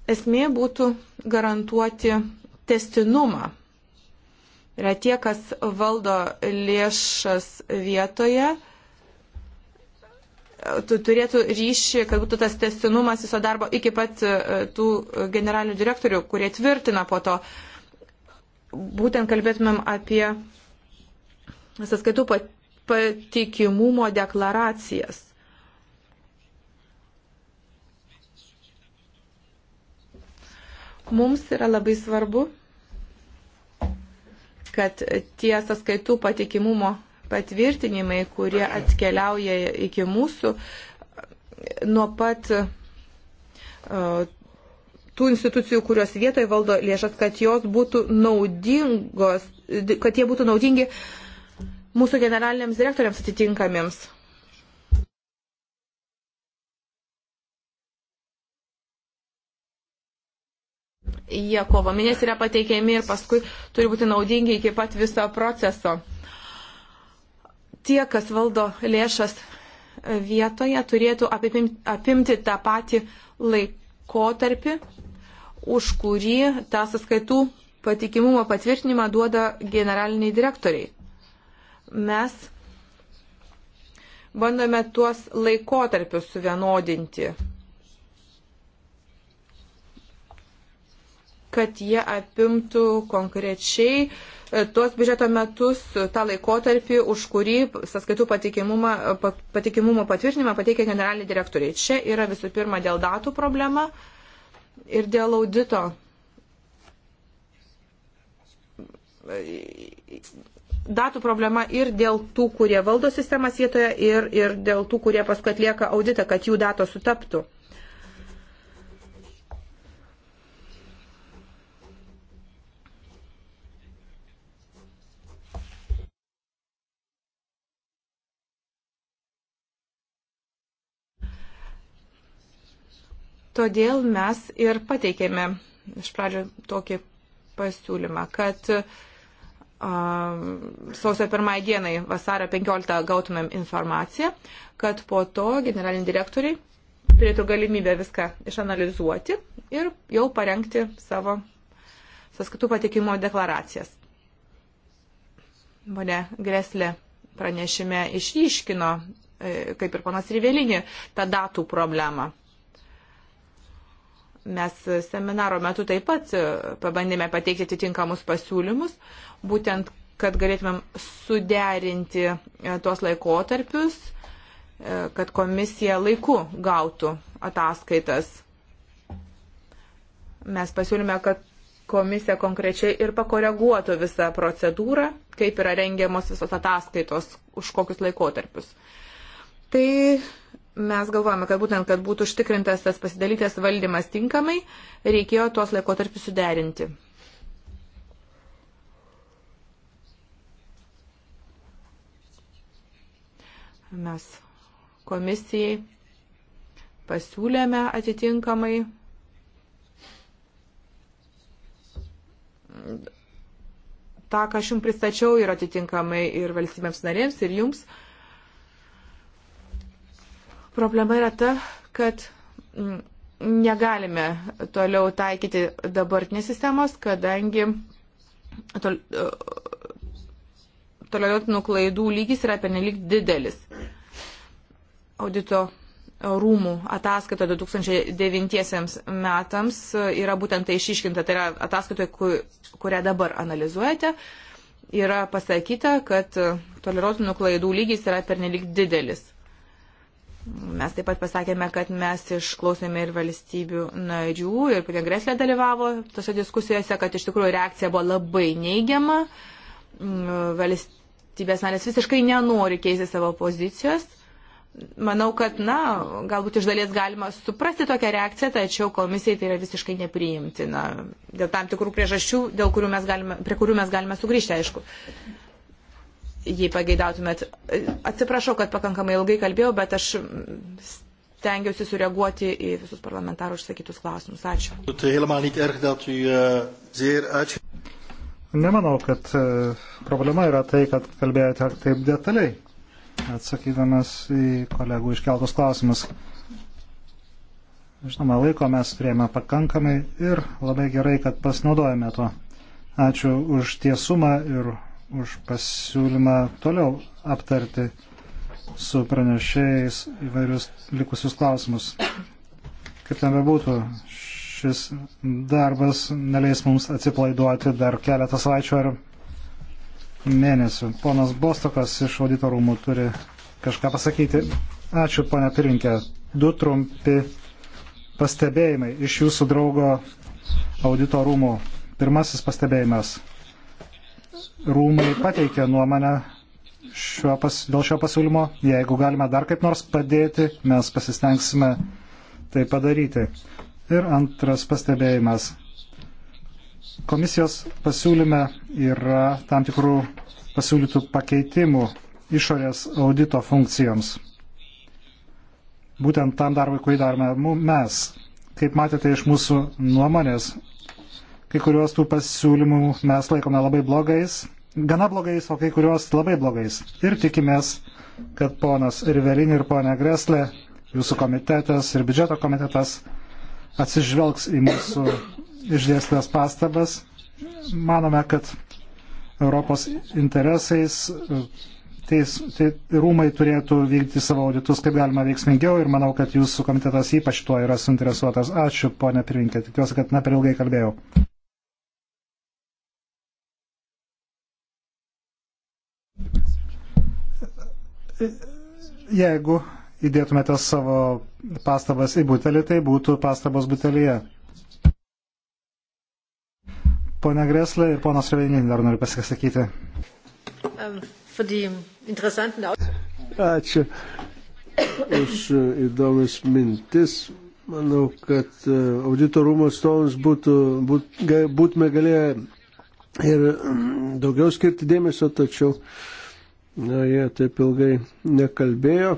Esmė būtų garantuoti testinumą. Yra tie, kas valdo lėšas vietoje, turėtų ryšį, kad būtų tas testinumas viso darbo iki pat e, tų generalinių direktorių, kurie tvirtina po to. Būtent kalbėtumėm apie sąskaitų patikimumo deklaracijas. Mums yra labai svarbu, kad tie sąskaitų patikimumo patvirtinimai, kurie atkeliauja iki mūsų, nuo pat uh, tų institucijų, kurios vietoje valdo lėšas, kad jos būtų naudingos, kad jie būtų naudingi mūsų generaliniams direktoriams atitinkamiems. jie kovo mėnesį yra pateikiami ir paskui turi būti naudingi iki pat viso proceso. Tie, kas valdo lėšas vietoje, turėtų apimti tą patį laikotarpį, už kurį tą sąskaitų patikimumo patvirtinimą duoda generaliniai direktoriai. Mes bandome tuos laikotarpius suvienodinti kad jie apimtų konkrečiai e, tuos biudžeto metus, tą laikotarpį, už kurį sąskaitų patikimumą, patikimumo patvirtinimą pateikia generaliniai direktoriai. Čia yra visų pirma dėl datų problema ir dėl audito. Datų problema ir dėl tų, kurie valdo sistemas vietoje, ir, ir dėl tų, kurie paskui atlieka auditą, kad jų datos sutaptų. Todėl mes ir pateikėme iš pradžio tokį pasiūlymą, kad sausio pirmai dienai vasario 15 gautumėm informaciją, kad po to generaliniai direktoriai turėtų galimybę viską išanalizuoti ir jau parengti savo sąskaitų patikimo deklaracijas. Mane Greslė pranešime išryškino, e, kaip ir panas Rivelinė, tą datų problemą. Mes seminaro metu taip pat pabandėme pateikti atitinkamus pasiūlymus, būtent kad galėtumėm suderinti e, tuos laikotarpius, e, kad komisija laiku gautų ataskaitas. Mes pasiūlyme, kad komisija konkrečiai ir pakoreguotų visą procedūrą, kaip yra rengiamos visos ataskaitos, už kokius laikotarpius. Tai mes galvojame, kad būtent, kad būtų užtikrintas tas pasidalytas valdymas tinkamai, reikėjo tuos laikotarpius suderinti. Mes komisijai pasiūlėme atitinkamai tą, ką aš jums pristačiau ir atitinkamai ir valstybėms narėms, ir jums. Uh, Problema yra ta, kad mm, negalime toliau taikyti dabartinės sistemos, kadangi tol, e, toleruotinų klaidų lygis yra pernelyg didelis. Audito rūmų ataskaita 2009 metams yra būtent tai išiškinta, tai yra ataskaitoje, kurią dabar analizuojate, yra pasakyta, kad toleruotinų klaidų lygis yra pernelyg didelis. Mes taip pat pasakėme, kad mes išklausėme ir valstybių narių, ir ponia Greslė dalyvavo tose diskusijose, kad iš tikrųjų reakcija buvo labai neigiama. Mm, valstybės narės visiškai nenori keisti savo pozicijos. Manau, kad, na, galbūt iš dalies galima suprasti tokią reakciją, tačiau komisijai tai yra visiškai nepriimtina. Dėl tam tikrų priežasčių, kurių galime, prie kurių mes galime sugrįžti, aišku jei pageidautumėt. Atsiprašau, kad pakankamai ilgai kalbėjau, bet aš stengiausi sureaguoti į visus parlamentarų išsakytus klausimus. Ačiū. Tai eh, Nemanau, kad eh, problema yra tai, kad kalbėjote taip detaliai, atsakydamas į kolegų iškeltus klausimus. Žinoma, laiko mes turėjome pakankamai ir labai gerai, kad pasinaudojame tuo. Ačiū už tiesumą ir už pasiūlymą toliau aptarti su pranešėjais įvairius likusius klausimus. Kaip ten bebūtų, šis darbas neleis mums atsipalaiduoti dar keletą savaičių ar mėnesių. Ponas Bostokas iš auditorumų turi kažką pasakyti. Ačiū, ponia pirinkė. Du trumpi pastebėjimai iš jūsų draugo auditorumų. Pirmasis pastebėjimas rūmai pateikė nuomonę šio pas, dėl šio pasiūlymo. Jeigu galime dar kaip nors padėti, mes pasistengsime tai padaryti. Ir antras pastebėjimas. Komisijos pasiūlyme yra tam tikrų pasiūlytų pakeitimų išorės audito funkcijoms. Būtent tam darbui, kurį darome mes. Kaip matėte iš mūsų nuomonės, kai kuriuos tų pasiūlymų mes laikome labai blogais gana blogais, o kai kurios labai blogais. Ir tikimės, kad ponas Rivelin ir ponė Greslė, jūsų komitetas ir biudžeto komitetas atsižvelgs į mūsų išdėstęs pastabas. Manome, kad Europos interesais teis, te, rūmai turėtų vykdyti savo auditus kaip galima veiksmingiau ir manau, kad jūsų komitetas ypač tuo yra suinteresuotas. Ačiū, ponė pirminkė, tikiuosi, kad ne per ilgai kalbėjau. jeigu įdėtumėte savo pastabas į butelį, tai būtų pastabos butelyje. Pone Greslė ir ponas Reveninė dar noriu pasisakyti. Ähm, Ačiū už įdomias mintis. Manau, kad e, auditorumo atstovams būtų, būt, būtume galėję ir mm, daugiau skirti dėmesio, tačiau uh, Na, jie taip ilgai nekalbėjo.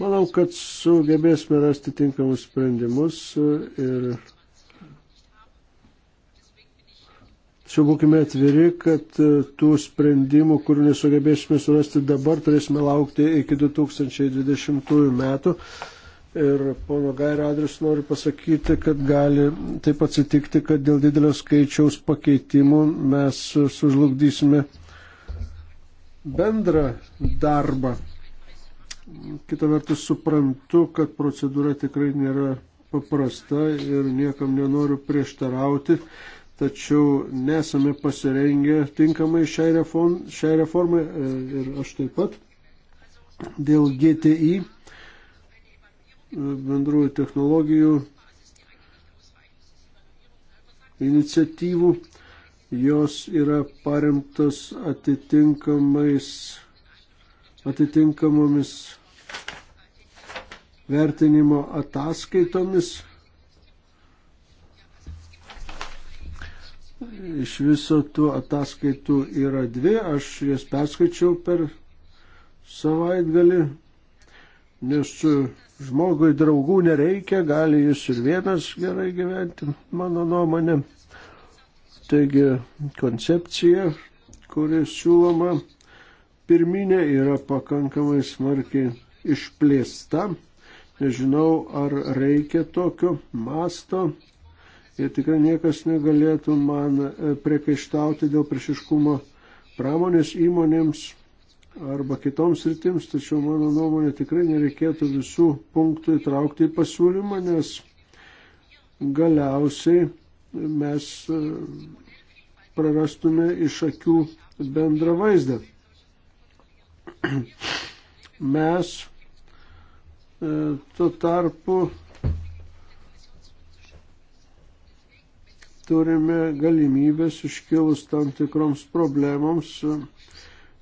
Manau, kad sugebėsime rasti tinkamus sprendimus ir Čia būkime atviri, kad tų sprendimų, kurių nesugebėsime surasti dabar, turėsime laukti iki 2020 metų. Ir pono Gairio adresu noriu pasakyti, kad gali taip atsitikti, kad dėl didelio skaičiaus pakeitimų mes sužlugdysime bendrą darbą. Kita vertus suprantu, kad procedūra tikrai nėra paprasta ir niekam nenoriu prieštarauti, tačiau nesame pasirengę tinkamai šiai, reform, šiai reformai e, ir aš taip pat dėl GTI e, bendrųjų technologijų iniciatyvų jos yra paremtos atitinkamais, atitinkamomis vertinimo ataskaitomis. Iš viso tų ataskaitų yra dvi, aš jas perskaičiau per savaitgalį, nes žmogui draugų nereikia, gali jis ir vienas gerai gyventi, mano nuomonė. Taigi koncepcija, kuri siūloma pirminė, yra pakankamai smarkiai išplėsta. Nežinau, ar reikia tokio masto. Ir tikrai niekas negalėtų man e, priekaištauti dėl priešiškumo pramonės įmonėms arba kitoms rytims, tačiau mano nuomonė tikrai nereikėtų visų punktų įtraukti į pasiūlymą, nes galiausiai mes e, prarastume iš akių bendrą vaizdą. Mes e, tuo tarpu turime galimybės iškilus tam tikroms problemoms e,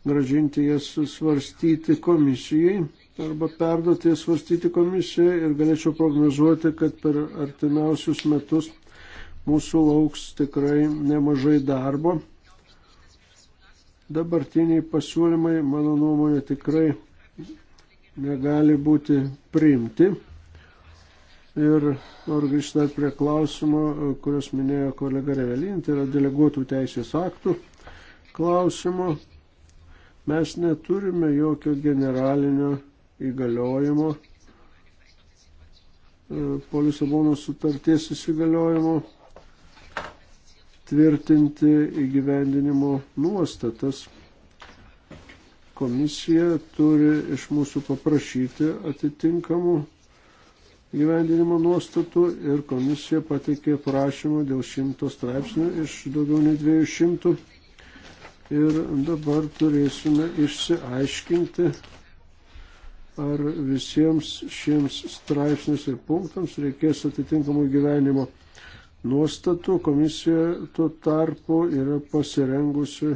gražinti jas svarstyti komisijai arba perduoti jas svarstyti komisijai ir galėčiau prognozuoti, kad per artimiausius metus mūsų lauks tikrai nemažai darbo. Dabartiniai pasiūlymai, mano nuomonė, tikrai negali būti priimti. Ir noriu grįžti dar prie klausimo, kurios minėjo kolega Revelin, tai yra deleguotų teisės aktų klausimo. Mes neturime jokio generalinio įgaliojimo e, po Lisabonos sutarties įsigaliojimo tvirtinti įgyvendinimo nuostatas. Komisija turi iš mūsų paprašyti atitinkamų gyvendinimo nuostatų ir komisija pateikė prašymą dėl šimto straipsnių iš daugiau nei dviejų šimtų. Ir dabar turėsime išsiaiškinti, ar visiems šiems straipsnius ir punktams reikės atitinkamo gyvenimo nuostatų. Komisija tuo tarpu yra pasirengusi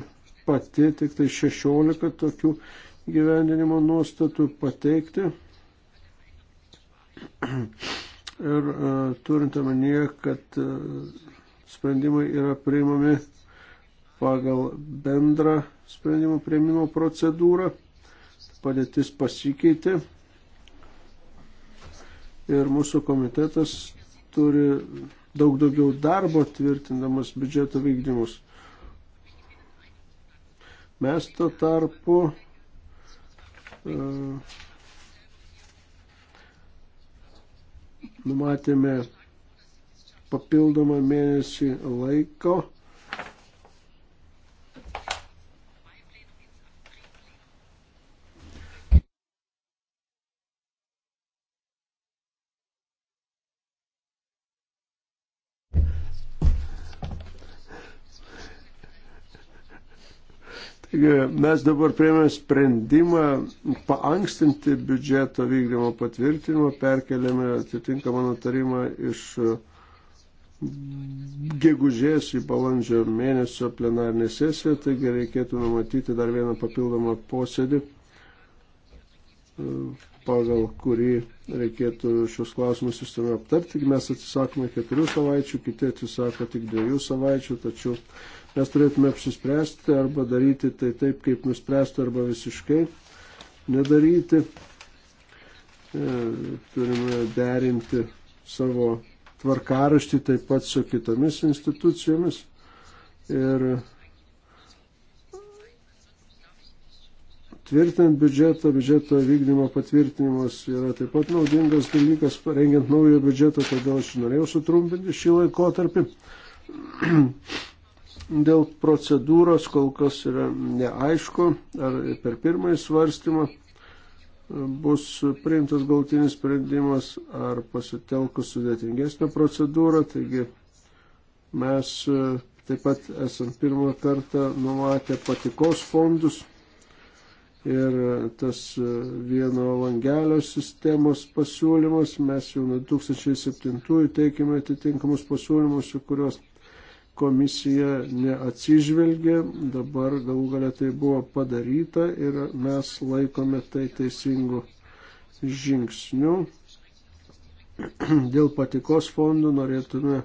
pati tik tai 16 tokių gyvendinimo nuostatų pateikti. Ir e, turint omenyje, kad e, sprendimai yra priimami pagal bendrą sprendimų prieimimo procedūrą, padėtis pasikeitė ir mūsų komitetas turi daug daugiau darbo tvirtindamas biudžeto vykdymus. Mes to tarpu uh, numatėme papildomą mėnesį laiko E, mes dabar prieimėm sprendimą paankstinti biudžeto vykdymo patvirtinimą, perkeliame atitinkamą nutarimą iš e, gegužės į balandžio mėnesio plenarinę sesiją, taigi reikėtų numatyti dar vieną papildomą posėdį, e, pagal kurį reikėtų šios klausimus sistemai aptarti. Mes atsisakome keturių savaičių, kiti atsisako tik dviejų savaičių, tačiau Mes turėtume apsispręsti arba daryti tai taip, kaip nuspręsti, arba visiškai nedaryti. E, turime derinti savo tvarkaraštį taip pat su kitomis institucijomis. Ir Tvirtinant biudžetą, biudžeto vykdymo patvirtinimas yra taip pat naudingas dalykas, rengiant naują biudžetą, todėl aš norėjau sutrumpinti šį laikotarpį. Dėl procedūros kol kas yra neaišku, ar per pirmąjį svarstymą e, bus priimtas galtinis sprendimas, ar pasitelkus sudėtingesnę procedūrą. Taigi mes e, taip pat esam pirmą kartą numatę patikos fondus ir e, tas vieno langelio sistemos pasiūlymas, mes jau nuo 2007 teikime atitinkamus pasiūlymus, į kuriuos komisija neatsižvelgė, dabar galų galia tai buvo padaryta ir mes laikome tai teisingu žingsniu. Dėl patikos fondų norėtume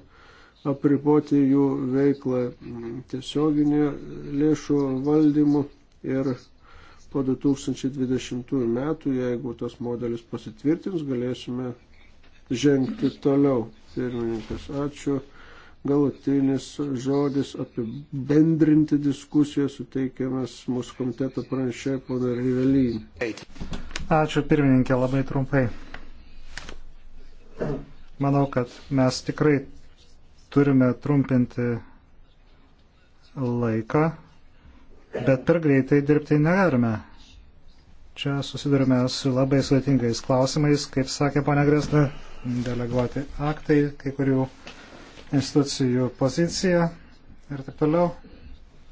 apriboti jų veiklą tiesioginė lėšų valdymu ir po 2020 metų, jeigu tas modelis pasitvirtins, galėsime žengti toliau. Pirmininkas, ačiū galutinis žodis apibendrinti diskusiją suteikiamas mūsų komiteto pranešė pana Rivelį. Ačiū pirmininkė, labai trumpai. Manau, kad mes tikrai turime trumpinti laiką, bet per greitai dirbti negalime. Čia susidurime su labai sudėtingais klausimais, kaip sakė ponia Gresna, deleguoti aktai, kai kurių institucijų poziciją ir taip toliau.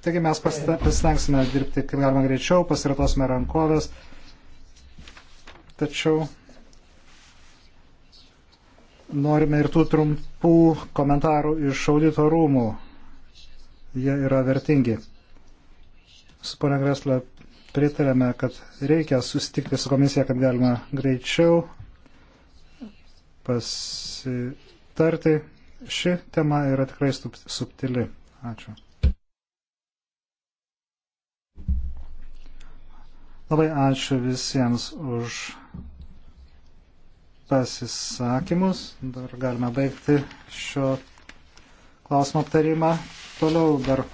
Taigi mes pasistengsime dirbti kaip galima greičiau, pasiratosime rankovės, tačiau norime ir tų trumpų komentarų iš audito rūmų. Jie yra vertingi. Su ponia Greslė pritarėme, kad reikia susitikti su komisija, kad galima greičiau pasitarti ši tema yra tikrai subtili. Ačiū. Labai ačiū visiems už pasisakymus. Dar galime baigti šio klausimo aptarimą. Toliau dar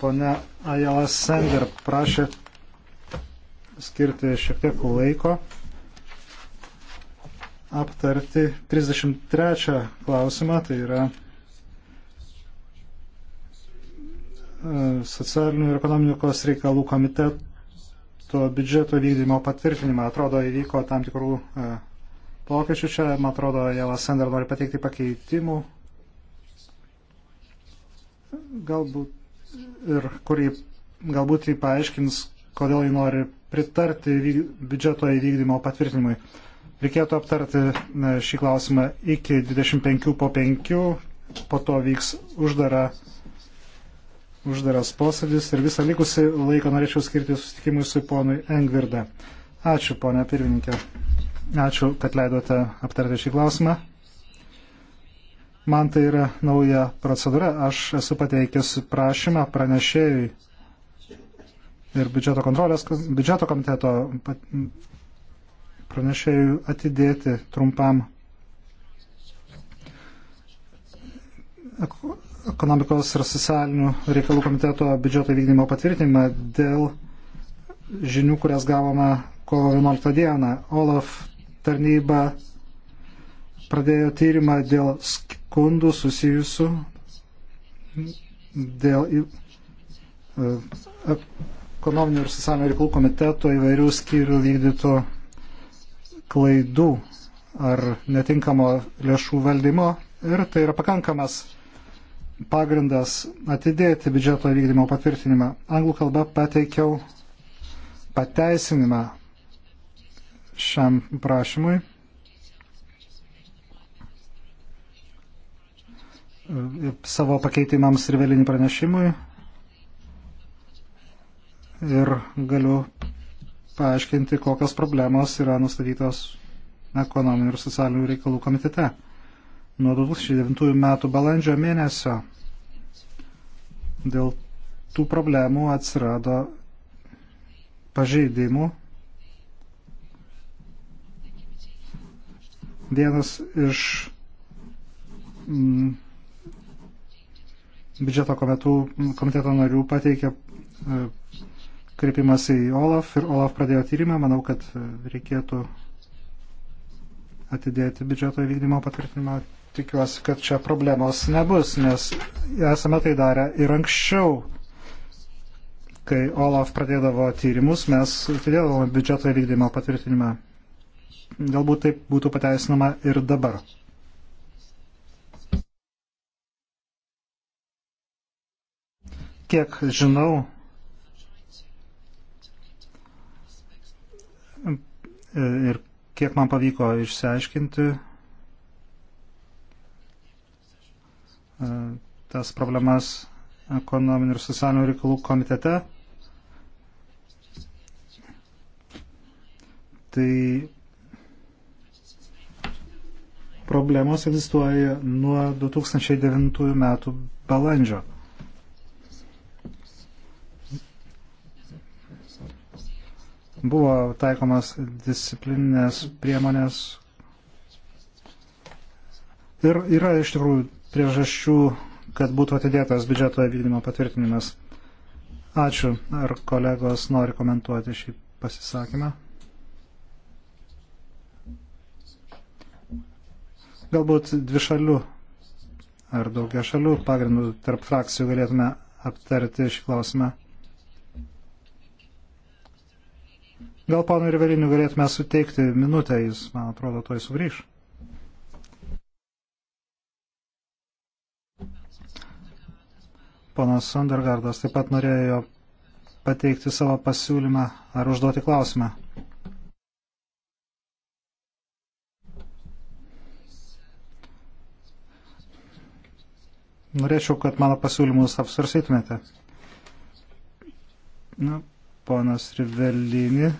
ponia Ajala Sender prašė skirti šiek tiek laiko aptarti 33 klausimą, tai yra e, socialinių ir ekonomikos reikalų komiteto biudžeto vykdymo patvirtinimą. Atrodo, įvyko tam tikrų e, pokyčių čia, man atrodo, Jela Sender nori pateikti pakeitimų. Galbūt ir kurį, galbūt jį paaiškins, kodėl jį nori pritarti biudžeto įvykdymo patvirtinimui. Reikėtų aptarti šį klausimą iki 25 po 5, po to vyks uždara, uždaras posėdis ir visą likusį laiką norėčiau skirti susitikimui su ponui Engvirda. Ačiū, ponia pirmininkė. Ačiū, kad leidote aptarti šį klausimą. Man tai yra nauja procedūra. Aš esu pateikęs prašymą pranešėjui ir biudžeto kontrolės, biudžeto komiteto pranešėjų atidėti trumpam ekonomikos ir socialinių reikalų komiteto biudžeto vykdymo patvirtinimą dėl žinių, kurias gavome kovo 11 dieną. Olaf tarnyba pradėjo tyrimą dėl skundų susijusių dėl e, ekonominių ir socialinių reikalų komiteto įvairių skyrių vykdytų klaidų ar netinkamo lėšų valdymo ir tai yra pakankamas pagrindas atidėti biudžeto vykdymo patvirtinimą. Anglų kalba pateikiau pateisinimą šiam prašymui. savo pakeitimams ir vėlinį pranešimui. Ir galiu paaiškinti, kokios problemos yra nustatytos ekonominių ir socialinių reikalų komitete. Nuo 2009 metų balandžio mėnesio dėl tų problemų atsirado pažeidimų. Vienas iš mm, biudžeto komitetų, komiteto narių pateikė e, kreipimas į Olaf ir Olaf pradėjo tyrimą. Manau, kad e, reikėtų atidėti biudžeto įvykdymo patvirtinimą. Tikiuosi, kad čia problemos nebus, nes esame tai darę ir anksčiau. Kai Olaf pradėdavo tyrimus, mes atidėdavome biudžeto įvykdymo patvirtinimą. Galbūt taip būtų pateisinama ir dabar. Kiek žinau, ir kiek man pavyko išsiaiškinti, e, tas problemas ekonominių ir socialinių reikalų komitete. Tai problemos egzistuoja nuo 2009 metų balandžio. buvo taikomas disciplininės priemonės. Ir yra iš tikrųjų priežasčių, kad būtų atidėtas biudžeto vykdymo patvirtinimas. Ačiū. Ar kolegos nori komentuoti šį pasisakymą? Galbūt dvi šalių ar daugia šalių pagrindų tarp frakcijų galėtume aptarti šį klausimą. Gal ponui Riveliniu galėtume suteikti minutę, jis, man atrodo, toj sugrįž. Ponas Sondergardas taip pat norėjo pateikti savo pasiūlymą ar užduoti klausimą. Norėčiau, kad mano pasiūlymus apsvarsytumėte. Na, ponas Rivelini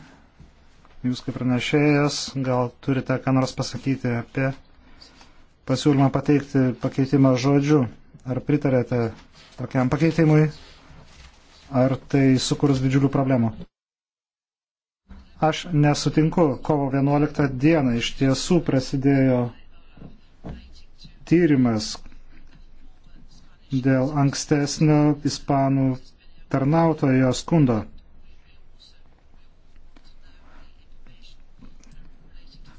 Jūs kaip pranešėjas gal turite ką nors pasakyti apie pasiūlymą pateikti pakeitimą žodžiu. Ar pritarėte tokiam pakeitimui? Ar tai sukurs didžiulių problemų? Aš nesutinku. Kovo 11 dieną iš tiesų prasidėjo tyrimas dėl ankstesnio ispanų tarnautojo skundo.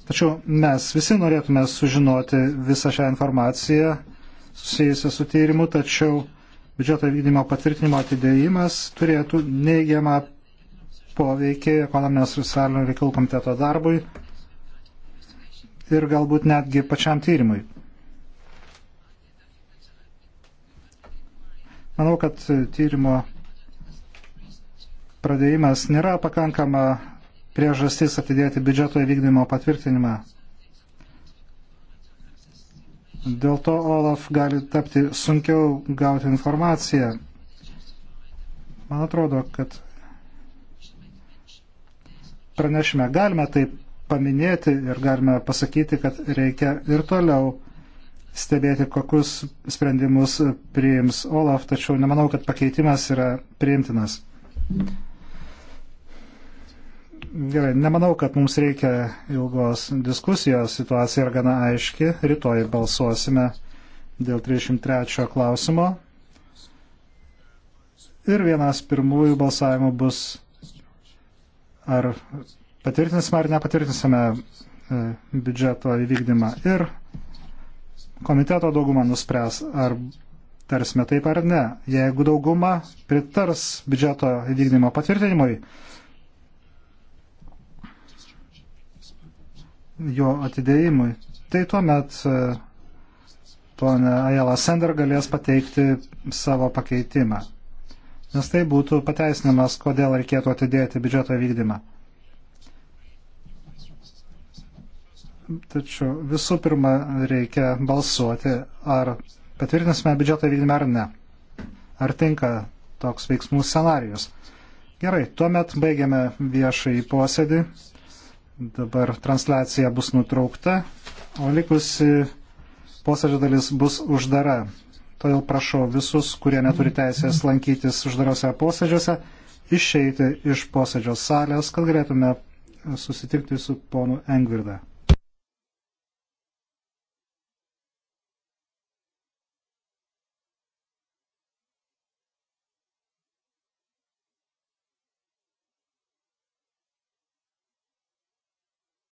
Tačiau mes visi norėtume sužinoti visą šią informaciją susijusią su tyrimu, tačiau biudžeto vykdymo patvirtinimo atidėjimas turėtų neigiamą poveikį ekonominės ir socialinių reikalų komiteto darbui ir galbūt netgi pačiam tyrimui. Manau, kad tyrimo pradėjimas nėra pakankama priežastis atidėti biudžeto įvykdymo patvirtinimą. Dėl to Olaf gali tapti sunkiau gauti informaciją. Man atrodo, kad pranešime galime tai paminėti ir galime pasakyti, kad reikia ir toliau stebėti, kokius sprendimus priims Olaf, tačiau nemanau, kad pakeitimas yra priimtinas. Mm. Gerai, nemanau, kad mums reikia ilgos diskusijos, situacija yra gana aiški, rytoj balsuosime dėl 33 klausimo. Ir vienas pirmųjų balsavimų bus, ar patvirtinsime ar nepatvirtinsime e, biudžeto įvykdymą. Ir komiteto dauguma nuspręs, ar tarsime taip ar ne. Jeigu dauguma pritars biudžeto įvykdymo patvirtinimui, jo atidėjimui, tai tuomet e, ponė Ajala Sender galės pateikti savo pakeitimą. Nes tai būtų pateisinimas, kodėl reikėtų atidėti biudžeto vykdymą. Tačiau visų pirma reikia balsuoti, ar patvirtinsime biudžeto vykdymą ar ne. Ar tinka toks veiksmų scenarius. Gerai, tuomet baigiame viešąjį posėdį. Dabar transliacija bus nutraukta, o likusi posėdžio dalis bus uždara. Todėl prašau visus, kurie neturi teisės lankytis uždarose posėdžiuose, išeiti iš posėdžio salės, kad galėtume susitikti su ponu Engvirda.